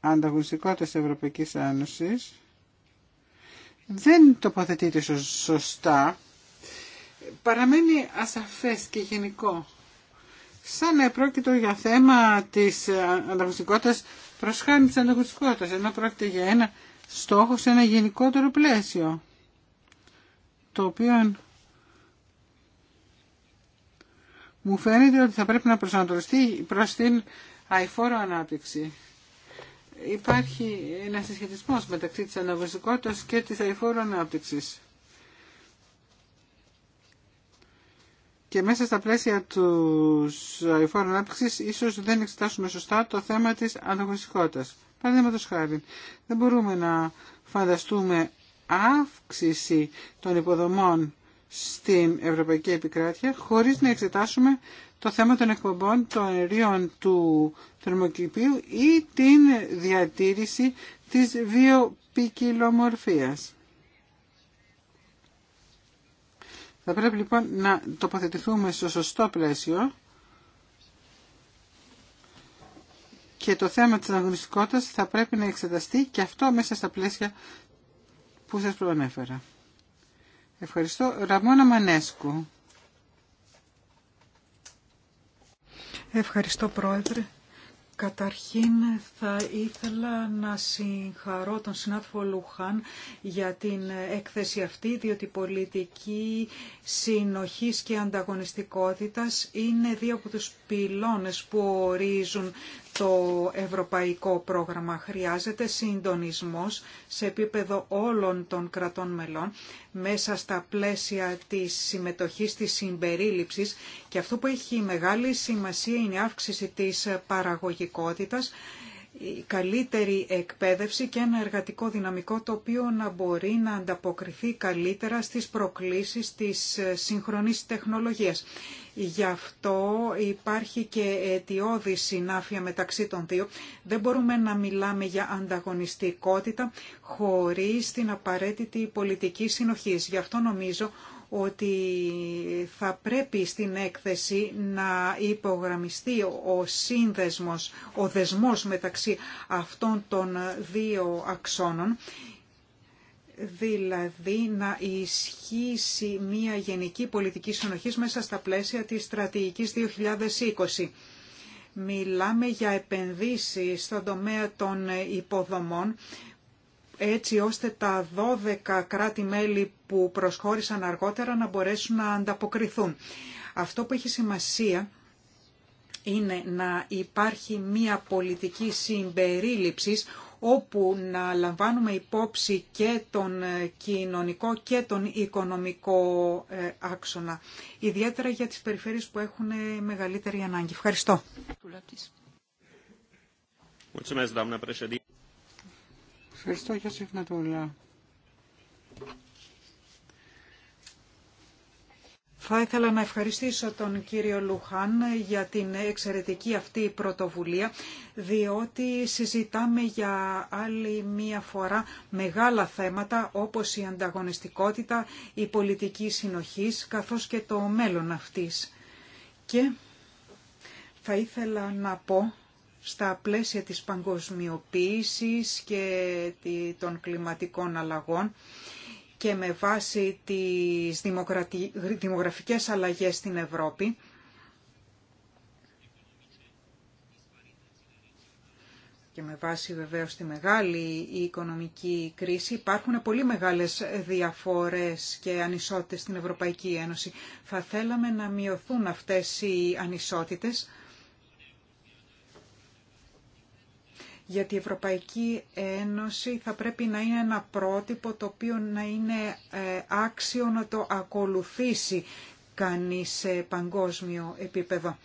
ανταγωνιστικότητας Ευρωπαϊκής Άνωσης δεν τοποθετείται σωστά, παραμένει ασαφές και γενικό. Σαν να πρόκειτο για θέμα της ανταγωνιστικότητας, προσχάνει της ανταγωνιστικότητας, ενώ πρόκειται για ένα στόχο σε ένα γενικότερο πλαίσιο, το οποίο μου φαίνεται ότι θα πρέπει να προσανατολιστεί προς την αηφόρο ανάπτυξη. Υπάρχει ένα συσχετισμό μεταξύ της αναβοσικότητας και της αηφόρου ανάπτυξης. Και μέσα στα πλαίσια του αηφόρου ανάπτυξης ίσως δεν εξετάσουμε σωστά το θέμα της αναβοσικότητας. Παραδείγματο χάρη, δεν μπορούμε να φανταστούμε αύξηση των υποδομών στην Ευρωπαϊκή Επικράτεια χωρίς να εξετάσουμε το θέμα των εκπομπών των αερίων του θερμοκηπίου ή την διατήρηση της βιοπικιλομορφίας. Θα πρέπει λοιπόν να τοποθετηθούμε στο σωστό πλαίσιο και το θέμα της αγωνιστικότητας θα πρέπει να εξεταστεί και αυτό μέσα στα πλαίσια που σας προανέφερα. Ευχαριστώ. Ραμόνα Μανέσκου. Ευχαριστώ Πρόεδρε. Καταρχήν θα ήθελα να συγχαρώ τον συνάδελφο Λουχάν για την έκθεση αυτή, διότι πολιτική συνοχής και ανταγωνιστικότητας είναι δύο από τους πυλώνες που ορίζουν το ευρωπαϊκό πρόγραμμα. Χρειάζεται συντονισμός σε επίπεδο όλων των κρατών μελών μέσα στα πλαίσια της συμμετοχής, της συμπερίληψης και αυτό που έχει μεγάλη σημασία είναι η αύξηση της παραγωγικότητας η καλύτερη εκπαίδευση και ένα εργατικό δυναμικό το οποίο να μπορεί να ανταποκριθεί καλύτερα στις προκλήσεις της ε, σύγχρονης τεχνολογίας. Γι' αυτό υπάρχει και αιτιώδη συνάφεια μεταξύ των δύο. Δεν μπορούμε να μιλάμε για ανταγωνιστικότητα χωρίς την απαραίτητη πολιτική συνοχή. Γι' αυτό νομίζω ότι θα πρέπει στην έκθεση να υπογραμμιστεί ο σύνδεσμος, ο δεσμός μεταξύ αυτών των δύο αξώνων δηλαδή να ισχύσει μια γενική πολιτική συνοχής μέσα στα πλαίσια της στρατηγικής 2020. Μιλάμε για επενδύσεις στον τομέα των υποδομών, έτσι ώστε τα 12 κράτη-μέλη που προσχώρησαν αργότερα να μπορέσουν να ανταποκριθούν. Αυτό που έχει σημασία είναι να υπάρχει μια πολιτική συμπερίληψης όπου να λαμβάνουμε υπόψη και τον ε, κοινωνικό και τον οικονομικό ε, άξονα, ιδιαίτερα για τις περιφέρειες που έχουν ε, μεγαλύτερη ανάγκη. Ευχαριστώ. Ευχαριστώ για Θα ήθελα να ευχαριστήσω τον κύριο Λουχάν για την εξαιρετική αυτή πρωτοβουλία, διότι συζητάμε για άλλη μία φορά μεγάλα θέματα όπως η ανταγωνιστικότητα, η πολιτική συνοχής, καθώς και το μέλλον αυτής. Και θα ήθελα να πω στα πλαίσια της παγκοσμιοποίησης και των κλιματικών αλλαγών, και με βάση τις δημογραφικές αλλαγές στην Ευρώπη, και με βάση βεβαίως τη μεγάλη οικονομική κρίση υπάρχουν πολύ μεγάλες διαφορές και ανισότητες στην Ευρωπαϊκή Ένωση. Θα θέλαμε να μειωθούν αυτές οι ανισότητες γιατί η Ευρωπαϊκή Ένωση θα πρέπει να είναι ένα πρότυπο το οποίο να είναι ε, άξιο να το ακολουθήσει κανείς σε παγκόσμιο επίπεδο.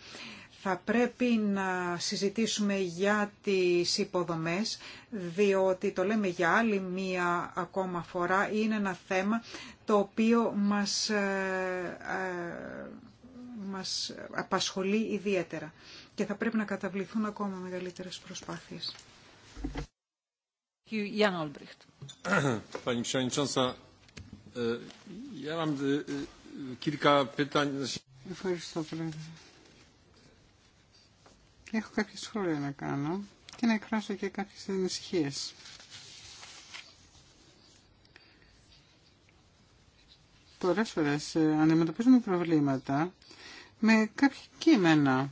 Θα πρέπει να συζητήσουμε για τις υποδομές, διότι το λέμε για άλλη μία ακόμα φορά, είναι ένα θέμα το οποίο μας, ε, ε, μας απασχολεί ιδιαίτερα και θα πρέπει να καταβληθούν ακόμα μεγαλύτερες προσπάθειες. Ευχαριστώ, Πρόεδρε. Έχω κάποια σχόλια να κάνω και να εκφράσω και κάποιες ανησυχίες. Πολλές φορές ε, αντιμετωπίζουμε προβλήματα με κάποια κείμενα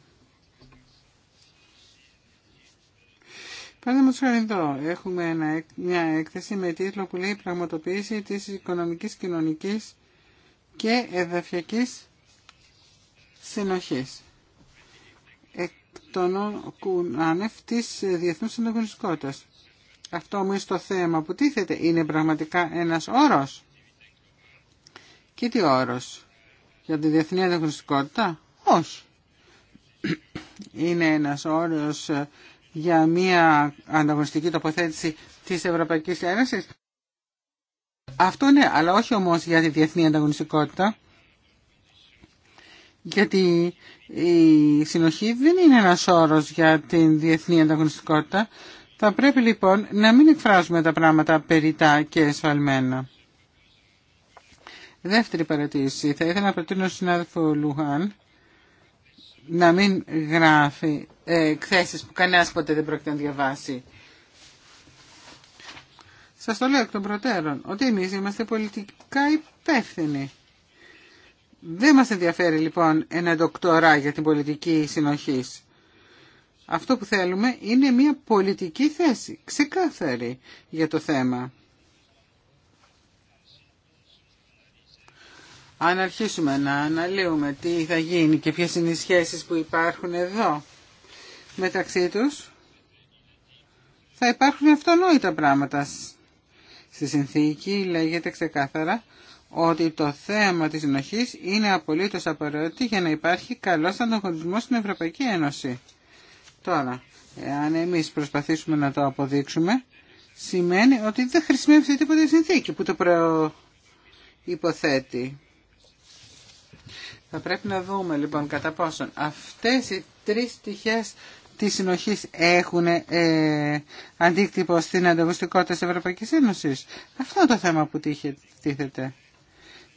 Παραδείγματο χάρη έχουμε μια έκθεση με τίτλο που λέει «Πραγματοποίηση της οικονομικής, κοινωνικής και εδαφιακής συνοχής» εκ των άνευ της διεθνούς Αυτό όμως το θέμα που τίθεται είναι πραγματικά ένας όρος. Και τι όρος. Για τη διεθνή ανταγωνιστικότητα. Όχι. Είναι ένας όρος ε, για μια ανταγωνιστική τοποθέτηση της Ευρωπαϊκής Ένωσης. Αυτό ναι, αλλά όχι όμως για τη διεθνή ανταγωνιστικότητα. Γιατί η συνοχή δεν είναι ένας όρος για την διεθνή ανταγωνιστικότητα. Θα πρέπει λοιπόν να μην εκφράζουμε τα πράγματα περιτά και εσφαλμένα. Δεύτερη παρατήρηση. Θα ήθελα να προτείνω στον συνάδελφο Λουχάν να μην γράφει ε, εκθέσεις που κανένας ποτέ δεν πρόκειται να διαβάσει. Σας το λέω εκ των προτέρων, ότι εμείς είμαστε πολιτικά υπεύθυνοι. Δεν μας ενδιαφέρει λοιπόν ένα ντοκτορά για την πολιτική συνοχής. Αυτό που θέλουμε είναι μια πολιτική θέση, ξεκάθαρη για το θέμα. Αν αρχίσουμε να αναλύουμε τι θα γίνει και ποιες είναι οι σχέσεις που υπάρχουν εδώ μεταξύ τους, θα υπάρχουν αυτονόητα πράγματα. Στη συνθήκη λέγεται ξεκάθαρα ότι το θέμα της συνοχής είναι απολύτως απαραίτητο για να υπάρχει καλός ανταγωνισμός στην Ευρωπαϊκή Ένωση. Τώρα, εάν εμείς προσπαθήσουμε να το αποδείξουμε, σημαίνει ότι δεν χρησιμεύεται τίποτα η συνθήκη που το προϋποθέτει. Θα πρέπει να δούμε λοιπόν κατά πόσον αυτές οι τρεις στοιχές της συνοχής έχουν ε, αντίκτυπο στην ανταγωνιστικότητα της Ευρωπαϊκής Ένωσης. Αυτό είναι το θέμα που τίθεται.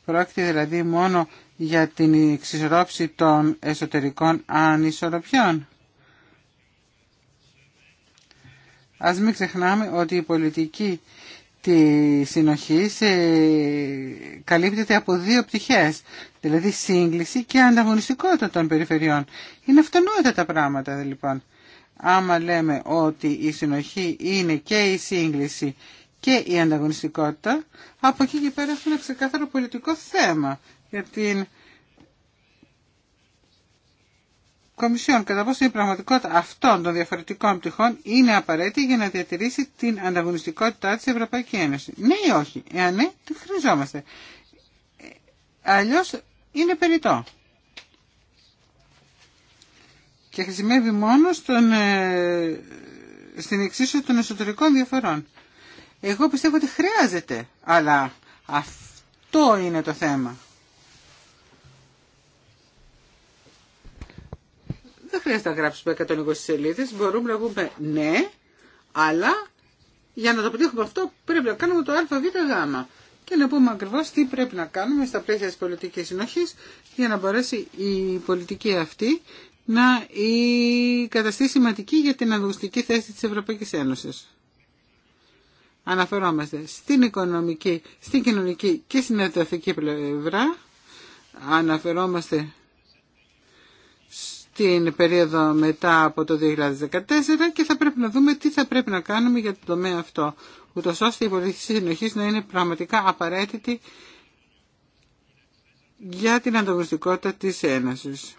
Πρόκειται δηλαδή μόνο για την εξισορρόψη των εσωτερικών ανισορροπιών. Ας μην ξεχνάμε ότι η πολιτική τη συνοχή καλύπτεται από δύο πτυχές, δηλαδή σύγκληση και ανταγωνιστικότητα των περιφερειών. Είναι αυτονόητα τα πράγματα λοιπόν. Άμα λέμε ότι η συνοχή είναι και η σύγκληση και η ανταγωνιστικότητα, από εκεί και πέρα έχουμε ξεκάθαρο πολιτικό θέμα για την Κομισιόν κατά πόσο η πραγματικότητα αυτών των διαφορετικών πτυχών είναι απαραίτητη για να διατηρήσει την ανταγωνιστικότητά της Ευρωπαϊκή Ένωση. Ναι ή όχι. Εάν ναι, τη χρειαζόμαστε. Αλλιώς είναι περιττό. Και χρησιμεύει μόνο ε, στην εξίσωση των εσωτερικών διαφορών. Εγώ πιστεύω ότι χρειάζεται, αλλά αυτό είναι το θέμα. Δεν χρειάζεται να γράψουμε 120 σελίδες, μπορούμε να πούμε ναι, αλλά για να το πετύχουμε αυτό πρέπει να κάνουμε το ΑΒΓ και να πούμε ακριβώ τι πρέπει να κάνουμε στα πλαίσια τη πολιτική συνοχή για να μπορέσει η πολιτική αυτή να η καταστεί σημαντική για την αγωνιστική θέση της Ευρωπαϊκής Ένωσης. Αναφερόμαστε στην οικονομική, στην κοινωνική και στην εδαφική πλευρά. Αναφερόμαστε την περίοδο μετά από το 2014 και θα πρέπει να δούμε τι θα πρέπει να κάνουμε για το τομέα αυτό, ούτως ώστε η πολιτική συνοχή να είναι πραγματικά απαραίτητη για την ανταγωνιστικότητα της Ένωσης.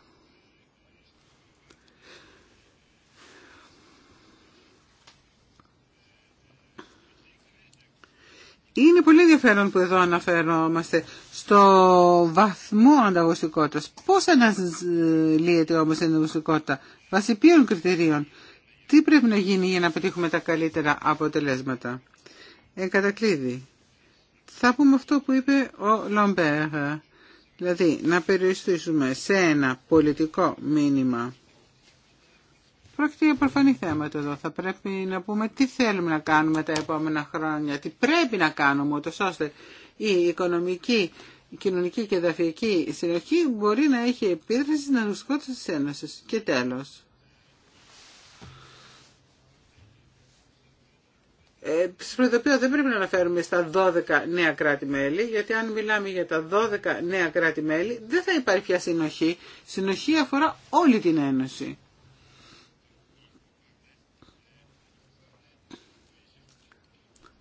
Είναι πολύ ενδιαφέρον που εδώ αναφέρομαστε στο βαθμό ανταγωνιστικότητας. Πώς αναλύεται όμως η ανταγωνιστικότητα, βάσει ποιων κριτηρίων, τι πρέπει να γίνει για να πετύχουμε τα καλύτερα αποτελέσματα. Ε, κατακλείδη. Θα πούμε αυτό που είπε ο Λομπέρ. Δηλαδή, να περιοριστήσουμε σε ένα πολιτικό μήνυμα Πρόκειται για προφανή θέματα εδώ. Θα πρέπει να πούμε τι θέλουμε να κάνουμε τα επόμενα χρόνια, τι πρέπει να κάνουμε, ούτως ώστε η οικονομική, η κοινωνική και εδαφική συνοχή μπορεί να έχει επίδραση στην ανοιχτικότητα της Ένωσης. Και τέλος. Ε, προειδοποιώ δεν πρέπει να αναφέρουμε στα 12 νέα κράτη-μέλη, γιατί αν μιλάμε για τα 12 νέα κράτη-μέλη δεν θα υπάρχει πια συνοχή. Συνοχή αφορά όλη την Ένωση.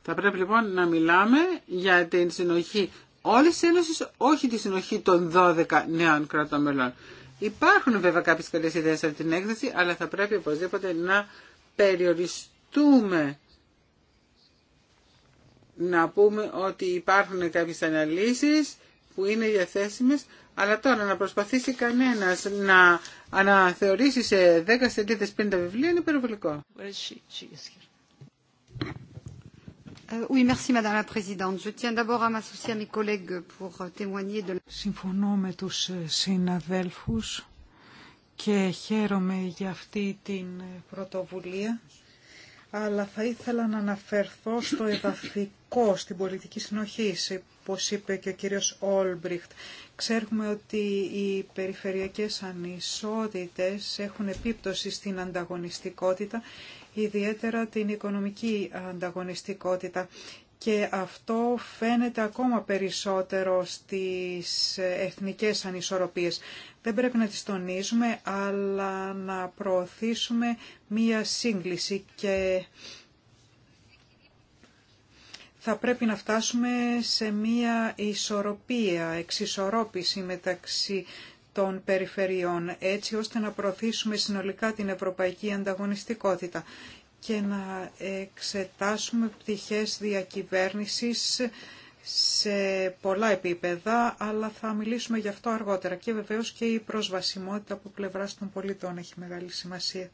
Θα πρέπει λοιπόν να μιλάμε για την συνοχή όλη της Ένωσης, όχι τη συνοχή των 12 νέων κρατών μελών. Υπάρχουν βέβαια κάποιες καλές ιδέες από την έκθεση, αλλά θα πρέπει οπωσδήποτε να περιοριστούμε να πούμε ότι υπάρχουν κάποιες αναλύσεις που είναι διαθέσιμες, αλλά τώρα να προσπαθήσει κανένας να αναθεωρήσει σε 10 σελίδες πριν τα βιβλία είναι υπερβολικό. Συμφωνώ με τους ε, συναδέλφους και χαίρομαι για αυτή την ε, πρωτοβουλία, αλλά θα ήθελα να αναφερθώ στο εδαφικό, στην πολιτική συνοχή, όπως είπε και ο κύριος Όλμπριχτ. Ξέρουμε ότι οι περιφερειακές ανισότητες έχουν επίπτωση στην ανταγωνιστικότητα ιδιαίτερα την οικονομική ανταγωνιστικότητα και αυτό φαίνεται ακόμα περισσότερο στις εθνικές ανισορροπίες. Δεν πρέπει να τις τονίζουμε, αλλά να προωθήσουμε μία σύγκληση και θα πρέπει να φτάσουμε σε μία ισορροπία, εξισορρόπηση μεταξύ των περιφερειών, έτσι ώστε να προωθήσουμε συνολικά την ευρωπαϊκή ανταγωνιστικότητα και να εξετάσουμε πτυχές διακυβέρνησης σε πολλά επίπεδα, αλλά θα μιλήσουμε γι' αυτό αργότερα. Και βεβαίως και η προσβασιμότητα από πλευράς των πολιτών έχει μεγάλη σημασία.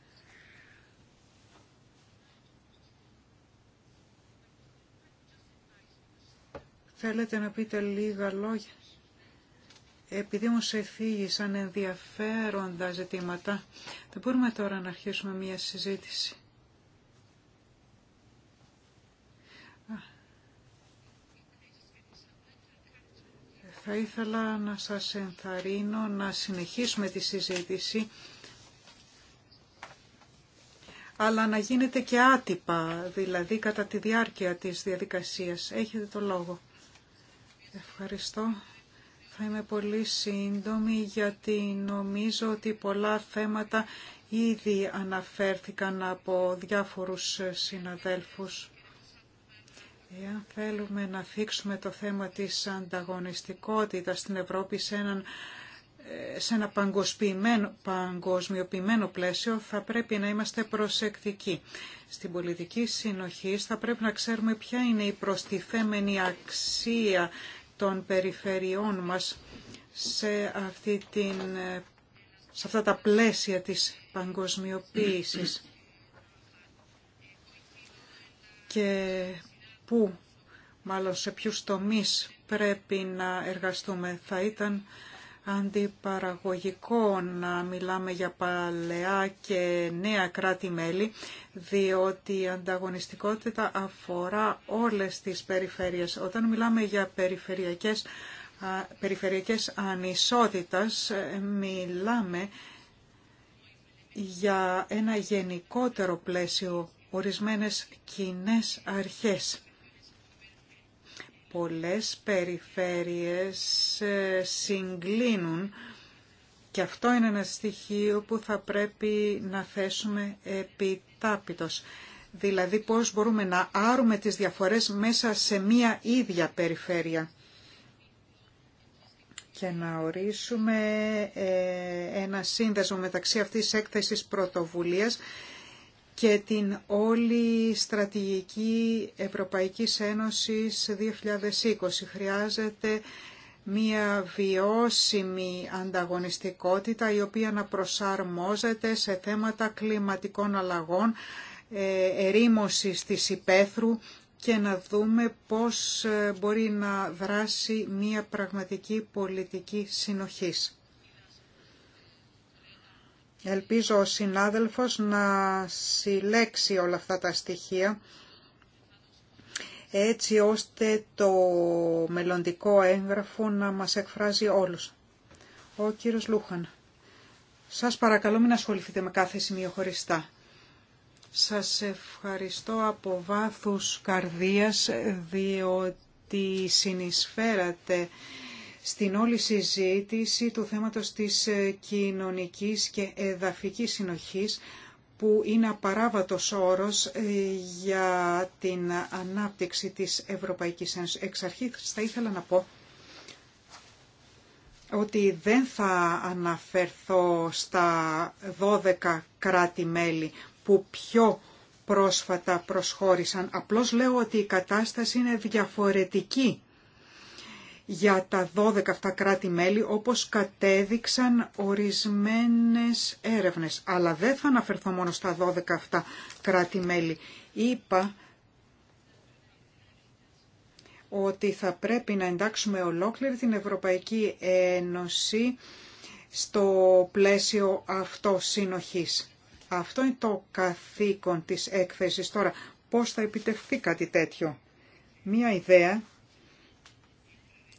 Θέλετε να πείτε λίγα λόγια επειδή μου σε θίγησαν ενδιαφέροντα ζητήματα, δεν μπορούμε τώρα να αρχίσουμε μία συζήτηση. Θα ήθελα να σας ενθαρρύνω να συνεχίσουμε τη συζήτηση, αλλά να γίνεται και άτυπα, δηλαδή κατά τη διάρκεια της διαδικασίας. Έχετε το λόγο. Ευχαριστώ. Θα είμαι πολύ σύντομη γιατί νομίζω ότι πολλά θέματα ήδη αναφέρθηκαν από διάφορους συναδέλφους. Εάν θέλουμε να θίξουμε το θέμα της ανταγωνιστικότητας στην Ευρώπη σε, έναν, σε ένα παγκοσμιοποιημένο, παγκοσμιοποιημένο πλαίσιο, θα πρέπει να είμαστε προσεκτικοί. Στην πολιτική συνοχή θα πρέπει να ξέρουμε ποια είναι η προστιθέμενη αξία των περιφερειών μας σε, αυτή την, σε αυτά τα πλαίσια της παγκοσμιοποίησης και πού, μάλλον σε ποιους τομείς πρέπει να εργαστούμε. Θα ήταν αντιπαραγωγικό να μιλάμε για παλαιά και νέα κράτη-μέλη, διότι η ανταγωνιστικότητα αφορά όλες τις περιφέρειες. Όταν μιλάμε για περιφερειακές, περιφερειακές ανισότητας, μιλάμε για ένα γενικότερο πλαίσιο, ορισμένες κοινές αρχές πολλές περιφέρειες ε, συγκλίνουν και αυτό είναι ένα στοιχείο που θα πρέπει να θέσουμε επιτάπητος. Δηλαδή πώς μπορούμε να άρουμε τις διαφορές μέσα σε μία ίδια περιφέρεια και να ορίσουμε ε, ένα σύνδεσμο μεταξύ αυτής της έκθεσης πρωτοβουλίας και την όλη στρατηγική Ευρωπαϊκής Ένωσης 2020. Χρειάζεται μια βιώσιμη ανταγωνιστικότητα η οποία να προσαρμόζεται σε θέματα κλιματικών αλλαγών, ε, ερήμωσης της υπαίθρου και να δούμε πώς ε, μπορεί να δράσει μια πραγματική πολιτική συνοχής. Ελπίζω ο συνάδελφος να συλλέξει όλα αυτά τα στοιχεία έτσι ώστε το μελλοντικό έγγραφο να μας εκφράζει όλους. Ο κύριος Λούχαν, σας παρακαλώ μην ασχοληθείτε με κάθε σημείο χωριστά. Σας ευχαριστώ από βάθους καρδίας διότι συνεισφέρατε στην όλη συζήτηση του θέματος της ε, κοινωνικής και εδαφικής συνοχής που είναι απαράβατος όρος ε, για την ανάπτυξη της Ευρωπαϊκής Ένωσης. Εξ αρχής θα ήθελα να πω ότι δεν θα αναφερθώ στα 12 κράτη-μέλη που πιο πρόσφατα προσχώρησαν. Απλώς λέω ότι η κατάσταση είναι διαφορετική για τα 12 αυτά κράτη-μέλη όπως κατέδειξαν ορισμένες έρευνες. Αλλά δεν θα αναφερθώ μόνο στα 12 αυτά κράτη-μέλη. Είπα ότι θα πρέπει να εντάξουμε ολόκληρη την Ευρωπαϊκή Ένωση στο πλαίσιο αυτό συνοχής. Αυτό είναι το καθήκον της έκθεσης. Τώρα, πώς θα επιτευχθεί κάτι τέτοιο. Μία ιδέα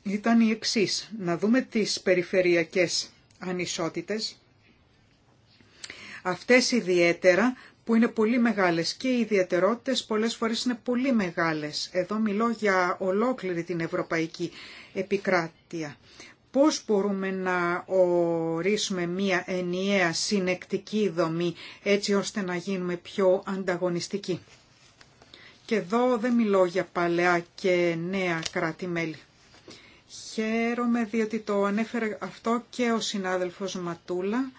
ήταν η εξής. Να δούμε τις περιφερειακές ανισότητες. Αυτές ιδιαίτερα που είναι πολύ μεγάλες και οι ιδιαιτερότητες πολλές φορές είναι πολύ μεγάλες. Εδώ μιλώ για ολόκληρη την ευρωπαϊκή επικράτεια. Πώς μπορούμε να ορίσουμε μία ενιαία συνεκτική δομή έτσι ώστε να γίνουμε πιο ανταγωνιστικοί. Και εδώ δεν μιλώ για παλαιά και νέα κράτη-μέλη. Χαίρομαι διότι το ανέφερε αυτό και ο συνάδελφος Ματούλα,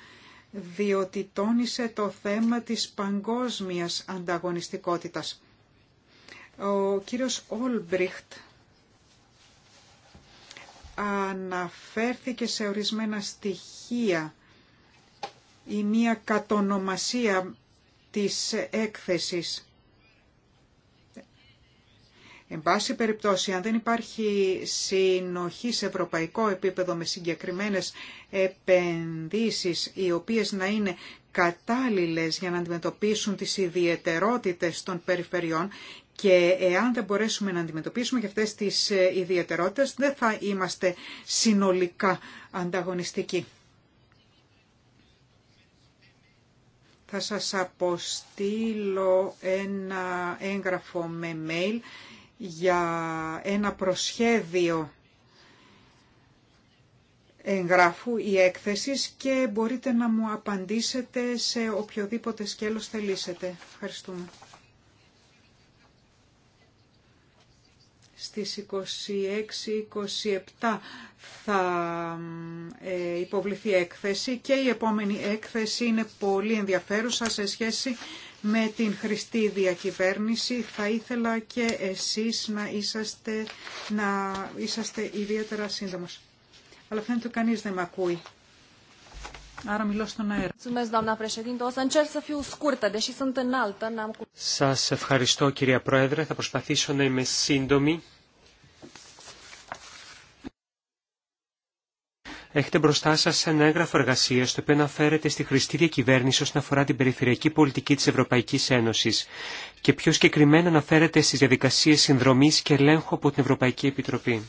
διότι τόνισε το θέμα της παγκόσμιας ανταγωνιστικότητας. Ο κύριος Όλμπριχτ αναφέρθηκε σε ορισμένα στοιχεία ή μία κατονομασία της έκθεσης Εν πάση περιπτώσει, αν δεν υπάρχει συνοχή σε ευρωπαϊκό επίπεδο με συγκεκριμένες επενδύσεις οι οποίες να είναι κατάλληλες για να αντιμετωπίσουν τις ιδιαιτερότητες των περιφερειών και εάν δεν μπορέσουμε να αντιμετωπίσουμε και αυτές τις ιδιαιτερότητες δεν θα είμαστε συνολικά ανταγωνιστικοί. Θα σας αποστείλω ένα έγγραφο με mail για ένα προσχέδιο εγγράφου ή έκθεσης και μπορείτε να μου απαντήσετε σε οποιοδήποτε σκέλος θελήσετε. Ευχαριστούμε. Στις 26-27 θα ε, υποβληθεί έκθεση και η επόμενη έκθεση είναι πολύ ενδιαφέρουσα σε σχέση με την χρηστή διακυβέρνηση. Θα ήθελα και εσείς να είσαστε, να είσαστε ιδιαίτερα σύντομος. Αλλά φαίνεται ότι κανείς δεν με ακούει. Άρα μιλώ στον αέρα. Σας ευχαριστώ κυρία Πρόεδρε. Θα προσπαθήσω να είμαι σύντομη. Έχετε μπροστά σα ένα έγγραφο εργασία το οποίο αναφέρεται στη χρηστή διακυβέρνηση όσον αφορά την περιφερειακή πολιτική τη Ευρωπαϊκή Ένωση και πιο συγκεκριμένα αναφέρεται στι διαδικασίε συνδρομή και ελέγχου από την Ευρωπαϊκή Επιτροπή.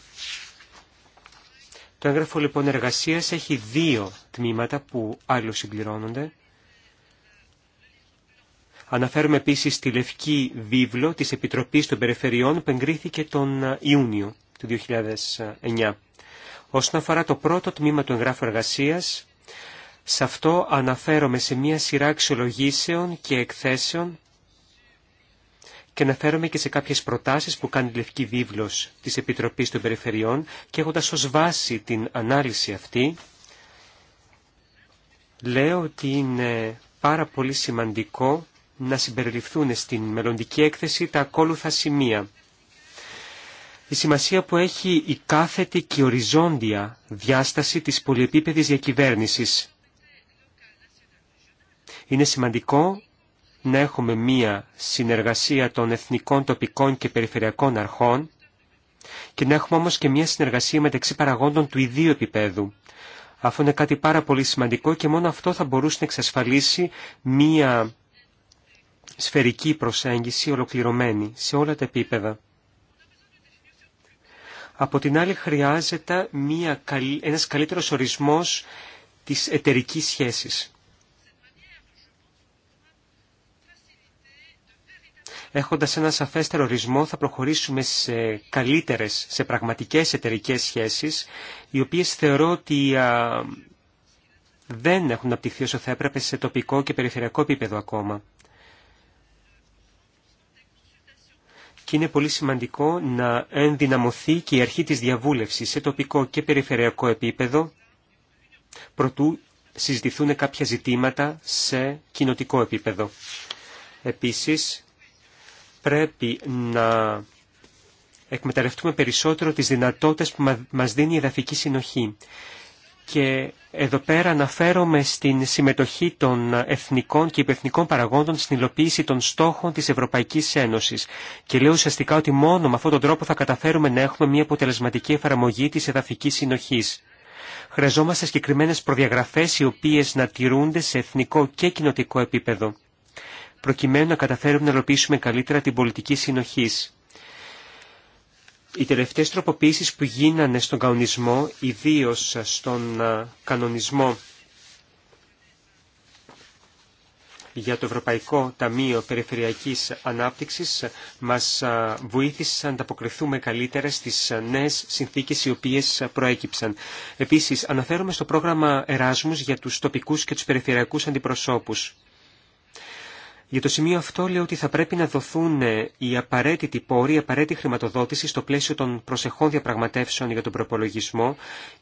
Το έγγραφο λοιπόν εργασία έχει δύο τμήματα που άλλο συμπληρώνονται. Αναφέρουμε επίση τη Λευκή Βίβλο τη Επιτροπή των Περιφερειών που εγκρίθηκε τον Ιούνιο του 2009. Όσον αφορά το πρώτο τμήμα του εγγράφου εργασίας, σε αυτό αναφέρομαι σε μία σειρά αξιολογήσεων και εκθέσεων και αναφέρομαι και σε κάποιες προτάσεις που κάνει η Λευκή Βίβλος της Επιτροπής των Περιφερειών και έχοντας ως βάση την ανάλυση αυτή, λέω ότι είναι πάρα πολύ σημαντικό να συμπεριληφθούν στην μελλοντική έκθεση τα ακόλουθα σημεία η σημασία που έχει η κάθετη και οριζόντια διάσταση της πολυεπίπεδης διακυβέρνησης. Είναι σημαντικό να έχουμε μία συνεργασία των εθνικών, τοπικών και περιφερειακών αρχών και να έχουμε όμως και μία συνεργασία μεταξύ παραγόντων του ιδίου επίπεδου. Αυτό είναι κάτι πάρα πολύ σημαντικό και μόνο αυτό θα μπορούσε να εξασφαλίσει μία σφαιρική προσέγγιση ολοκληρωμένη σε όλα τα επίπεδα. Από την άλλη χρειάζεται μια, ένας καλύτερος ορισμός της εταιρικής σχέσης. Έχοντας ένα σαφέστερο ορισμό θα προχωρήσουμε σε καλύτερες, σε πραγματικές εταιρικέ σχέσεις, οι οποίες θεωρώ ότι δεν έχουν απτυχθεί όσο θα έπρεπε σε τοπικό και περιφερειακό επίπεδο ακόμα. και είναι πολύ σημαντικό να ενδυναμωθεί και η αρχή της διαβούλευσης σε τοπικό και περιφερειακό επίπεδο προτού συζητηθούν κάποια ζητήματα σε κοινοτικό επίπεδο. Επίσης, πρέπει να εκμεταλλευτούμε περισσότερο τις δυνατότητες που μας δίνει η εδαφική συνοχή και εδώ πέρα αναφέρομαι στην συμμετοχή των εθνικών και υπεθνικών παραγόντων στην υλοποίηση των στόχων της Ευρωπαϊκής Ένωσης και λέω ουσιαστικά ότι μόνο με αυτόν τον τρόπο θα καταφέρουμε να έχουμε μια αποτελεσματική εφαρμογή της εδαφικής συνοχής. Χρειαζόμαστε συγκεκριμένε προδιαγραφές οι οποίες να τηρούνται σε εθνικό και κοινοτικό επίπεδο, προκειμένου να καταφέρουμε να υλοποιήσουμε καλύτερα την πολιτική συνοχής. Οι τελευταίες τροποποίησεις που γίνανε στον κανονισμό, ιδίως στον κανονισμό για το Ευρωπαϊκό Ταμείο Περιφερειακής Ανάπτυξης μας βοήθησαν να ανταποκριθούμε καλύτερα στις νέες συνθήκες οι οποίες προέκυψαν. Επίσης, αναφέρομαι στο πρόγραμμα Εράσμους για τους τοπικούς και τους περιφερειακούς αντιπροσώπους. Για το σημείο αυτό λέω ότι θα πρέπει να δοθούν ε, οι απαραίτητοι πόροι, η απαραίτητη χρηματοδότηση στο πλαίσιο των προσεχών διαπραγματεύσεων για τον προπολογισμό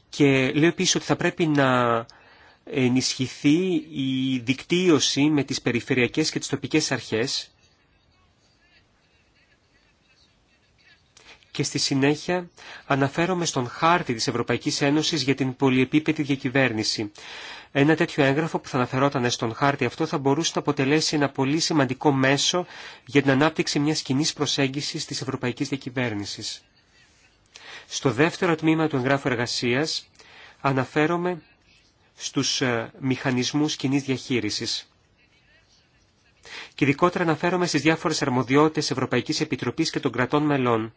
και λέω επίσης ότι θα πρέπει να ενισχυθεί η δικτύωση με τις περιφερειακές και τις τοπικές αρχές και στη συνέχεια αναφέρομαι στον χάρτη της Ευρωπαϊκής Ένωσης για την πολυεπίπεδη διακυβέρνηση. Ένα τέτοιο έγγραφο που θα αναφερόταν στον χάρτη αυτό θα μπορούσε να αποτελέσει ένα πολύ σημαντικό μέσο για την ανάπτυξη μιας κοινή προσέγγισης της ευρωπαϊκής διακυβέρνησης. Στο δεύτερο τμήμα του εγγράφου εργασίας αναφέρομαι στους ε, μηχανισμούς κοινή διαχείρισης. Και ειδικότερα αναφέρομαι στις διάφορες αρμοδιότητες Ευρωπαϊκής Επιτροπής και των κρατών μελών.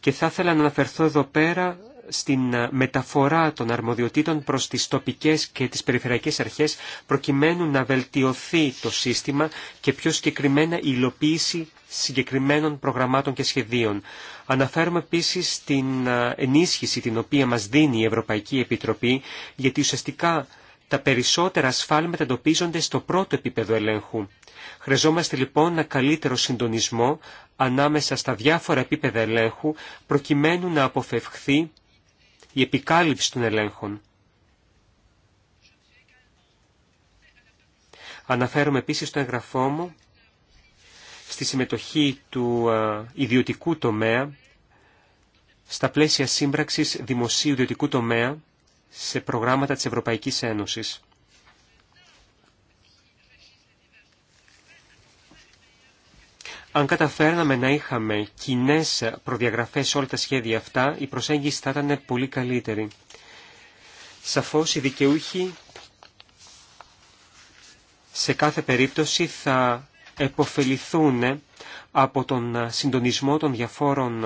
Και θα ήθελα να αναφερθώ εδώ πέρα στην ε, μεταφορά των αρμοδιοτήτων προς τις τοπικές και τις περιφερειακές αρχές προκειμένου να βελτιωθεί το σύστημα και πιο συγκεκριμένα η υλοποίηση συγκεκριμένων προγραμμάτων και σχεδίων. Αναφέρουμε επίσης την ε, ενίσχυση την οποία μας δίνει η Ευρωπαϊκή Επιτροπή γιατί ουσιαστικά τα περισσότερα ασφάλματα εντοπίζονται στο πρώτο επίπεδο ελέγχου. Χρειαζόμαστε λοιπόν ένα καλύτερο συντονισμό ανάμεσα στα διάφορα επίπεδα ελέγχου προκειμένου να αποφευχθεί η επικάλυψη των ελέγχων. Αναφέρομαι επίσης στο εγγραφό μου στη συμμετοχή του ε, ιδιωτικού τομέα στα πλαίσια σύμπραξης δημοσίου ιδιωτικού τομέα σε προγράμματα της Ευρωπαϊκής Ένωσης. Αν καταφέρναμε να είχαμε κοινέ προδιαγραφές σε όλα τα σχέδια αυτά, η προσέγγιση θα ήταν πολύ καλύτερη. Σαφώς οι δικαιούχοι σε κάθε περίπτωση θα εποφεληθούν από τον συντονισμό των διαφόρων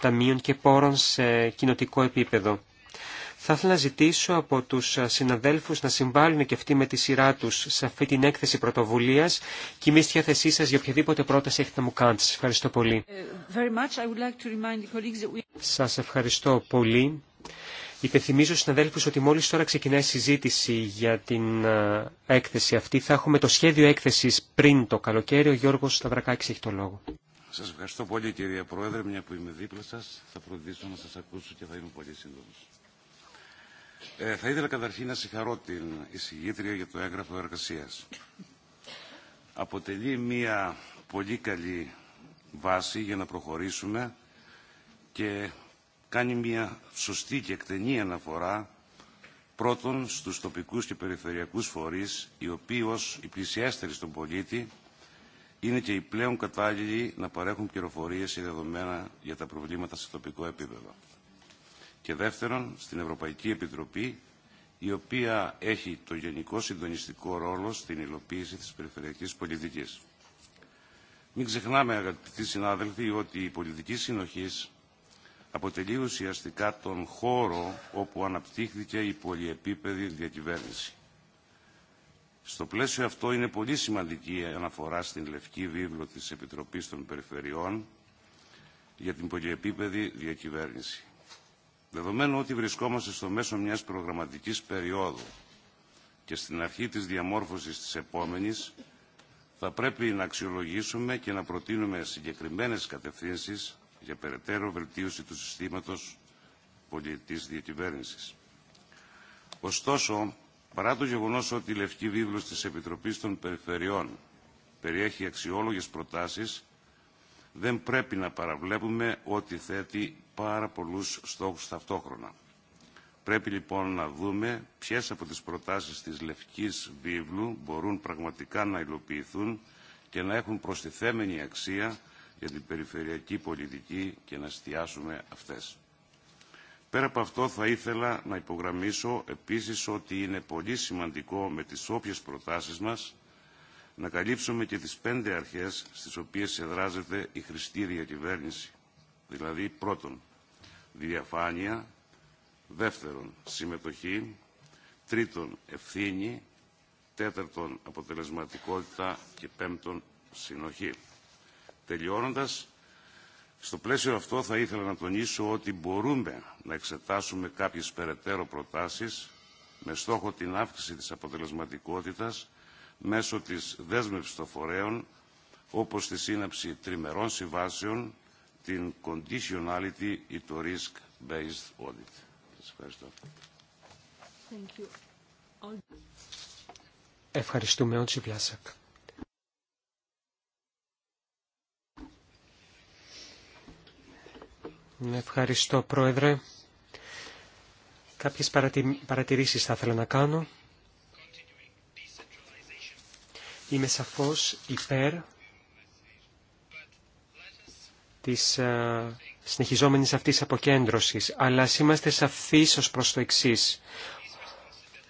ταμείων και πόρων σε κοινοτικό επίπεδο. Θα ήθελα να ζητήσω από τους συναδέλφους να συμβάλλουν και αυτοί με τη σειρά τους σε αυτή την έκθεση πρωτοβουλίας και εμεί στη θέση σας για οποιαδήποτε πρόταση έχετε να μου κάνετε. Σας ευχαριστώ πολύ. Ε, σας ευχαριστώ πολύ. Υπενθυμίζω στους συναδέλφους ότι μόλις τώρα ξεκινάει η συζήτηση για την ε, έκθεση αυτή. Θα έχουμε το σχέδιο έκθεσης πριν το καλοκαίρι. Ο Γιώργος Σταυρακάκης έχει το λόγο. Σας ευχαριστώ πολύ κυρία Πρόεδρε, μια που είμαι δίπλα σας. Θα προδίσω να σας ακούσω και θα είμαι πολύ σύντομος. Ε, θα ήθελα καταρχήν να συγχαρώ την εισηγήτρια για το έγγραφο εργασίας. Αποτελεί μια πολύ καλή βάση για να προχωρήσουμε και κάνει μια σωστή και εκτενή αναφορά πρώτον στους τοπικούς και περιφερειακούς φορείς, οι οποίοι ως οι πλησιέστεροι στον πολίτη είναι και οι πλέον κατάλληλοι να παρέχουν πληροφορίες ή δεδομένα για τα προβλήματα σε τοπικό επίπεδο και δεύτερον στην Ευρωπαϊκή Επιτροπή η οποία έχει το γενικό συντονιστικό ρόλο στην υλοποίηση της περιφερειακής πολιτικής. Μην ξεχνάμε αγαπητοί συνάδελφοι ότι η πολιτική συνοχής αποτελεί ουσιαστικά τον χώρο όπου αναπτύχθηκε η πολυεπίπεδη διακυβέρνηση. Στο πλαίσιο αυτό είναι πολύ σημαντική η αναφορά στην Λευκή Βίβλο της Επιτροπής των Περιφερειών για την πολυεπίπεδη διακυβέρνηση. Δεδομένου ότι βρισκόμαστε στο μέσο μιας προγραμματικής περίοδου και στην αρχή της διαμόρφωσης της επόμενης, θα πρέπει να αξιολογήσουμε και να προτείνουμε συγκεκριμένες κατευθύνσεις για περαιτέρω βελτίωση του συστήματος πολιτικής διακυβέρνησης. Ωστόσο, παρά το γεγονός ότι η Λευκή Βίβλος της Επιτροπής των Περιφερειών περιέχει αξιόλογες προτάσεις, δεν πρέπει να παραβλέπουμε ότι θέτει πάρα πολλούς στόχους ταυτόχρονα. Πρέπει λοιπόν να δούμε ποιες από τις προτάσεις της Λευκής Βίβλου μπορούν πραγματικά να υλοποιηθούν και να έχουν προστιθέμενη αξία για την περιφερειακή πολιτική και να εστιάσουμε αυτές. Πέρα από αυτό θα ήθελα να υπογραμμίσω επίσης ότι είναι πολύ σημαντικό με τις όποιες προτάσεις μας να καλύψουμε και τις πέντε αρχές στις οποίες εδράζεται η χρηστή κυβέρνηση. Δηλαδή, πρώτον, διαφάνεια, δεύτερον, συμμετοχή, τρίτον, ευθύνη, τέταρτον, αποτελεσματικότητα και πέμπτον, συνοχή. Τελειώνοντας, στο πλαίσιο αυτό θα ήθελα να τονίσω ότι μπορούμε να εξετάσουμε κάποιες περαιτέρω προτάσεις με στόχο την αύξηση της αποτελεσματικότητας μέσω της δέσμευσης των φορέων, όπως τη σύναψη τριμερών συμβάσεων, την conditionality ή το risk-based audit. Σας ευχαριστώ. Thank Ευχαριστούμε, Όντσι Βιάσακ. Ευχαριστώ, Πρόεδρε. Κάποιες παρατηρήσεις θα ήθελα να κάνω. Είμαι σαφώς υπέρ της α, ε, συνεχιζόμενης αυτής αποκέντρωσης, αλλά ας είμαστε σαφείς ως προς το εξής.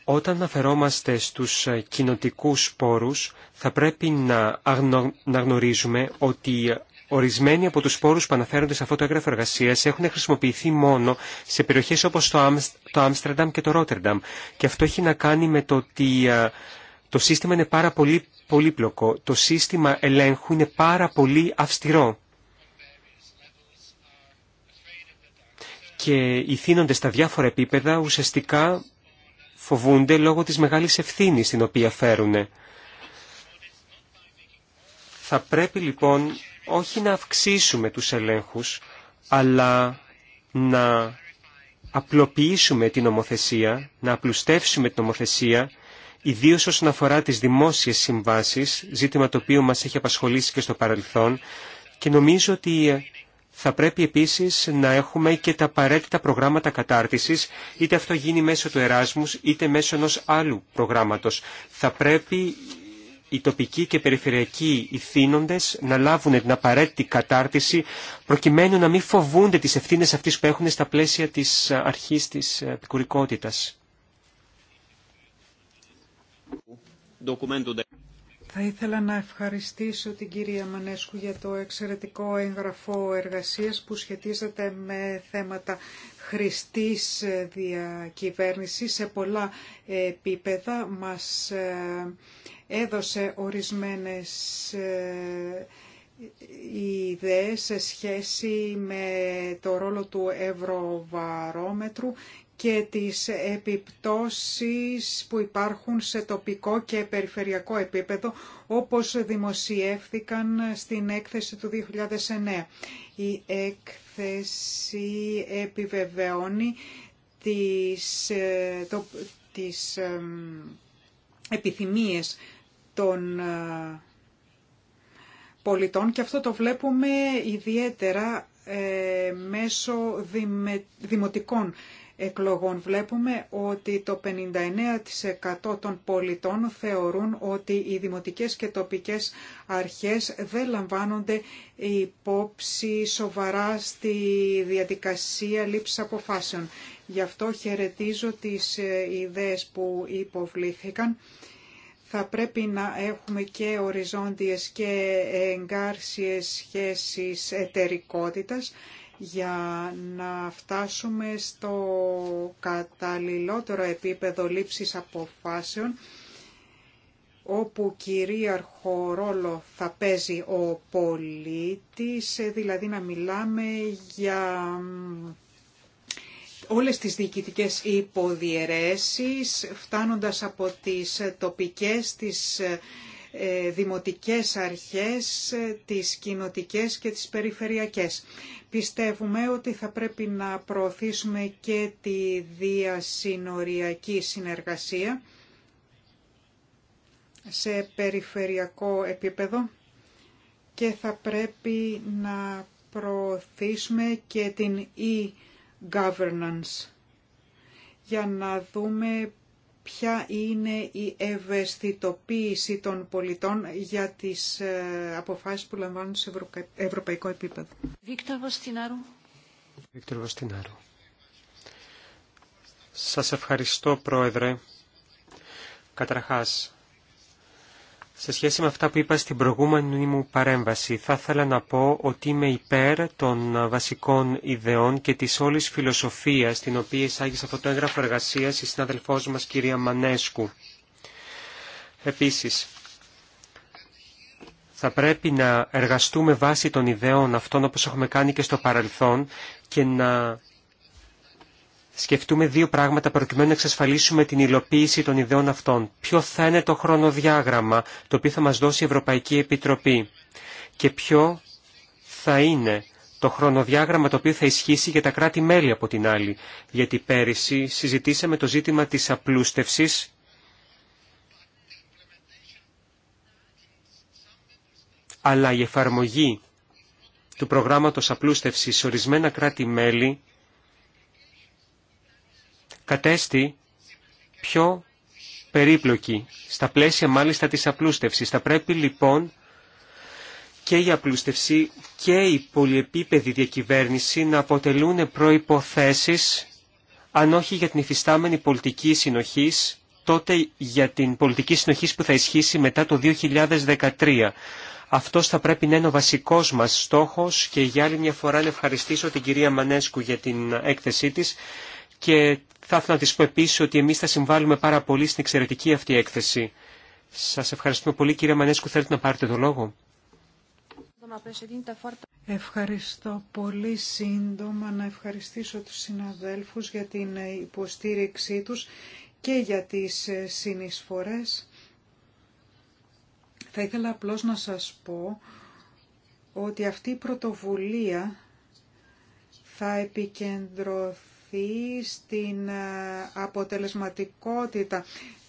Όταν αναφερόμαστε στους ε, κοινοτικούς σπόρους, θα πρέπει να, αγνο, να γνωρίζουμε ότι Ορισμένοι από τους σπόρους που αναφέρονται σε αυτό το έγγραφο εργασία έχουν χρησιμοποιηθεί μόνο σε περιοχές όπως το Άμστερνταμ και το Ρότερνταμ. Και αυτό έχει να κάνει με το ότι ε, το σύστημα είναι πάρα πολύ πολύπλοκο. Το σύστημα ελέγχου είναι πάρα πολύ αυστηρό. Και οι θύνοντες στα διάφορα επίπεδα ουσιαστικά φοβούνται λόγω της μεγάλης ευθύνης την οποία φέρουν. Θα πρέπει λοιπόν όχι να αυξήσουμε τους ελέγχους, αλλά να απλοποιήσουμε την ομοθεσία, να απλουστεύσουμε την νομοθεσία ιδίως όσον αφορά τις δημόσιες συμβάσεις, ζήτημα το οποίο μας έχει απασχολήσει και στο παρελθόν και νομίζω ότι ε, θα πρέπει επίσης να έχουμε και τα απαραίτητα προγράμματα κατάρτισης, είτε αυτό γίνει μέσω του Εράσμους, είτε μέσω ενός άλλου προγράμματος. Θα πρέπει οι τοπικοί και περιφερειακοί ηθήνοντες να λάβουν την απαραίτητη κατάρτιση προκειμένου να μην φοβούνται τις ευθύνες αυτές που έχουν στα πλαίσια της αρχής της ε, επικουρικότητας. Θα ήθελα να ευχαριστήσω την κυρία Μανέσκου για το εξαιρετικό έγγραφο εργασίας που σχετίζεται με θέματα χρηστής διακυβέρνησης σε πολλά επίπεδα. Μας ε, έδωσε ορισμένες ε, ιδέες σε σχέση με το ρόλο του ευρωβαρόμετρου και τις επιπτώσεις που υπάρχουν σε τοπικό και περιφερειακό επίπεδο, όπως δημοσιεύθηκαν στην έκθεση του 2009. Η έκθεση επιβεβαιώνει τις, ε, το, ε, επιθυμίες των ε, πολιτών και αυτό το βλέπουμε ιδιαίτερα μέσω δημοτικών εκλογών βλέπουμε ότι το 59% των πολιτών θεωρούν ότι οι δημοτικές και τοπικές αρχές δεν λαμβάνονται υπόψη σοβαρά στη διαδικασία λήψης αποφάσεων. Γι' αυτό χαιρετίζω τις ε, ιδέες που υποβλήθηκαν θα πρέπει να έχουμε και οριζόντιες και εγκάρσιες σχέσεις εταιρικότητας για να φτάσουμε στο καταλληλότερο επίπεδο λήψης αποφάσεων όπου κυρίαρχο ρόλο θα παίζει ο πολίτης, ε, δηλαδή να μιλάμε για όλες τις διοικητικές υποδιαιρέσεις, φτάνοντας από τις τοπικές, τις ε, ε, δημοτικές αρχές, τις κοινοτικές και τις περιφερειακές. Πιστεύουμε ότι θα πρέπει να προωθήσουμε και τη διασυνοριακή συνεργασία σε περιφερειακό επίπεδο και θα πρέπει να προωθήσουμε και την e-governance για να δούμε ποια είναι η ευαισθητοποίηση των πολιτών για τις ε, αποφάσεις που λαμβάνουν σε ευρωπαϊκό επίπεδο. Βίκτορ Βοστινάρου. Βίκτορ Βοστινάρου. Σας ευχαριστώ, Πρόεδρε. Καταρχάς, σε σχέση με αυτά που είπα στην προηγούμενη μου παρέμβαση, θα ήθελα να πω ότι είμαι υπέρ των βασικών ιδεών και της όλης φιλοσοφίας την οποία εισάγει σε αυτό το έγγραφο εργασίας η συνάδελφός μας κυρία Μανέσκου. Επίσης, θα πρέπει να εργαστούμε βάσει των ιδεών αυτών όπως έχουμε κάνει και στο παρελθόν και να σκεφτούμε δύο πράγματα προκειμένου να εξασφαλίσουμε την υλοποίηση των ιδεών αυτών. Ποιο θα είναι το χρονοδιάγραμμα το οποίο θα μας δώσει η Ευρωπαϊκή Επιτροπή και ποιο θα είναι το χρονοδιάγραμμα το οποίο θα ισχύσει για τα κράτη-μέλη από την άλλη. Γιατί πέρυσι συζητήσαμε το ζήτημα της απλούστευσης αλλά η εφαρμογή του προγράμματος απλούστευσης σε ορισμένα κράτη-μέλη κατέστη πιο περίπλοκη, στα πλαίσια μάλιστα της απλούστευσης. Θα πρέπει λοιπόν και η απλούστευση και η πολυεπίπεδη διακυβέρνηση να αποτελούν προϋποθέσεις, αν όχι για την υφιστάμενη πολιτική συνοχής, τότε για την πολιτική συνοχής που θα ισχύσει μετά το 2013. Αυτός θα πρέπει να είναι ο βασικός μας στόχος και για άλλη μια φορά να ευχαριστήσω την κυρία Μανέσκου για την έκθεσή της και θα ήθελα να της πω επίσης ότι εμείς θα συμβάλλουμε πάρα πολύ στην εξαιρετική αυτή έκθεση. Σας ευχαριστούμε πολύ κύριε Μανέσκου, θέλετε να πάρετε το λόγο. Ευχαριστώ πολύ σύντομα να ευχαριστήσω τους συναδέλφους για την υποστήριξή τους και για τις συνεισφορές. Θα ήθελα απλώς να σας πω ότι αυτή η πρωτοβουλία θα επικεντρωθεί στην ε, αποτελεσματικότητα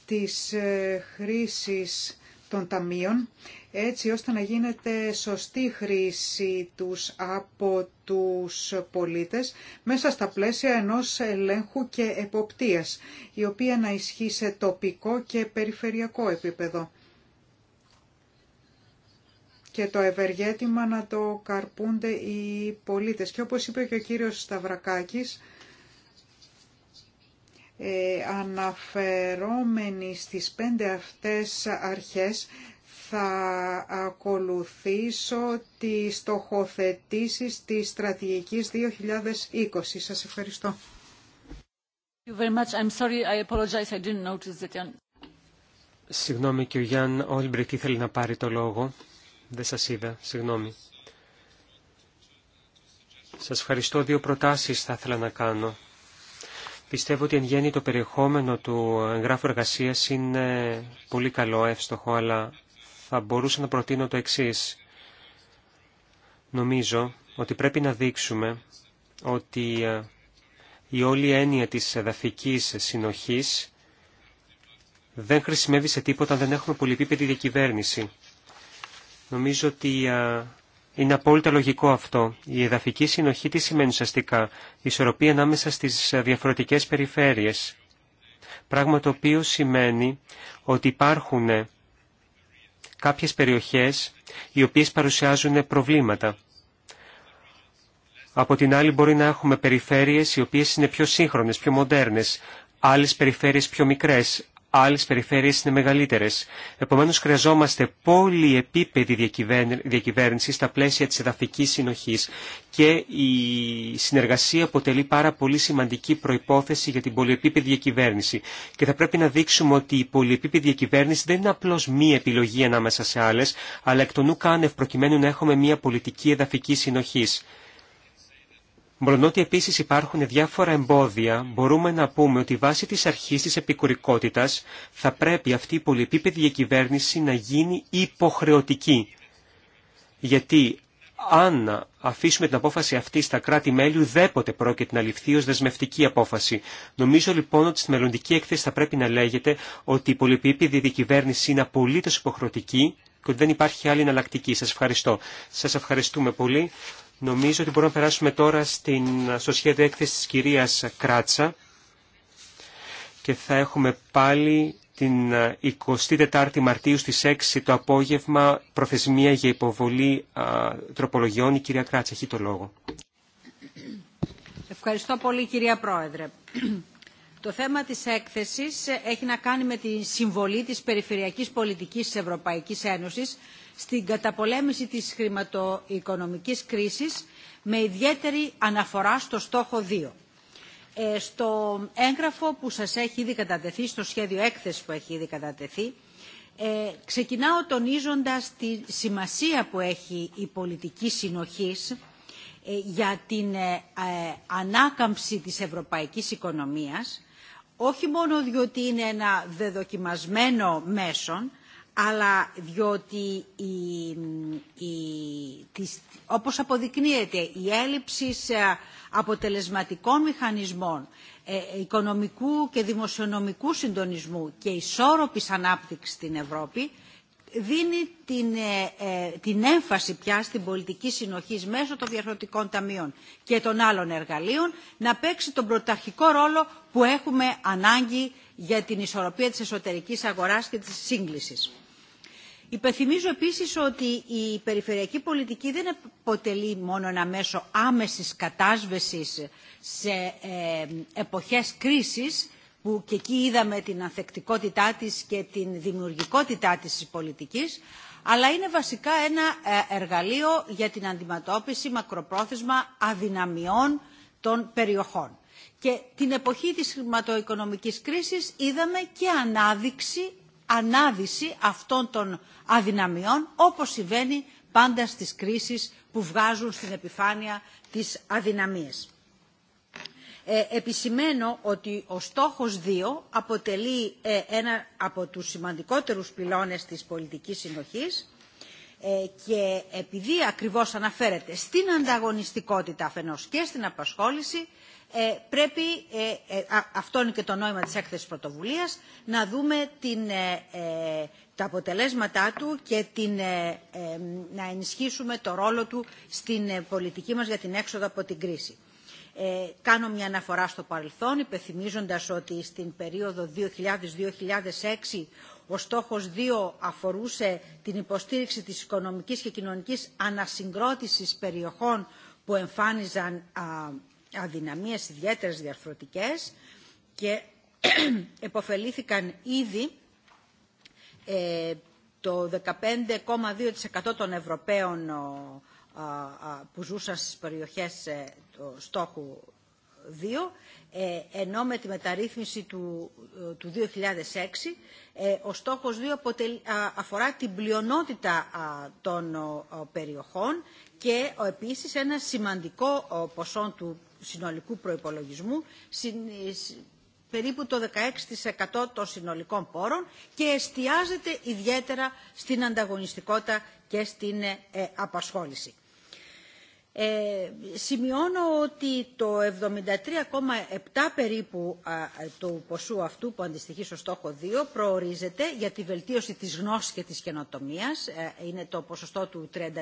της ε, χρήσης των ταμείων, έτσι ώστε να γίνεται σωστή χρήση τους από τους πολίτες μέσα στα πλαίσια ενός ελέγχου και εποπτείας, η οποία να ισχύει σε τοπικό και περιφερειακό επίπεδο. Και το ευεργέτημα να το καρπούνται οι πολίτες. Και όπως είπε και ο κύριος Σταυρακάκης, ε, αναφερόμενοι στις πέντε αυτές αρχές θα ακολουθήσω τις στοχοθετήσεις της στρατηγικής 2020. Σας ευχαριστώ. Συγγνώμη και ο Γιάνν Όλμπρικ ήθελε να πάρει το λόγο. Δεν σας είδα. Συγγνώμη. Σας ευχαριστώ. Δύο προτάσεις θα ήθελα να κάνω. Πιστεύω ότι εν γέννη το περιεχόμενο του εγγράφου εργασία είναι πολύ καλό, εύστοχο, αλλά θα μπορούσα να προτείνω το εξή. Νομίζω ότι πρέπει να δείξουμε ότι ε, η όλη έννοια της εδαφικής συνοχής δεν χρησιμεύει σε τίποτα αν δεν έχουμε πολυπίπεδη διακυβέρνηση. Νομίζω ότι ε, είναι απόλυτα λογικό αυτό. Η εδαφική συνοχή τι σημαίνει ουσιαστικά. Ισορροπία ανάμεσα στις ε, διαφορετικές περιφέρειες. Πράγμα το οποίο σημαίνει ότι υπάρχουν ε, κάποιες περιοχές οι οποίες παρουσιάζουν ε, προβλήματα. Από την άλλη μπορεί να έχουμε περιφέρειες οι οποίες είναι πιο σύγχρονες, πιο μοντέρνες, άλλες περιφέρειες πιο μικρές, άλλες περιφέρειες είναι μεγαλύτερες. Επομένως χρειαζόμαστε πολυεπίπεδη διακυβέρνηση στα πλαίσια της εδαφικής συνοχής και η συνεργασία αποτελεί πάρα πολύ σημαντική προϋπόθεση για την πολυεπίπεδη διακυβέρνηση και θα πρέπει να δείξουμε ότι η πολυεπίπεδη διακυβέρνηση δεν είναι απλώς μία επιλογή ανάμεσα σε άλλες αλλά εκ των ουκάνευ προκειμένου να έχουμε μία πολιτική εδαφική συνοχής ότι επίσης υπάρχουν διάφορα εμπόδια, μπορούμε να πούμε ότι βάσει της αρχής της επικουρικότητας θα πρέπει αυτή η πολυεπίπεδη διακυβέρνηση να γίνει υποχρεωτική. Γιατί αν αφήσουμε την απόφαση αυτή στα κράτη-μέλη, ουδέποτε πρόκειται να ληφθεί ω δεσμευτική απόφαση. Νομίζω λοιπόν ότι στη μελλοντική έκθεση θα πρέπει να λέγεται ότι η πολυεπίπεδη διακυβέρνηση είναι απολύτω υποχρεωτική και ότι δεν υπάρχει άλλη εναλλακτική. Σα ευχαριστώ. Σα ευχαριστούμε πολύ. Νομίζω ότι μπορούμε να περάσουμε τώρα στην, στο σχέδιο έκθεση της κυρίας Κράτσα και θα έχουμε πάλι την 24η Μαρτίου στις 6 το απόγευμα προθεσμία για υποβολή τροπολογιών. Η κυρία Κράτσα έχει το λόγο. Ευχαριστώ πολύ κυρία Πρόεδρε. Το θέμα της έκθεσης έχει να κάνει με τη συμβολή της περιφερειακής πολιτικής της Ευρωπαϊκής Ένωσης στην καταπολέμηση της χρηματοοικονομικής κρίσης με ιδιαίτερη αναφορά στο στόχο 2. Ε, στο έγγραφο που σας έχει ήδη κατατεθεί, στο σχέδιο έκθεση που έχει ήδη κατατεθεί, ε, ξεκινάω τονίζοντας τη σημασία που έχει η πολιτική συνοχής ε, για την ε, ανάκαμψη της ευρωπαϊκής οικονομίας, όχι μόνο διότι είναι ένα δεδοκιμασμένο μέσον, αλλά διότι η, όπως αποδεικνύεται η έλλειψη αποτελεσματικών μηχανισμών ε, οικονομικού και δημοσιονομικού συντονισμού και ισόρροπης ανάπτυξης στην Ευρώπη δίνει την, ε, ε, την έμφαση πια στην πολιτική συνοχή μέσω των διαρθρωτικών ταμείων και των άλλων εργαλείων να παίξει τον πρωταρχικό ρόλο που έχουμε ανάγκη για την ισορροπία της εσωτερικής αγοράς και της σύγκλησης. Υπενθυμίζω επίσης ότι η περιφερειακή πολιτική δεν αποτελεί μόνο ένα μέσο άμεσης κατάσβεσης σε ε, εποχές κρίσης, που και εκεί είδαμε την ανθεκτικότητά της και την δημιουργικότητά της πολιτικής, αλλά είναι βασικά ένα ε, εργαλείο για την αντιμετώπιση μακροπρόθεσμα αδυναμιών των περιοχών. Και την εποχή της χρηματοοικονομικής κρίσης είδαμε και ανάδειξη ανάδυση αυτών των αδυναμιών όπως συμβαίνει πάντα στις κρίσεις που βγάζουν στην επιφάνεια τις αδυναμίες. Ε, επισημαίνω ότι ο στόχος 2 αποτελεί ε, ένα από τους σημαντικότερους πυλώνες της πολιτικής συνοχής ε, και επειδή ακριβώς αναφέρεται στην ανταγωνιστικότητα αφενός και στην απασχόληση ε, πρέπει, ε, ε, αυτό είναι και το νόημα της έκθεσης πρωτοβουλίας, να δούμε την, τα αποτελέσματά του και την, να ενισχύσουμε το ρόλο του στην πολιτική μας για την έξοδο από την κρίση. κάνω μια αναφορά στο παρελθόν, υπεθυμίζοντας ότι στην περίοδο 2000-2006 ο στόχος 2 αφορούσε την υποστήριξη της οικονομικής και κοινωνικής ανασυγκρότησης περιοχών που εμφάνιζαν αδυναμίες ιδιαίτερες διαρθρωτικές και εποφελήθηκαν ήδη ε, το 15,2% των Ευρωπαίων α, που ζούσαν στις περιοχές ε, το στόχου 2, ε, ενώ με τη μεταρρύθμιση του, ε, του 2006 ε, ο στόχος 2 αφορά την πλειονότητα των περιοχών και ο, επίσης ένα σημαντικό ποσό του συνολικού προϋπολογισμού περίπου το 16% των συνολικών πόρων και εστιάζεται ιδιαίτερα στην ανταγωνιστικότητα και στην ε, ε, απασχόληση. Ε, σημειώνω ότι το 73,7 περίπου του ποσού αυτού που αντιστοιχεί στο στόχο 2 προορίζεται για τη βελτίωση της γνώσης και της καινοτομίας, ε, είναι το ποσοστό του 33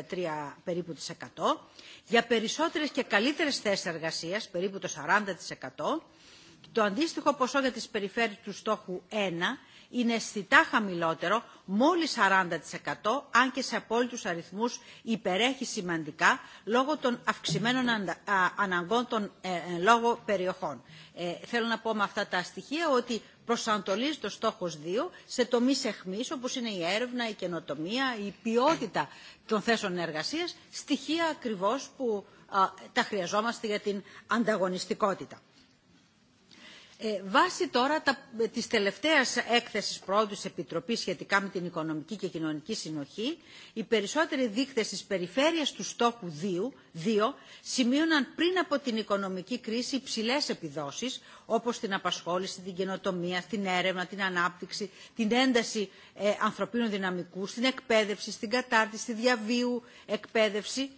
περίπου της για περισσότερες και καλύτερες θέσεις εργασίας, περίπου το 40%, το αντίστοιχο ποσό για τις περιφέρειες του στόχου 1 είναι αισθητά χαμηλότερο, μόλις 40%, αν και σε απόλυτους αριθμούς υπερέχει σημαντικά λόγω των αυξημένων αναγκών των ε, ε, λόγω περιοχών. Ε, θέλω να πω με αυτά τα στοιχεία ότι προσανατολίζει το στόχος 2 σε τομείς εχμής όπως είναι η έρευνα, η καινοτομία, η ποιότητα των θέσεων εργασίας, στοιχεία ακριβώς που τα χρειαζόμαστε για την ανταγωνιστικότητα. Ε, βάσει τώρα τα, της τελευταίας έκθεσης πρόοδου Επιτροπής σχετικά με την οικονομική και κοινωνική συνοχή, οι περισσότεροι δείκτες της περιφέρειας του στόχου 2, 2 σημείωναν πριν από την οικονομική κρίση υψηλέ επιδόσεις, όπως την απασχόληση, την καινοτομία, την έρευνα, την ανάπτυξη, την ένταση ε, ανθρωπίνου δυναμικού, στην εκπαίδευση, στην κατάρτιση, τη διαβίου εκπαίδευση,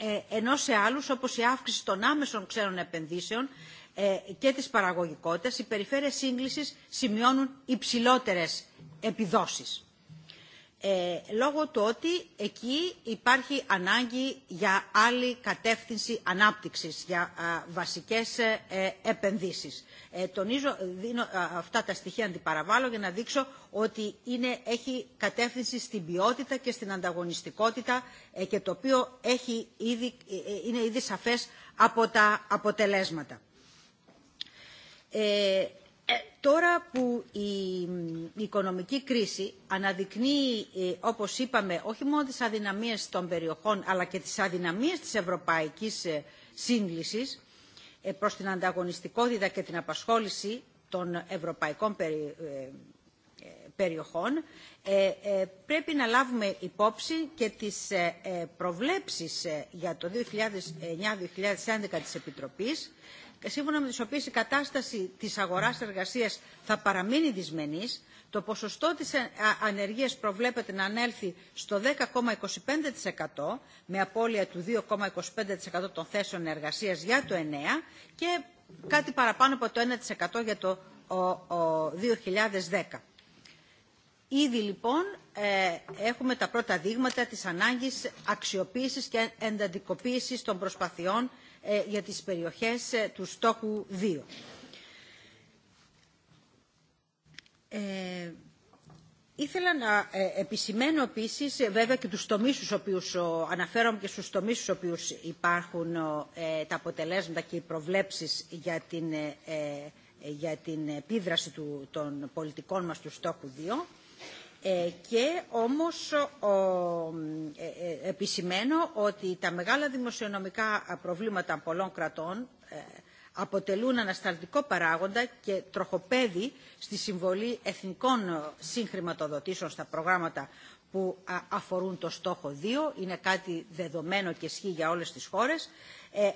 ε, ενώ σε άλλους όπως η αύξηση των άμεσων ξένων επενδύσεων ε, και της παραγωγικότητας, οι περιφέρειες σύγκλησης σημειώνουν υψηλότερες επιδόσεις. Ε, λόγω του ότι εκεί υπάρχει ανάγκη για άλλη κατεύθυνση ανάπτυξης, για βασικές ε, επενδύσεις. τονίζω, δίνω αυτά τα στοιχεία αντιπαραβάλλω για να δείξω ότι είναι, έχει κατεύθυνση στην ποιότητα και στην ανταγωνιστικότητα και το οποίο είναι ήδη σαφές από τα αποτελέσματα. Ε, ε, τώρα που η οικονομική κρίση αναδεικνύει, ε, όπως είπαμε, όχι μόνο τις αδυναμίες των περιοχών, αλλά και τις αδυναμίες της ευρωπαϊκής σύγκλησης προς την ανταγωνιστικότητα και την απασχόληση των ευρωπαϊκών περιοχών, πρέπει να λάβουμε υπόψη και τις προβλέψεις για το 2009-2011 της Επιτροπής, ε, σύμφωνα με τις οποίες η κατάσταση της αγοράς εργασίας θα παραμείνει δυσμενής, το ποσοστό της ε, ανεργίας προβλέπεται να ανέλθει στο 10,25% με απώλεια του 2,25% των θέσεων εργασίας για το 9 και κάτι παραπάνω από το 1% για το 2010. Ήδη λοιπόν ε, έχουμε τα πρώτα δείγματα της ανάγκης αξιοποίησης και εντατικοποίησης των προσπαθειών ε, για τις περιοχές ε, του στόχου 2. Ε, ήθελα να ε, επισημαίνω επίσης βέβαια και τους τομείς στους οποίους αναφέρομαι και στους τομείς στους οποίους υπάρχουν τα αποτελέσματα και οι προβλέψεις για την, για την επίδραση του, των πολιτικών μας του στόχου 2 ε, και όμως ε, ε, επισημαίνω ότι τα μεγάλα δημοσιονομικά προβλήματα πολλών κρατών αποτελούν ανασταλτικό παράγοντα και τροχοπέδι στη συμβολή εθνικών συγχρηματοδοτήσεων στα προγράμματα που αφορούν το στόχο 2. Είναι κάτι δεδομένο και ισχύει για όλες τις χώρες.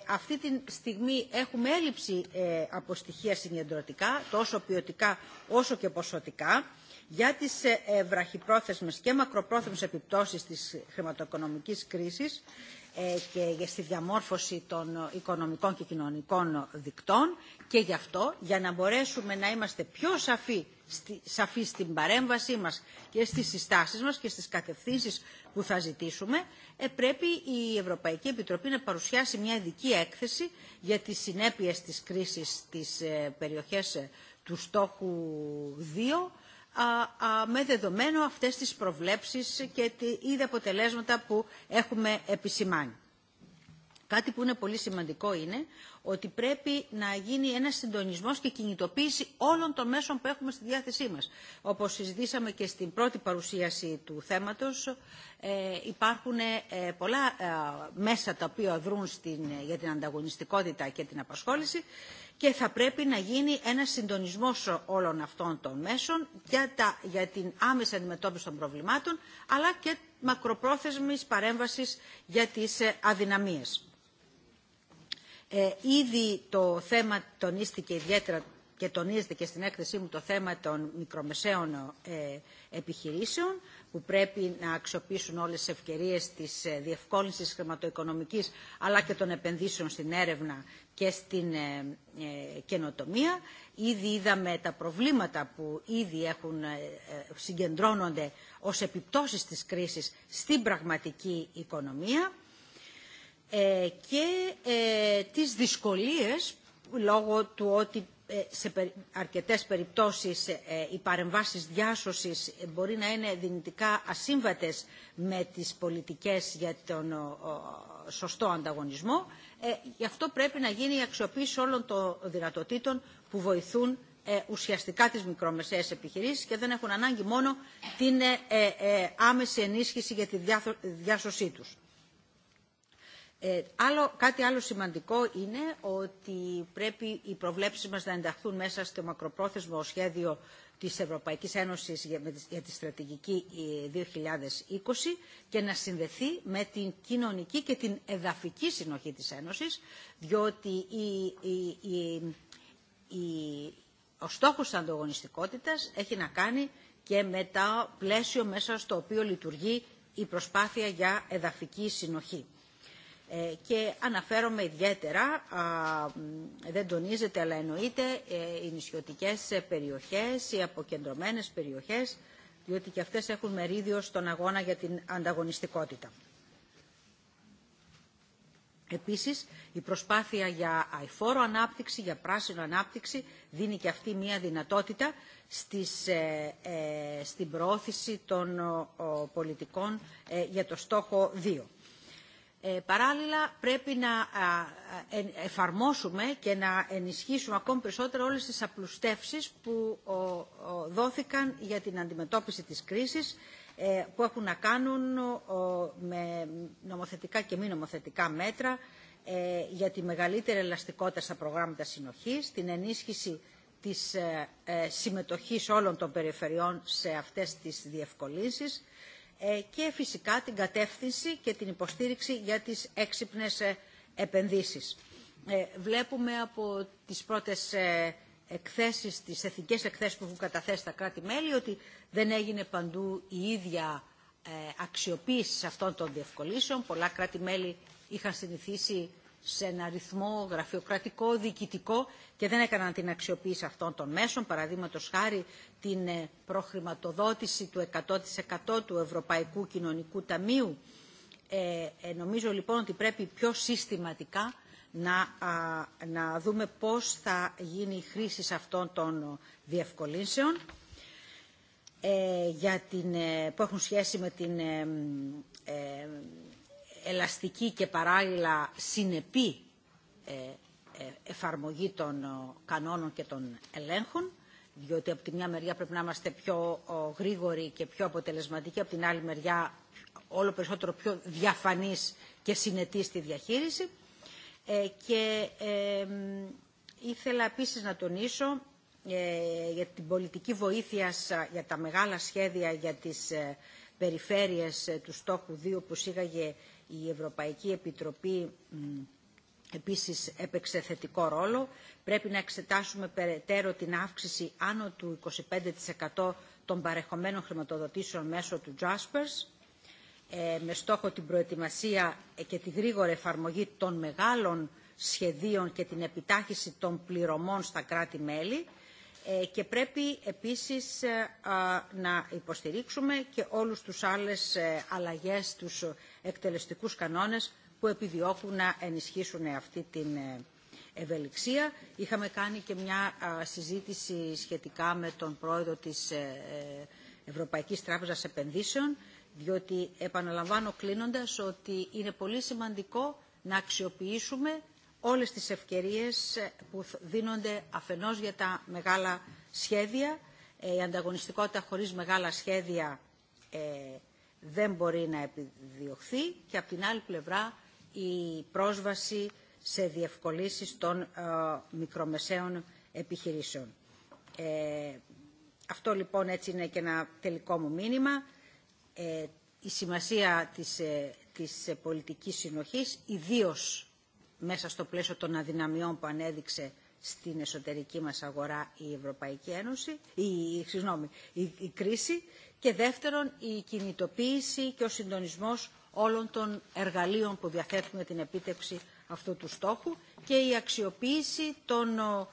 αυτή τη στιγμή έχουμε έλλειψη ε, από στοιχεία συγκεντρωτικά, τόσο ποιοτικά όσο και ποσοτικά για τις ε, ε, βραχυπρόθεσμες και μακροπρόθεσμες επιπτώσεις της χρηματοοικονομικής κρίσης ε, και στη διαμόρφωση των οικονομικών και κοινωνικών δικτών και γι' αυτό για να μπορέσουμε να είμαστε πιο σαφεί στην παρέμβασή μας και στις συστάσεις μας και στις κατευθύνσεις που θα ζητήσουμε, πρέπει η Ευρωπαϊκή Επιτροπή να παρουσιάσει μια ειδική έκθεση για τις συνέπειες της κρίσης στις περιοχές του στόχου 2 με δεδομένο αυτές τις προβλέψεις και τη, ήδη αποτελέσματα που έχουμε επισημάνει. Κάτι που είναι πολύ σημαντικό είναι ότι πρέπει να γίνει ένα συντονισμό και κινητοποίηση όλων των μέσων που έχουμε στη διάθεσή μα. Όπω συζητήσαμε και στην πρώτη παρουσίαση του θέματο, ε, υπάρχουν ε, πολλά ε, μέσα τα οποία δρούν στην, για την ανταγωνιστικότητα και την απασχόληση και θα πρέπει να γίνει ένα συντονισμό όλων αυτών των μέσων για, για την άμεση αντιμετώπιση των προβλημάτων αλλά και μακροπρόθεσμης παρέμβασης για τις αδυναμίες. Ε, ήδη το θέμα τονίστηκε ιδιαίτερα και τονίζεται και στην έκθεσή μου το θέμα των μικρομεσαίων ε, επιχειρήσεων που πρέπει να αξιοποιήσουν όλες τις ευκαιρίες της ε, διευκόλυνσης χρηματοοικονομικής αλλά και των επενδύσεων στην έρευνα και στην καινοτομία. Ήδη είδαμε τα προβλήματα που ήδη έχουν, συγκεντρώνονται ως επιπτώσεις της κρίσης στην πραγματική οικονομία ε, και ε, τις δυσκολίες λόγω του ότι ε, σε αρκετές περιπτώσεις οι παρεμβάσεις διάσωσης μπορεί να είναι δυνητικά ασύμβατες με τις πολιτικές για τον σωστό ανταγωνισμό. Γι' αυτό πρέπει να γίνει η αξιοποίηση όλων των δυνατοτήτων που βοηθούν ουσιαστικά τις μικρομεσαίες επιχειρήσεις και δεν έχουν ανάγκη μόνο την άμεση ενίσχυση για τη διάσωσή τους. Ε, κάτι άλλο σημαντικό είναι ότι πρέπει οι προβλέψεις μας να ενταχθούν μέσα στο μακροπρόθεσμο σχέδιο της Ευρωπαϊκής Ένωσης για τη στρατηγική 2020 ε, και να συνδεθεί με την κοινωνική και την εδαφική συνοχή της Ένωσης, διότι η, η, ο στόχος της ανταγωνιστικότητας έχει να κάνει και με το πλαίσιο μέσα στο οποίο λειτουργεί η προσπάθεια για εδαφική συνοχή. Ε, και αναφέρομαι ιδιαίτερα, δεν τονίζεται αλλά εννοείται, ε, οι νησιωτικές ε, περιοχές, οι αποκεντρωμένες περιοχές, διότι και αυτές έχουν μερίδιο στον αγώνα για την ανταγωνιστικότητα. Επίσης, η προσπάθεια για αηφόρο ανάπτυξη, για πράσινο ανάπτυξη, δίνει και αυτή μία δυνατότητα στις, στην προώθηση των πολιτικών για το στόχο 2. Ε, παράλληλα, πρέπει να εφαρμόσουμε και να ενισχύσουμε ακόμη περισσότερο όλες τις απλουστεύσεις που δόθηκαν για την αντιμετώπιση της κρίσης, ε, που έχουν να κάνουν με νομοθετικά και μη νομοθετικά μέτρα ε, για τη μεγαλύτερη ελαστικότητα στα προγράμματα συνοχής, την ενίσχυση της συμμετοχής όλων των περιφερειών σε αυτές τις διευκολύνσεις, ε, και φυσικά την κατεύθυνση και την υποστήριξη για τις έξυπνες ε, επενδύσεις. Ε, βλέπουμε από τις πρώτες εκθέσεις, τις εθνικές εκθέσεις που έχουν καταθέσει τα κράτη-μέλη ότι δεν έγινε παντού η ίδια αξιοποίηση αυτών των διευκολύσεων. Πολλά κράτη-μέλη είχαν συνηθίσει σε ένα ρυθμό γραφειοκρατικό, διοικητικό και δεν έκαναν την αξιοποίηση αυτών των μέσων. Παραδείγματο χάρη την ε, προχρηματοδότηση του 100% του Ευρωπαϊκού Κοινωνικού Ταμείου. Ε, ε, νομίζω λοιπόν ότι πρέπει πιο συστηματικά να, να δούμε πώς θα γίνει η χρήση αυτών των διευκολύνσεων ε, για την, που έχουν σχέση με την ελαστική και παράλληλα συνεπή ε, ε, εφαρμογή των ε, κανόνων και των ελέγχων, διότι από τη μια μεριά πρέπει να είμαστε πιο γρήγοροι και πιο αποτελεσματικοί, από την άλλη μεριά όλο περισσότερο πιο διαφανής και συνετή στη διαχείριση. Και ήθελα επίσης να τονίσω για την πολιτική βοήθεια για τα μεγάλα σχέδια για τις περιφέρειες του στόχου 2 που σήγαγε η Ευρωπαϊκή Επιτροπή επίσης έπαιξε θετικό ρόλο. Πρέπει να εξετάσουμε περαιτέρω την αύξηση άνω του 25% των παρεχομένων χρηματοδοτήσεων μέσω του Jaspers ε, με στόχο την προετοιμασία και τη γρήγορη εφαρμογή των μεγάλων σχεδίων και την επιτάχυση των πληρωμών στα κράτη-μέλη ε, και πρέπει επίσης ε, να υποστηρίξουμε και όλους τους άλλες αλλαγές, τους εκτελεστικούς κανόνες που επιδιώκουν να ενισχύσουν αυτή την ε, ευελιξία. Είχαμε κάνει και μια συζήτηση σχετικά με τον πρόεδρο της ε, ε, Ευρωπαϊκής Τράπεζας Επενδύσεων, διότι επαναλαμβάνω κλείνοντας ότι είναι πολύ σημαντικό να αξιοποιήσουμε όλες τις ευκαιρίες που δίνονται αφενός για τα μεγάλα σχέδια. Η ανταγωνιστικότητα χωρίς μεγάλα σχέδια δεν μπορεί να επιδιωχθεί και από την άλλη πλευρά η πρόσβαση σε διευκολύσεις των ε, μικρομεσαίων επιχειρήσεων. Ε, αυτό λοιπόν έτσι είναι και ένα τελικό μου μήνυμα. Ε, η σημασία της, της πολιτικής συνοχής, ιδίως μέσα στο πλαίσιο των αδυναμιών που ανέδειξε στην εσωτερική μας αγορά η Ευρωπαϊκή Ένωση, η, η, κρίση και δεύτερον η κινητοποίηση και ο συντονισμός όλων των εργαλείων που διαθέτουμε την επίτευξη αυτού του στόχου και η αξιοποίηση των ο,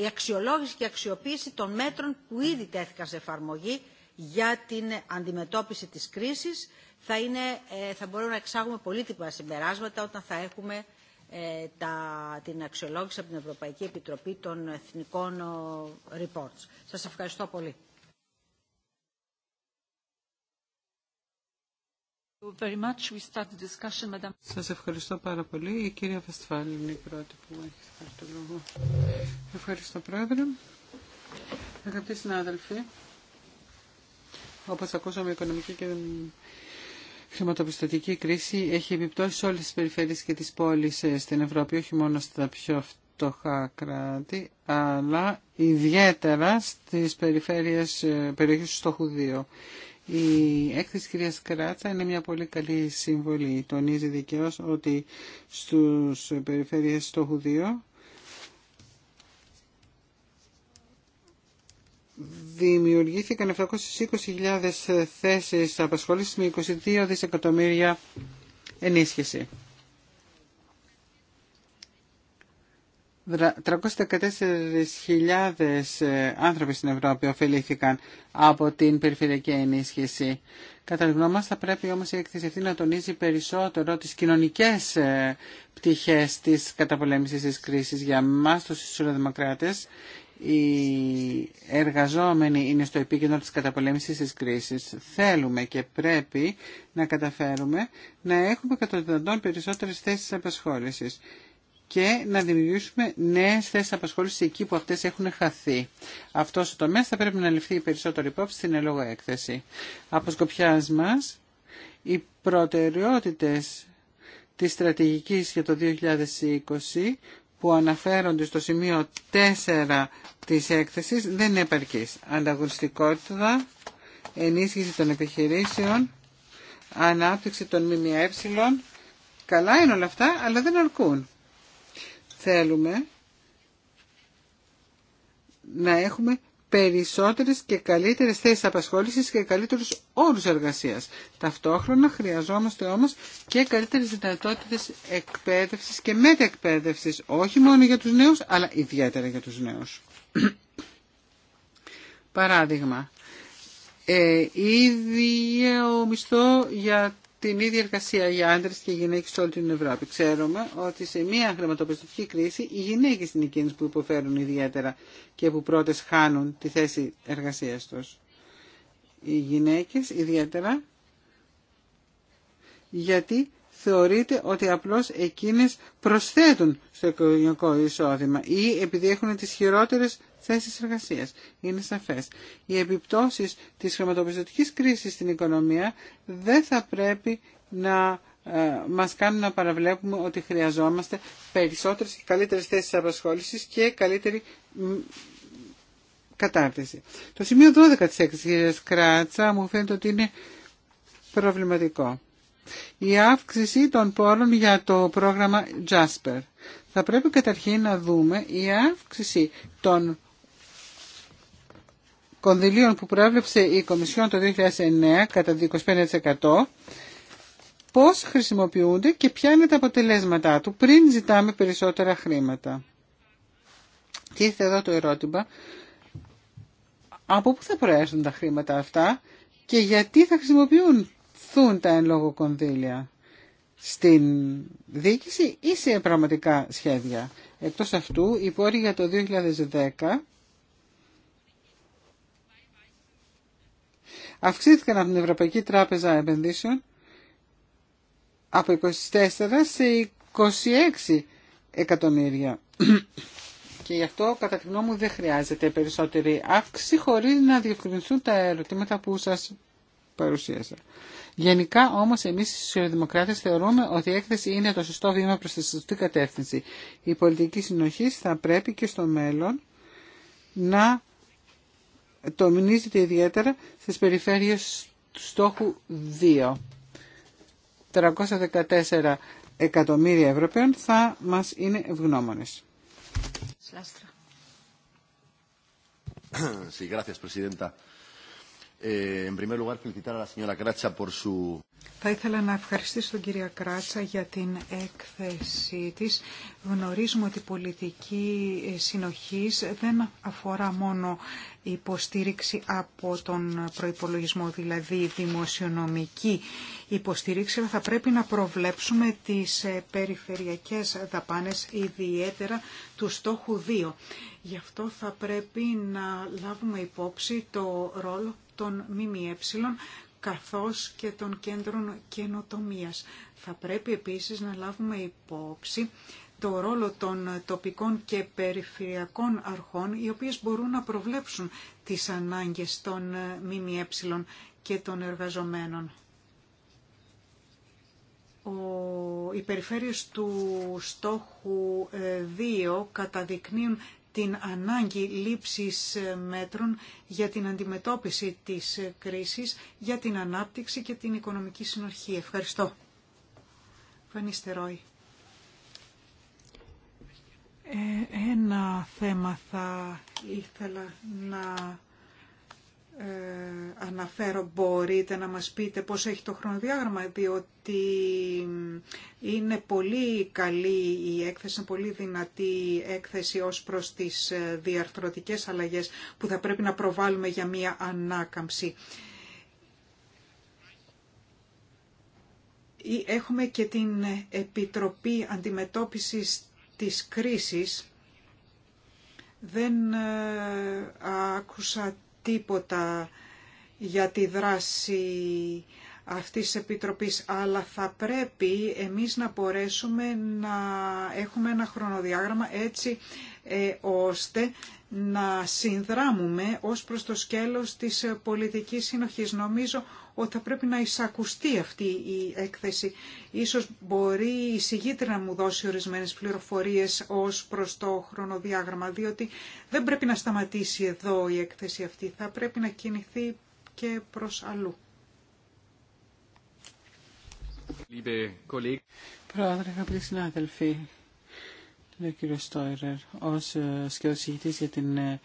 η αξιολόγηση και αξιοποίηση των μέτρων που ήδη τέθηκαν σε εφαρμογή για την αντιμετώπιση της κρίσης θα, είναι, ε, θα μπορούμε να εξάγουμε πολύτιμα συμπεράσματα όταν θα έχουμε ε, την αξιολόγηση από την Ευρωπαϊκή Επιτροπή των Εθνικών ε, Reports. Σας ευχαριστώ πολύ. Σας ευχαριστώ πάρα πολύ. Η κυρία Βεστφάλη είναι η πρώτη που έχει πάρει το λόγο. Ευχαριστώ πρόεδρε. Αγαπητοί συνάδελφοι, όπως ακούσαμε η Οικονομική και χρηματοπιστωτική κρίση έχει επιπτώσει σε όλες τις περιφέρειες και τις πόλεις ε, στην Ευρώπη, όχι μόνο στα πιο φτωχά κράτη, αλλά ιδιαίτερα στις περιφέρειες, ε, περιοχής του στόχου 2. Η έκθεση κυρία Κράτσα είναι μια πολύ καλή συμβολή. Τονίζει δικαίως ότι στους ε, περιφέρειες στόχου 2 δημιουργήθηκαν 720.000 θέσεις απασχόλησης με 22 δισεκατομμύρια ενίσχυση. 314.000 ε, άνθρωποι στην Ευρώπη ωφελήθηκαν από την περιφερειακή ενίσχυση. Κατά τη γνώμη θα πρέπει όμως η έκθεση να τονίζει περισσότερο τις κοινωνικές ε, πτυχές της καταπολέμησης της κρίσης. Για μας τους Ισουροδημοκράτες οι εργαζόμενοι είναι στο επίκεντρο της καταπολέμησης της κρίσης. Θέλουμε και πρέπει να καταφέρουμε να έχουμε κατά περισσότερες θέσεις απασχόλησης και να δημιουργήσουμε νέες θέσεις απασχόλησης εκεί που αυτές έχουν χαθεί. Αυτό ο τομέας θα πρέπει να ληφθεί περισσότερη υπόψη στην ελόγω έκθεση. Από σκοπιάς μας, οι προτεραιότητες της στρατηγικής για το 2020 που αναφέρονται στο σημείο 4 της έκθεσης δεν είναι επαρκής. Ανταγωνιστικότητα, ενίσχυση των επιχειρήσεων, ανάπτυξη των ΜΜΕ. Καλά είναι όλα αυτά, αλλά δεν αρκούν. Θέλουμε να έχουμε περισσότερες και καλύτερες θέσεις απασχόλησης και καλύτερους όρους εργασίας. Ταυτόχρονα χρειαζόμαστε όμως και καλύτερες δυνατότητες εκπαίδευσης και μεταεκπαίδευσης, όχι μόνο για τους νέους, αλλά ιδιαίτερα για τους νέους. Παράδειγμα, ε, ίδιο μισθό για την ίδια εργασία για άντρε και γυναίκες σε όλη την Ευρώπη. Ξέρουμε ότι σε μια χρηματοπιστωτική κρίση οι γυναίκες είναι εκείνε που υποφέρουν ιδιαίτερα και που πρώτες χάνουν τη θέση εργασίας τους. Οι γυναίκες ιδιαίτερα γιατί θεωρείται ότι απλώς εκείνες προσθέτουν στο οικογενειακό εισόδημα ή επειδή έχουν τις χειρότερες θέσει εργασία. Είναι σαφέ. Οι επιπτώσει τη χρηματοπιστωτική κρίση στην οικονομία δεν θα πρέπει να ε, μας κάνουν να παραβλέπουμε ότι χρειαζόμαστε περισσότερες και καλύτερες θέσεις απασχόλησης και καλύτερη κατάρτιση. Το σημείο 12 της κύριε Κράτσα μου φαίνεται ότι είναι προβληματικό. Η αύξηση των πόρων για το πρόγραμμα Jasper. Θα πρέπει καταρχήν να δούμε η αύξηση των κονδυλίων που προέβλεψε η Κομισιόν το 2009 κατά 25% πώς χρησιμοποιούνται και ποια είναι τα αποτελέσματά του πριν ζητάμε περισσότερα χρήματα. Και ήρθε εδώ το ερώτημα, από πού θα προέρχονται τα χρήματα αυτά και γιατί θα χρησιμοποιούν τα εν λόγω κονδύλια στην διοίκηση ή σε πραγματικά σχέδια. Εκτός αυτού, οι για το 2010 αυξήθηκαν από την Ευρωπαϊκή Τράπεζα Επενδύσεων από 24 σε 26 εκατομμύρια. Και γι' αυτό κατά τη γνώμη μου δεν χρειάζεται περισσότερη αύξηση χωρίς να διευκρινιστούν τα ερωτήματα που σας παρουσίασα. Γενικά όμως εμείς οι σοσιαλδημοκράτες θεωρούμε ότι η έκθεση είναι το σωστό βήμα προς τη σωστή κατεύθυνση. Η πολιτική συνοχή θα πρέπει και στο μέλλον να τομινίζεται ιδιαίτερα στις περιφέρειες του στόχου 2. 314 εκατομμύρια Ευρωπαίων θα μας είναι ευγνώμονες. Sí, gracias, Presidenta. Ε, θα ήθελα να ευχαριστήσω τον κύριο Κράτσα για την έκθεσή της. Γνωρίζουμε ότι η πολιτική συνοχής δεν αφορά μόνο υποστήριξη από τον προϋπολογισμό, δηλαδή δημοσιονομική υποστήριξη, αλλά θα πρέπει να προβλέψουμε τις περιφερειακές δαπάνες, ιδιαίτερα του στόχου 2. Γι' αυτό θα πρέπει να λάβουμε υπόψη το ρόλο των ΜΜΕ καθώς και των κέντρων καινοτομίας. Θα πρέπει επίσης να λάβουμε υπόψη το ρόλο των τοπικών και περιφερειακών αρχών, οι οποίες μπορούν να προβλέψουν τις ανάγκες των ΜΜΕ και των εργαζομένων. Ο, οι περιφέρειες του στόχου 2 ε, καταδεικνύουν την ανάγκη λήψης ε, μέτρων για την αντιμετώπιση της ε, κρίσης, για την ανάπτυξη και την οικονομική συνοχή. Ευχαριστώ. Ε, ένα θέμα θα ήθελα να ε, αναφέρω μπορείτε να μας πείτε πώς έχει το χρονοδιάγραμμα διότι είναι πολύ καλή η έκθεση, είναι πολύ δυνατή η έκθεση ως προς τις ε, διαρθρωτικές αλλαγές που θα πρέπει να προβάλλουμε για μια ανάκαμψη. Έχουμε και την Επιτροπή Αντιμετώπισης της Κρίσης. Δεν ε, άκουσα τίποτα για τη δράση αυτής της Επιτροπής, αλλά θα πρέπει εμείς να μπορέσουμε να έχουμε ένα χρονοδιάγραμμα έτσι ε, ώστε να συνδράμουμε ως προς το σκέλος της πολιτικής συνοχής. Νομίζω ότι θα πρέπει να εισακουστεί αυτή η έκθεση. Ίσως μπορεί η συγγήτρια να μου δώσει ορισμένες πληροφορίες ως προς το χρονοδιάγραμμα, διότι δεν πρέπει να σταματήσει εδώ η έκθεση αυτή. Θα πρέπει να κινηθεί και προς αλλού. Πρόεδρε, αγαπητοί συνάδελφοι, ναι, κύριε Στόιρερ, ω ε, σκιοδοσηγητή για την ε,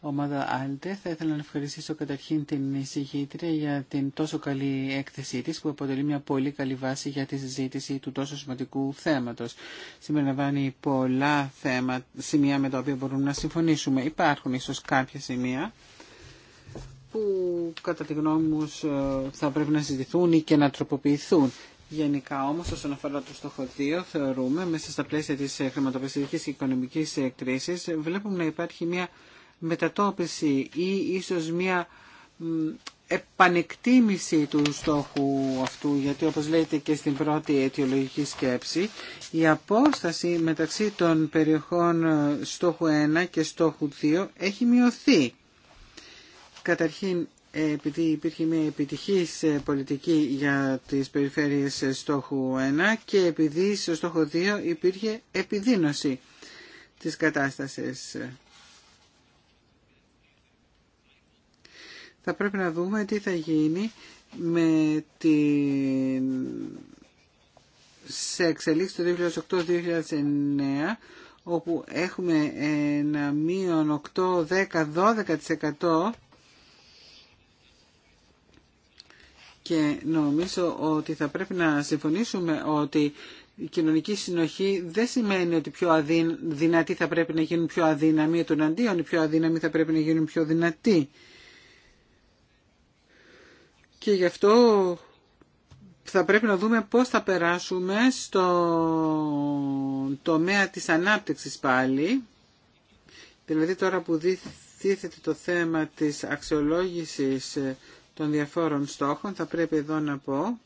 ομάδα Άλτε, θα ήθελα να ευχαριστήσω καταρχήν την εισηγήτρια για την τόσο καλή έκθεσή της που αποτελεί μια πολύ καλή βάση για τη συζήτηση του τόσο σημαντικού θέματος. βάνει πολλά θέματα, σημεία με τα οποία μπορούμε να συμφωνήσουμε. Υπάρχουν ίσω κάποια σημεία που κατά τη γνώμη μου ε, θα πρέπει να συζητηθούν ή και να τροποποιηθούν. Γενικά όμως όσον αφορά το στόχο 2 θεωρούμε μέσα στα πλαίσια της χρηματοπιστωτικής και οικονομικής κρίσης βλέπουμε να υπάρχει μια μετατόπιση ή ίσως μια επανεκτίμηση του στόχου αυτού γιατί όπως λέτε και στην πρώτη αιτιολογική σκέψη η απόσταση μεταξύ των περιοχών ε, στόχου 1 και στόχου 2 έχει μειωθεί. Καταρχήν επειδή υπήρχε μια επιτυχής ε, πολιτική για τις περιφέρειες ε, στόχου 1 και επειδή στο στόχο 2 υπήρχε επιδείνωση της κατάστασης. Θα πρέπει να δούμε τι θα γίνει με την... σε εξελίξη του 2008-2009 όπου έχουμε ένα μείον 8, 10, 12% Και νομίζω ότι θα πρέπει να συμφωνήσουμε ότι η κοινωνική συνοχή δεν σημαίνει ότι πιο αδυν, δυνατοί θα πρέπει να γίνουν πιο αδύναμοι, των αντίων οι πιο αδύναμοι θα πρέπει να γίνουν πιο δυνατοί. Και γι' αυτό θα πρέπει να δούμε πώς θα περάσουμε στο τομέα της ανάπτυξης πάλι. Δηλαδή τώρα που δίθεται το θέμα της αξιολόγησης των διαφόρων στόχων θα πρέπει εδώ να πω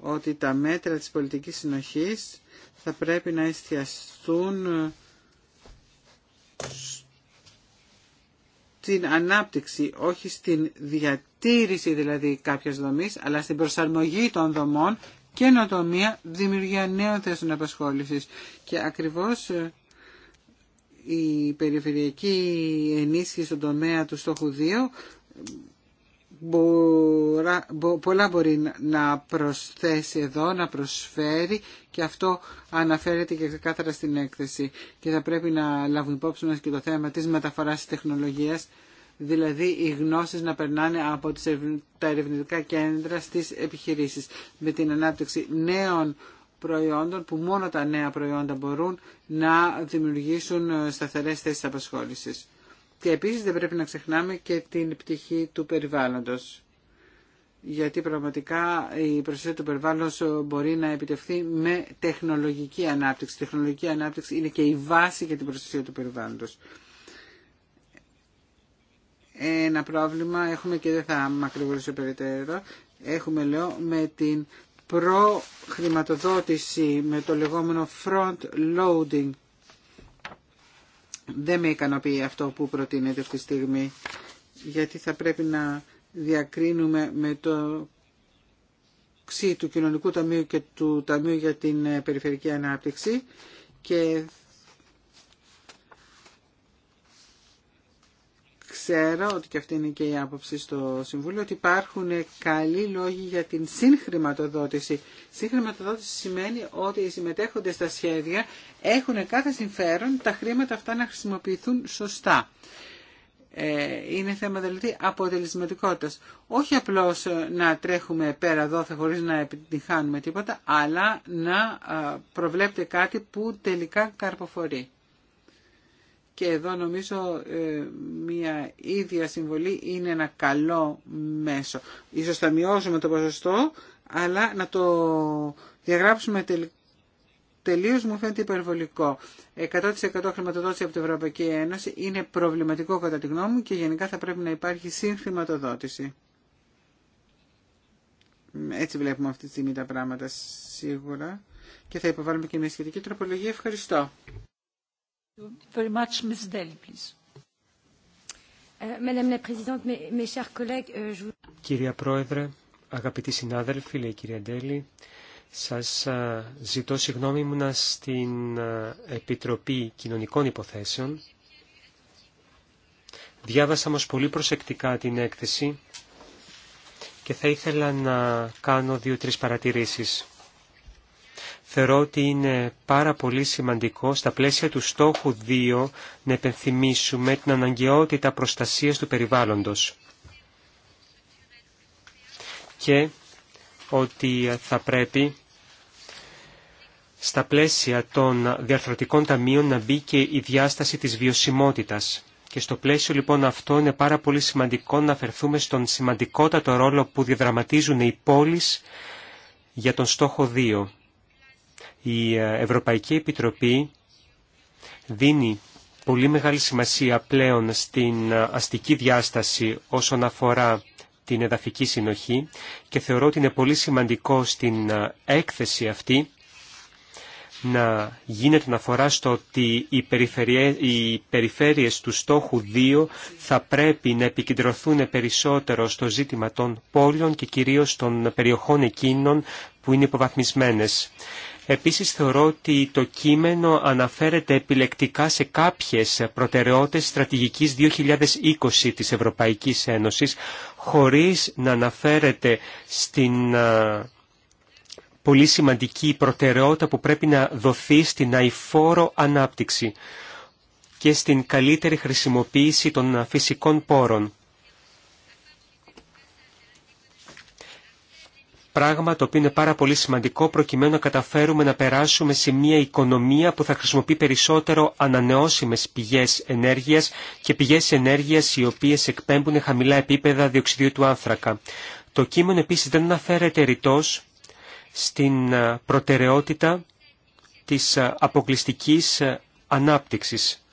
ότι τα μέτρα της πολιτικής συνοχής θα πρέπει να εστιαστούν στην ανάπτυξη, όχι στην διατήρηση δηλαδή κάποιας δομής, αλλά στην προσαρμογή των δομών, και καινοτομία, δημιουργία νέων θέσεων απασχόλησης. Και ακριβώς ε, η περιφερειακή ενίσχυση στον τομέα του στόχου 2 πολλά μπορεί να προσθέσει εδώ, να προσφέρει και αυτό αναφέρεται και ξεκάθαρα στην έκθεση. Και θα πρέπει να λάβουμε υπόψη μας και το θέμα της μεταφοράς της τεχνολογίας, δηλαδή οι γνώσεις να περνάνε από τις, τα ερευνητικά κέντρα στις επιχειρήσεις με την ανάπτυξη νέων προϊόντων που μόνο τα νέα προϊόντα μπορούν να δημιουργήσουν ε, σταθερές θέσεις απασχόλησης. Και επίσης δεν πρέπει να ξεχνάμε και την πτυχή του περιβάλλοντος. Γιατί πραγματικά η προστασία του περιβάλλοντος μπορεί να επιτευχθεί με τεχνολογική ανάπτυξη. Η τεχνολογική ανάπτυξη είναι και η βάση για την προστασία του περιβάλλοντος. Ένα πρόβλημα έχουμε και δεν θα μακρηγορήσω περαιτέρω. Έχουμε λέω με την προχρηματοδότηση με το λεγόμενο front loading δεν με ικανοποιεί αυτό που προτείνεται αυτή τη στιγμή, γιατί θα πρέπει να διακρίνουμε με το ξύ του Κοινωνικού Ταμείου και του Ταμείου για την Περιφερική Ανάπτυξη και ξέρω ότι και αυτή είναι και η άποψη στο Συμβούλιο ότι υπάρχουν καλοί λόγοι για την συγχρηματοδότηση. Συγχρηματοδότηση σημαίνει ότι οι συμμετέχοντες στα σχέδια έχουν κάθε συμφέρον τα χρήματα αυτά να χρησιμοποιηθούν σωστά. Ε, είναι θέμα δηλαδή αποτελεσματικότητας. Όχι απλώς να τρέχουμε πέρα εδώ θα να επιτυχάνουμε τίποτα, αλλά να προβλέπετε κάτι που τελικά καρποφορεί και εδώ νομίζω ε, μια ίδια συμβολή είναι ένα καλό μέσο. Ίσως θα μειώσουμε το ποσοστό, αλλά να το διαγράψουμε τελείως μου φαίνεται υπερβολικό. 100% ε, χρηματοδότηση από την Ευρωπαϊκή Ένωση είναι προβληματικό κατά τη γνώμη μου και γενικά θα πρέπει να υπάρχει συγχρηματοδότηση. Έτσι βλέπουμε αυτή τη στιγμή τα πράγματα σίγουρα και θα υποβάλουμε και μια σχετική τροπολογία. Ευχαριστώ. Κυρία Πρόεδρε, αγαπητοί συνάδελφοι, λέει η κυρία Ντέλη, σας ζητώ συγγνώμη μου να στην Επιτροπή Κοινωνικών Υποθέσεων. Διάβασα όμως πολύ προσεκτικά την έκθεση και θα ήθελα να κάνω δύο-τρεις παρατηρήσεις θεωρώ ότι είναι πάρα πολύ σημαντικό στα πλαίσια του στόχου 2 να επενθυμίσουμε την αναγκαιότητα προστασίας του περιβάλλοντος και ότι θα πρέπει στα πλαίσια των διαρθρωτικών ταμείων να μπει και η διάσταση της βιωσιμότητας. Και στο πλαίσιο λοιπόν αυτό είναι πάρα πολύ σημαντικό να αφαιρθούμε στον σημαντικότατο ρόλο που διαδραματίζουν οι πόλεις για τον στόχο 2. Η ε, Ευρωπαϊκή Επιτροπή δίνει πολύ μεγάλη σημασία πλέον στην ε, αστική διάσταση όσον αφορά την εδαφική συνοχή και θεωρώ ότι είναι πολύ σημαντικό στην ε, έκθεση αυτή να γίνεται αναφορά στο ότι οι, οι περιφέρειες του στόχου 2 θα πρέπει να επικεντρωθούν περισσότερο στο ζήτημα των πόλεων και κυρίως των περιοχών εκείνων που είναι υποβαθμισμένες. Επίσης θεωρώ ότι το κείμενο αναφέρεται επιλεκτικά σε κάποιες προτεραιότητες στρατηγικής 2020 της Ευρωπαϊκής Ένωσης, χωρίς να αναφέρεται στην πολύ σημαντική προτεραιότητα που πρέπει να δοθεί στην αηφόρο ανάπτυξη και στην καλύτερη χρησιμοποίηση των φυσικών πόρων. πράγμα το οποίο είναι πάρα πολύ σημαντικό προκειμένου να καταφέρουμε να περάσουμε σε μια οικονομία που θα χρησιμοποιεί περισσότερο ανανεώσιμες πηγές ενέργειας και πηγές ενέργειας οι οποίες εκπέμπουν χαμηλά επίπεδα διοξιδίου του άνθρακα. Το κείμενο επίσης δεν αναφέρεται ρητός στην ε, προτεραιότητα της ε, αποκλειστικής ε, ανάπτυξης.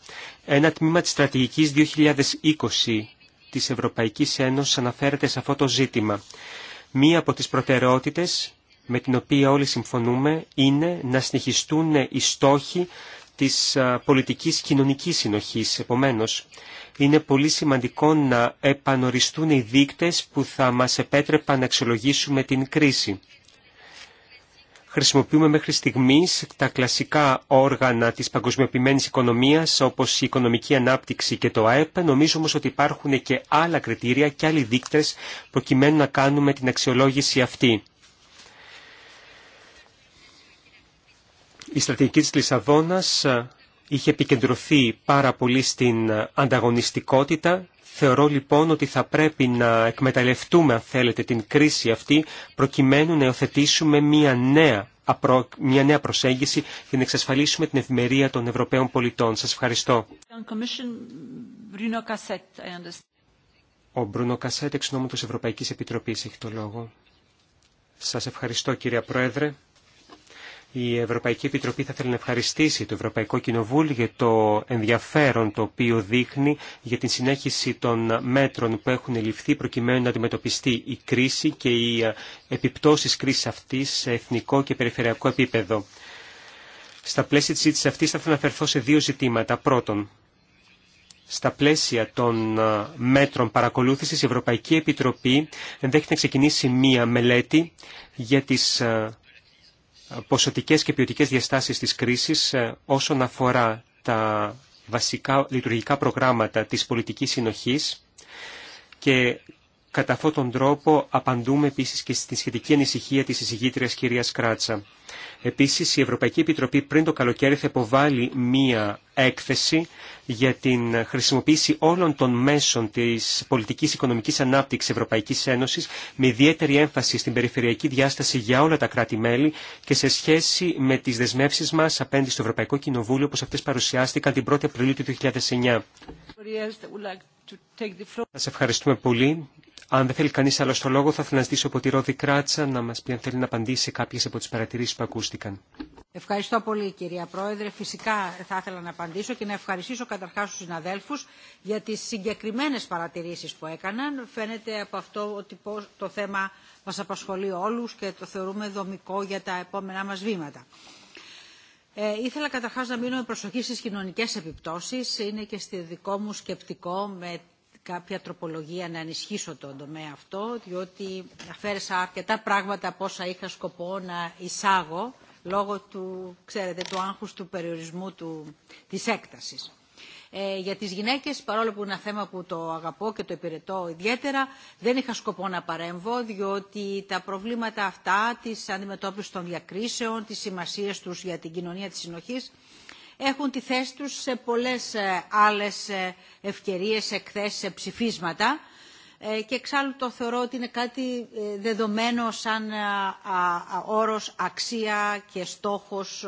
Ένα τμήμα της στρατηγικής 2020 της Ευρωπαϊκής Ένωσης αναφέρεται σε αυτό το ζήτημα. Μία από τις προτεραιότητες με την οποία όλοι συμφωνούμε είναι να συνεχιστούν οι στόχοι της πολιτικής κοινωνικής συνοχής. Επομένως, είναι πολύ σημαντικό να επανοριστούν οι δείκτες που θα μας επέτρεπαν να αξιολογήσουμε την κρίση χρησιμοποιούμε μέχρι στιγμής τα κλασικά όργανα της παγκοσμιοποιημένης οικονομίας όπως η οικονομική ανάπτυξη και το ΑΕΠ. Νομίζω όμως ότι υπάρχουν και άλλα κριτήρια και άλλοι δείκτες προκειμένου να κάνουμε την αξιολόγηση αυτή. Η στρατηγική της Λισαβόνας είχε επικεντρωθεί πάρα πολύ στην ανταγωνιστικότητα Θεωρώ λοιπόν ότι θα πρέπει να εκμεταλλευτούμε, αν θέλετε, την κρίση αυτή, προκειμένου να υιοθετήσουμε μια νέα, μια νέα προσέγγιση και να εξασφαλίσουμε την ευημερία των Ευρωπαίων πολιτών. Σας ευχαριστώ. Ο Μπρούνο Κασέτ, εξ νόμου της Ευρωπαϊκής Επιτροπής, έχει το λόγο. Σας ευχαριστώ, κύριε Πρόεδρε. Η Ευρωπαϊκή Επιτροπή θα θέλει να ευχαριστήσει το Ευρωπαϊκό Κοινοβούλιο για το ενδιαφέρον το οποίο δείχνει για την συνέχιση των μέτρων που έχουν ληφθεί προκειμένου να αντιμετωπιστεί η κρίση και οι ε, επιπτώσεις κρίσης αυτής σε εθνικό και περιφερειακό επίπεδο. Στα πλαίσια της ζήτησης αυτής θα ήθελα να αφαιρθώ σε δύο ζητήματα. Πρώτον, στα πλαίσια των ε, μέτρων παρακολούθησης η Ευρωπαϊκή Επιτροπή ενδέχεται να ξεκινήσει μία μελέτη για τις ε, ποσοτικές και ποιοτικές διαστάσεις της κρίσης ε, όσον αφορά τα βασικά λειτουργικά προγράμματα της πολιτικής συνοχής και κατά αυτόν τον τρόπο απαντούμε επίσης και στη σχετική ανησυχία της εισηγήτριας κυρίας Κράτσα. Επίσης, η Ευρωπαϊκή Επιτροπή πριν το καλοκαίρι θα υποβάλει μία έκθεση για την χρησιμοποίηση όλων των μέσων της πολιτικής οικονομικής ανάπτυξης Ευρωπαϊκής Ένωσης με ιδιαίτερη έμφαση στην περιφερειακή διάσταση για όλα τα κράτη-μέλη και σε σχέση με τις δεσμεύσεις μας απέναντι στο Ευρωπαϊκό Κοινοβούλιο όπως αυτές παρουσιάστηκαν την 1η Απριλίου του 2009. Σας ευχαριστούμε πολύ. Αν δεν θέλει κανείς άλλο το λόγο, θα ήθελα να ζητήσω από τη Ρόδη Κράτσα να μας πει αν θέλει να απαντήσει σε κάποιες από τις παρατηρήσεις που ακούστηκαν. Ευχαριστώ πολύ κυρία Πρόεδρε. Φυσικά θα ήθελα να απαντήσω και να ευχαριστήσω καταρχάς τους συναδέλφους για τις συγκεκριμένες παρατηρήσεις που έκαναν. Φαίνεται από αυτό ότι το θέμα μας απασχολεί όλους και το θεωρούμε δομικό για τα επόμενά μας βήματα. Ε, ήθελα καταρχάς να μείνω με προσοχή στις κοινωνικές επιπτώσεις. Είναι και στη δικό μου σκεπτικό με κάποια τροπολογία να ενισχύσω τον τομέα αυτό, διότι αφαίρεσα αρκετά πράγματα από όσα είχα σκοπό να εισάγω λόγω του, ξέρετε, του άγχους του περιορισμού του, της έκτασης. Ε, για τις γυναίκες, παρόλο που είναι ένα θέμα που το αγαπώ και το υπηρετώ ιδιαίτερα, δεν είχα σκοπό να παρέμβω, διότι τα προβλήματα αυτά της αντιμετώπισης των διακρίσεων, της σημασίας τους για την κοινωνία της συνοχής, έχουν τη θέση τους σε πολλές ε, άλλες ε, ευκαιρίες, εκθέσεις, ψηφίσματα ε, και εξάλλου το θεωρώ ότι είναι κάτι δεδομένο σαν όρος αξία και στόχος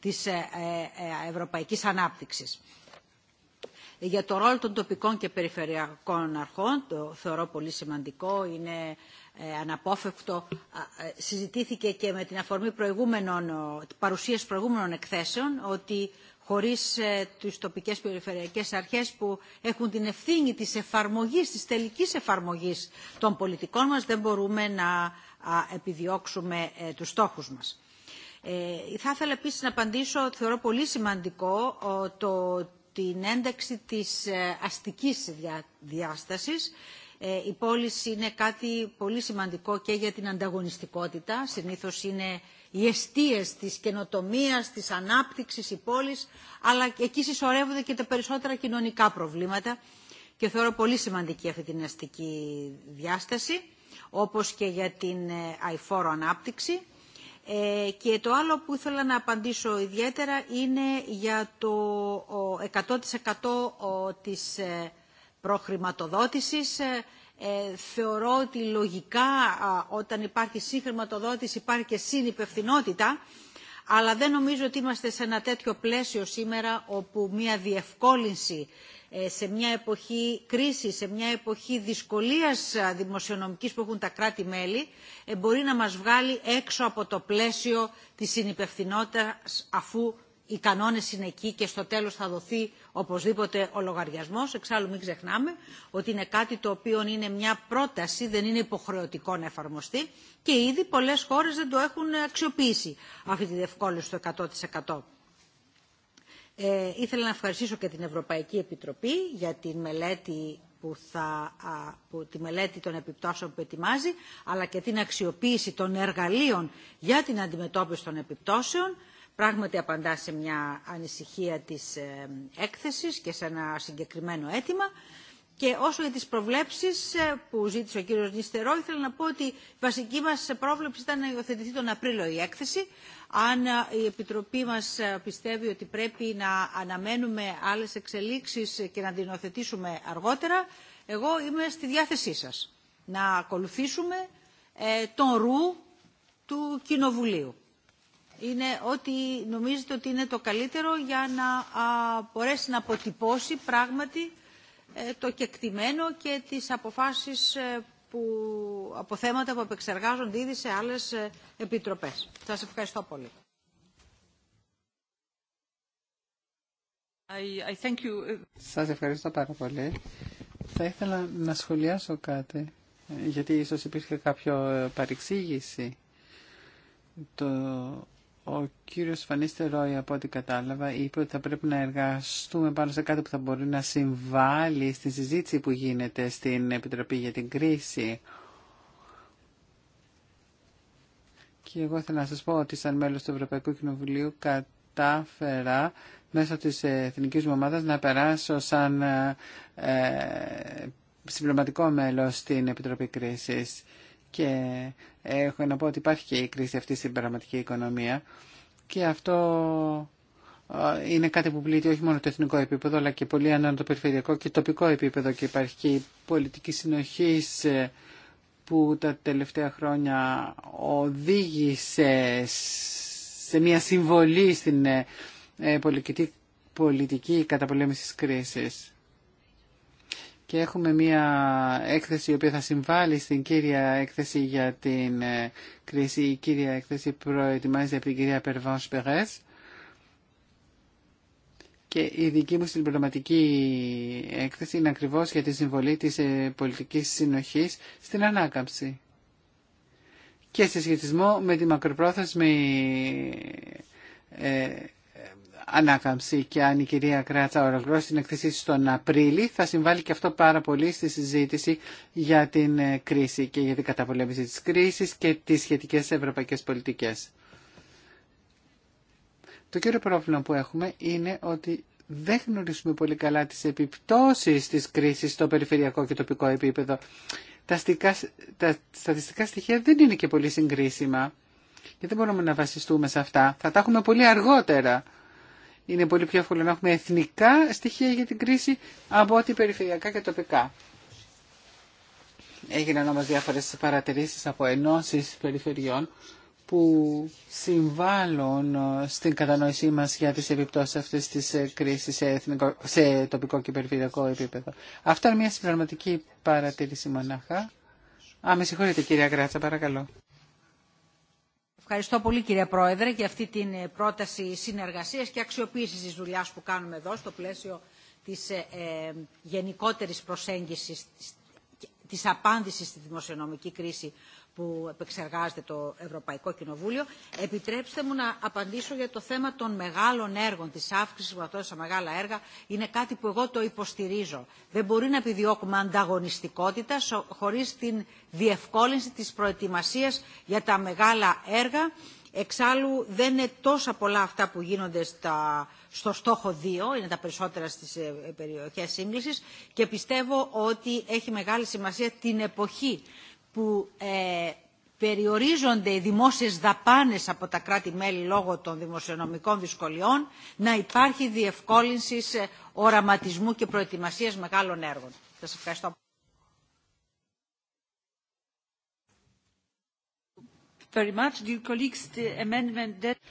της ευρωπαϊκής ανάπτυξης. Για το ρόλο των τοπικών και περιφερειακών αρχών, το θεωρώ πολύ σημαντικό, είναι ε, αναπόφευκτο ε, συζητήθηκε και με την αφορμή προηγούμενων, παρουσίας προηγούμενων εκθέσεων ότι χωρίς ε, τις τοπικές περιφερειακές αρχές που έχουν την ευθύνη της εφαρμογής, της τελικής εφαρμογής των πολιτικών μας δεν μπορούμε να επιδιώξουμε τους στόχους μας. Θα ήθελα επίσης να απαντήσω, θεωρώ πολύ σημαντικό, το, την ένταξη της αστικής διάστασης ε, η πόλη είναι κάτι πολύ σημαντικό και για την ανταγωνιστικότητα. Συνήθως είναι οι αιστείες της καινοτομίας, της ανάπτυξης, η πόλης, αλλά εκεί συσσωρεύονται και τα περισσότερα κοινωνικά προβλήματα και θεωρώ πολύ σημαντική αυτή την αστική διάσταση, όπως και για την ε, αηφόρο ανάπτυξη. Ε, και το άλλο που ήθελα να απαντήσω ιδιαίτερα είναι για το 100% της προχρηματοδότησης. Ε, ε, θεωρώ ότι λογικά όταν υπάρχει συγχρηματοδότηση υπάρχει και συνυπευθυνότητα, αλλά δεν νομίζω ότι είμαστε σε ένα τέτοιο πλαίσιο σήμερα όπου μια διευκόλυνση ε, σε μια εποχή κρίσης, σε μια εποχή δυσκολίας δημοσιονομικής που έχουν τα κράτη-μέλη, μπορεί να μας βγάλει έξω από το πλαίσιο της συνυπευθυνότητας αφού οι κανόνες είναι εκεί και στο τέλος θα δοθεί οπωσδήποτε ο λογαριασμός. Εξάλλου μην ξεχνάμε ότι είναι κάτι το οποίο είναι μια πρόταση, δεν είναι υποχρεωτικό να εφαρμοστεί και ήδη πολλές χώρες δεν το έχουν αξιοποιήσει αυτή τη διευκόλυνση του 100%. Ε, ήθελα να ευχαριστήσω και την Ευρωπαϊκή Επιτροπή για τη μελέτη, που θα, που, τη μελέτη των επιπτώσεων που ετοιμάζει, αλλά και την αξιοποίηση των εργαλείων για την αντιμετώπιση των επιπτώσεων πράγματι απαντά σε μια ανησυχία της ε, έκθεσης και σε ένα συγκεκριμένο αίτημα. Και όσο για τις προβλέψεις ε, που ζήτησε ο κύριος Νιστερό, ήθελα να πω ότι η βασική μας πρόβλεψη ήταν να υιοθετηθεί τον Απρίλιο η έκθεση. Αν ε, η Επιτροπή μας πιστεύει ότι πρέπει να αναμένουμε άλλες εξελίξεις και να την υιοθετήσουμε αργότερα, εγώ είμαι στη διάθεσή σας να ακολουθήσουμε τον ρου του Κοινοβουλίου είναι ότι νομίζετε ότι είναι το καλύτερο για να μπορέσει να αποτυπώσει πράγματι ε, το κεκτημένο και τις αποφάσεις ε, που, από θέματα που επεξεργάζονται ήδη σε άλλες ε, επιτροπές. Σας ευχαριστώ πολύ. I, I thank Σας ευχαριστώ πάρα πολύ. Θα ήθελα να σχολιάσω κάτι, γιατί ίσως υπήρχε κάποιο παρεξήγηση. Το ο κύριος Φανίστερόι, από ό,τι κατάλαβα, είπε ότι θα πρέπει να εργαστούμε πάνω σε κάτι που θα μπορεί να συμβάλλει στη συζήτηση που γίνεται στην Επιτροπή για την κρίση. Και εγώ θέλω να σας πω ότι σαν μέλος του Ευρωπαϊκού Κοινοβουλίου κατάφερα μέσω της εθνικής μου να περάσω σαν ε, ε, συμπληρωματικό μέλος στην Επιτροπή Κρίσης. Και έχω να πω ότι υπάρχει και η κρίση αυτή στην πραγματική οικονομία και αυτό είναι κάτι που πλήττει όχι μόνο το εθνικό επίπεδο αλλά και πολύ ανά το περιφερειακό και τοπικό επίπεδο και υπάρχει και η πολιτική συνοχή που τα τελευταία χρόνια οδήγησε σε μια συμβολή στην ε, ε, πολιτική, πολιτική καταπολέμηση της κρίσης και έχουμε μία έκθεση η οποία θα συμβάλλει στην κύρια έκθεση για την ε, κρίση. Η κύρια έκθεση προετοιμάζεται από την κυρία Περβάν Περές και η δική μου συμπληρωματική έκθεση είναι ακριβώς για τη συμβολή της ε, πολιτικής συνοχής στην ανάκαμψη και σε σχετισμό με τη μακροπρόθεσμη ε, ανάκαμψη και αν η κυρία Κράτσα ολοκληρώσει την εκθεσή στον Απρίλη θα συμβάλλει και αυτό πάρα πολύ στη συζήτηση για την ε, κρίση και για την καταπολέμηση της κρίσης και τις σχετικές ευρωπαϊκές πολιτικές. Το κύριο πρόβλημα που έχουμε είναι ότι δεν γνωρίζουμε πολύ καλά τις επιπτώσεις της κρίσης στο περιφερειακό και τοπικό επίπεδο. Τα, στικά, τα στατιστικά στοιχεία δεν είναι και πολύ συγκρίσιμα και δεν μπορούμε να βασιστούμε σε αυτά. Θα τα έχουμε πολύ αργότερα. Είναι πολύ πιο εύκολο να έχουμε εθνικά στοιχεία για την κρίση από ότι περιφερειακά και τοπικά. Έγιναν όμως διάφορες παρατηρήσεις από ενώσεις περιφερειών που συμβάλλουν ε, στην κατανόησή μας για τις επιπτώσεις αυτής της ε, κρίσης σε, εθνικό, σε τοπικό και περιφερειακό επίπεδο. Αυτό είναι μια συμπληρωματική παρατήρηση μονάχα. Α, με συγχωρείτε κυρία Γράτσα, παρακαλώ. Ευχαριστώ πολύ κύριε Πρόεδρε για αυτή την ε, πρόταση συνεργασίας και αξιοποίησης της δουλειάς που κάνουμε εδώ στο πλαίσιο της ε, ε, γενικότερης προσέγγισης της απάντησης στη δημοσιονομική κρίση που επεξεργάζεται το Ευρωπαϊκό Κοινοβούλιο. Επιτρέψτε μου να απαντήσω για το θέμα των μεγάλων έργων, της αύξησης αυτό στα μεγάλα έργα. Είναι κάτι που εγώ το υποστηρίζω. Δεν μπορεί να επιδιώκουμε ανταγωνιστικότητα χωρίς την διευκόλυνση της προετοιμασίας για τα μεγάλα έργα. Εξάλλου δεν είναι τόσα πολλά αυτά που γίνονται στα, στο στόχο 2, είναι τα περισσότερα στις ε, περιοχές σύγκλησης και πιστεύω ότι έχει μεγάλη σημασία την εποχή που ε, περιορίζονται οι δημόσιες δαπάνες από τα κράτη-μέλη λόγω των δημοσιονομικών δυσκολιών, να υπάρχει διευκόλυνση οραματισμού και προετοιμασίας μεγάλων έργων. Σας ευχαριστώ.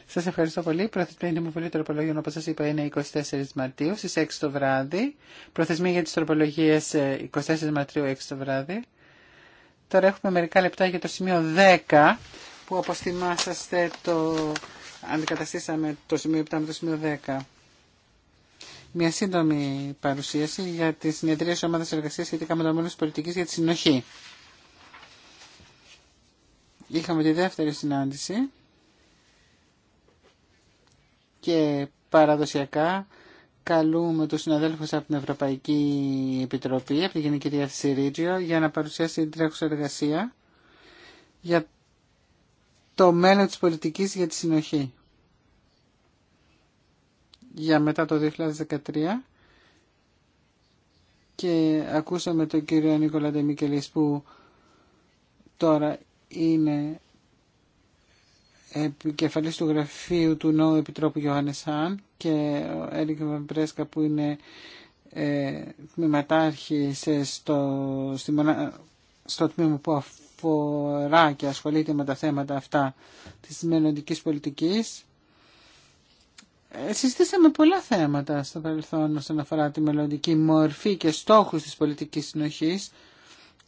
Σας ευχαριστώ πολύ. Προθεσμένη μου πολύ τροπολογίων, όπως σας είπα, είναι 24 Μαρτίου στις 6 το βράδυ. Προθεσμία για τις τροπολογίες 24 ε, Μαρτίου 6 το βράδυ. Τώρα έχουμε μερικά λεπτά για το σημείο 10 που όπως θυμάσαστε το αντικαταστήσαμε το σημείο 7 με το σημείο 10. Μια σύντομη παρουσίαση για τη συνεδρία της ομάδας εργασίας σχετικά με το μέλλον της πολιτικής για τη συνοχή. Είχαμε τη δεύτερη συνάντηση και παραδοσιακά καλούμε τους συναδέλφους από την Ευρωπαϊκή Επιτροπή, από την Γενική Διεύθυνση Ρίτζιο, για να παρουσιάσει την τρέχουσα εργασία για το μέλλον της πολιτικής για τη συνοχή. Για μετά το 2013 και ακούσαμε τον κύριο Νίκολα Ντεμικελής που τώρα είναι επικεφαλής του γραφείου του νέου Επιτρόπου Γιώχανες Χάν και ο Έρικ Βαμπρέσκα που είναι ε, σε στο, στη στο τμήμα που αφορά και ασχολείται με τα θέματα αυτά της μελλοντική πολιτικής. Ε, Συστήσαμε πολλά θέματα στο παρελθόν όσον αφορά τη μελλοντική μορφή και στόχους της πολιτικής συνοχής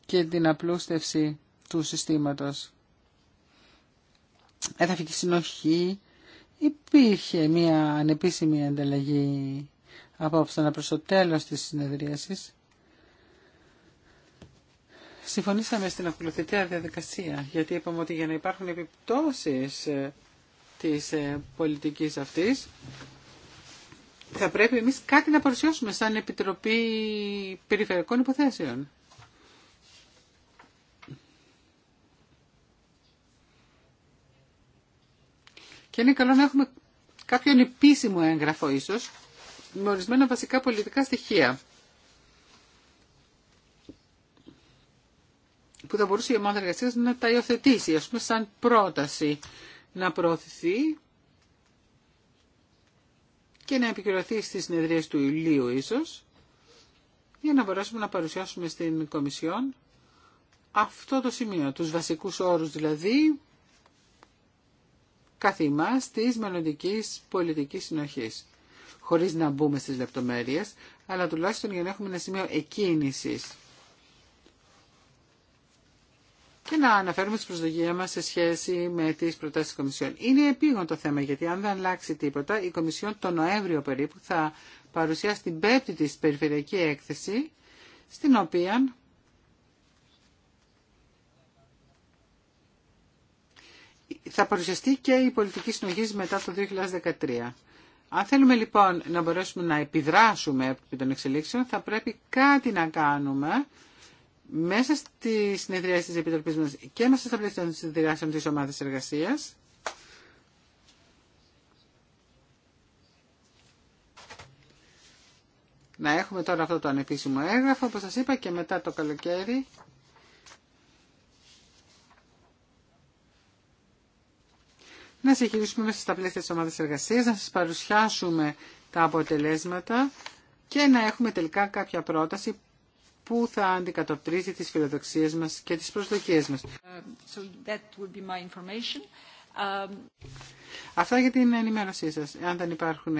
και την απλούστευση του συστήματος. και συνοχή, υπήρχε μια ανεπίσημη ανταλλαγή απόψε να προς το τέλος της συνεδρίασης. Συμφωνήσαμε στην ακολουθητέα διαδικασία, γιατί είπαμε ότι για να υπάρχουν επιπτώσεις ε, της ε, πολιτικής αυτής, θα πρέπει εμείς κάτι να παρουσιάσουμε σαν Επιτροπή Περιφερειακών Υποθέσεων. Και είναι καλό να έχουμε κάποιον επίσημο έγγραφο ίσως, με ορισμένα βασικά πολιτικά στοιχεία. Που θα μπορούσε η ομάδα εργασία να τα υιοθετήσει, ας πούμε, σαν πρόταση να προωθηθεί και να επικυρωθεί στις συνεδρίες του Ιουλίου ίσως, για να μπορέσουμε να παρουσιάσουμε στην Κομισιόν αυτό το σημείο, τους βασικούς όρους δηλαδή, καθημάς της μελλοντική πολιτικής συνοχής. Χωρίς να μπούμε στις λεπτομέρειες, αλλά τουλάχιστον για να έχουμε ένα σημείο εκκίνησης. Και να αναφέρουμε τις προσδοκίες μας σε σχέση με τις προτάσεις της Κομισιόν. Είναι επίγον το θέμα, γιατί αν δεν αλλάξει τίποτα, η Κομισιόν τον Νοέμβριο περίπου θα παρουσιάσει την πέμπτη της περιφερειακή έκθεση, στην οποία θα παρουσιαστεί και η πολιτική συνοχή μετά το 2013. Αν θέλουμε λοιπόν να μπορέσουμε να επιδράσουμε επί των εξελίξεων, θα πρέπει κάτι να κάνουμε μέσα στη συνεδρία της Επιτροπής μας και μέσα στα πλαίσια των συνεδριάσεων της ομάδας εργασίας. Να έχουμε τώρα αυτό το ανεπίσημο έγγραφο, όπως σας είπα, και μετά το καλοκαίρι να συγχειρήσουμε μέσα στα πλαίσια της ομάδας εργασίας, να σας παρουσιάσουμε τα αποτελέσματα και να έχουμε τελικά κάποια πρόταση που θα αντικατοπτρίζει τις φιλοδοξίες μας και τις προσδοκίες μας. Uh, um, Αυτά για την ενημέρωσή σας. Αν δεν υπάρχουν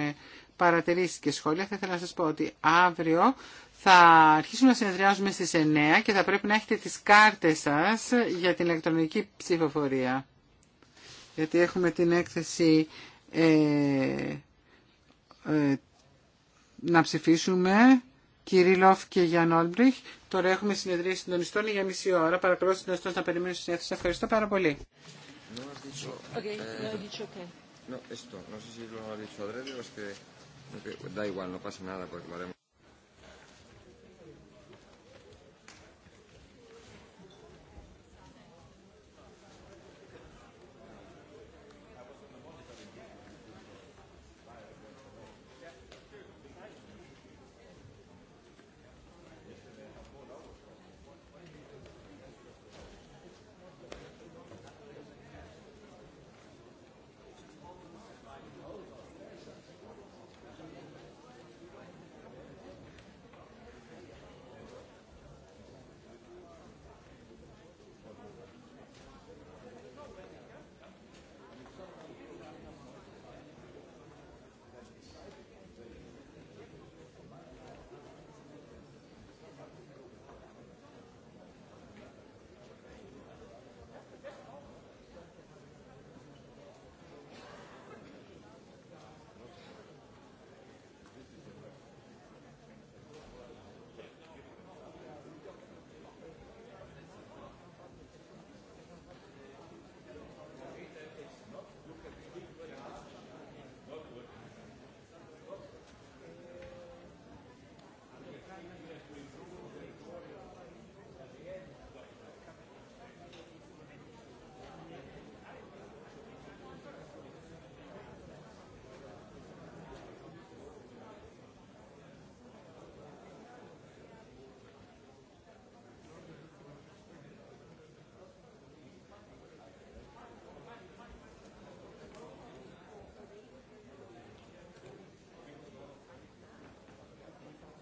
παρατηρήσεις και σχόλια, θα ήθελα να σας πω ότι αύριο θα αρχίσουμε να συνεδριάζουμε στις 9 και θα πρέπει να έχετε τις κάρτες σας για την ηλεκτρονική ψηφοφορία γιατί έχουμε την έκθεση ε, ε, να ψηφίσουμε. Κυρίλοφ και Γιάνν Όλμπριχ. Τώρα έχουμε συνεδρία συντονιστών για μισή ώρα. Παρακαλώ τους να περιμένουν στην αίθουσα. Ευχαριστώ πάρα πολύ. No, esto, no sé si lo ha dicho Adrede o es que da igual, no pasa nada porque lo haremos.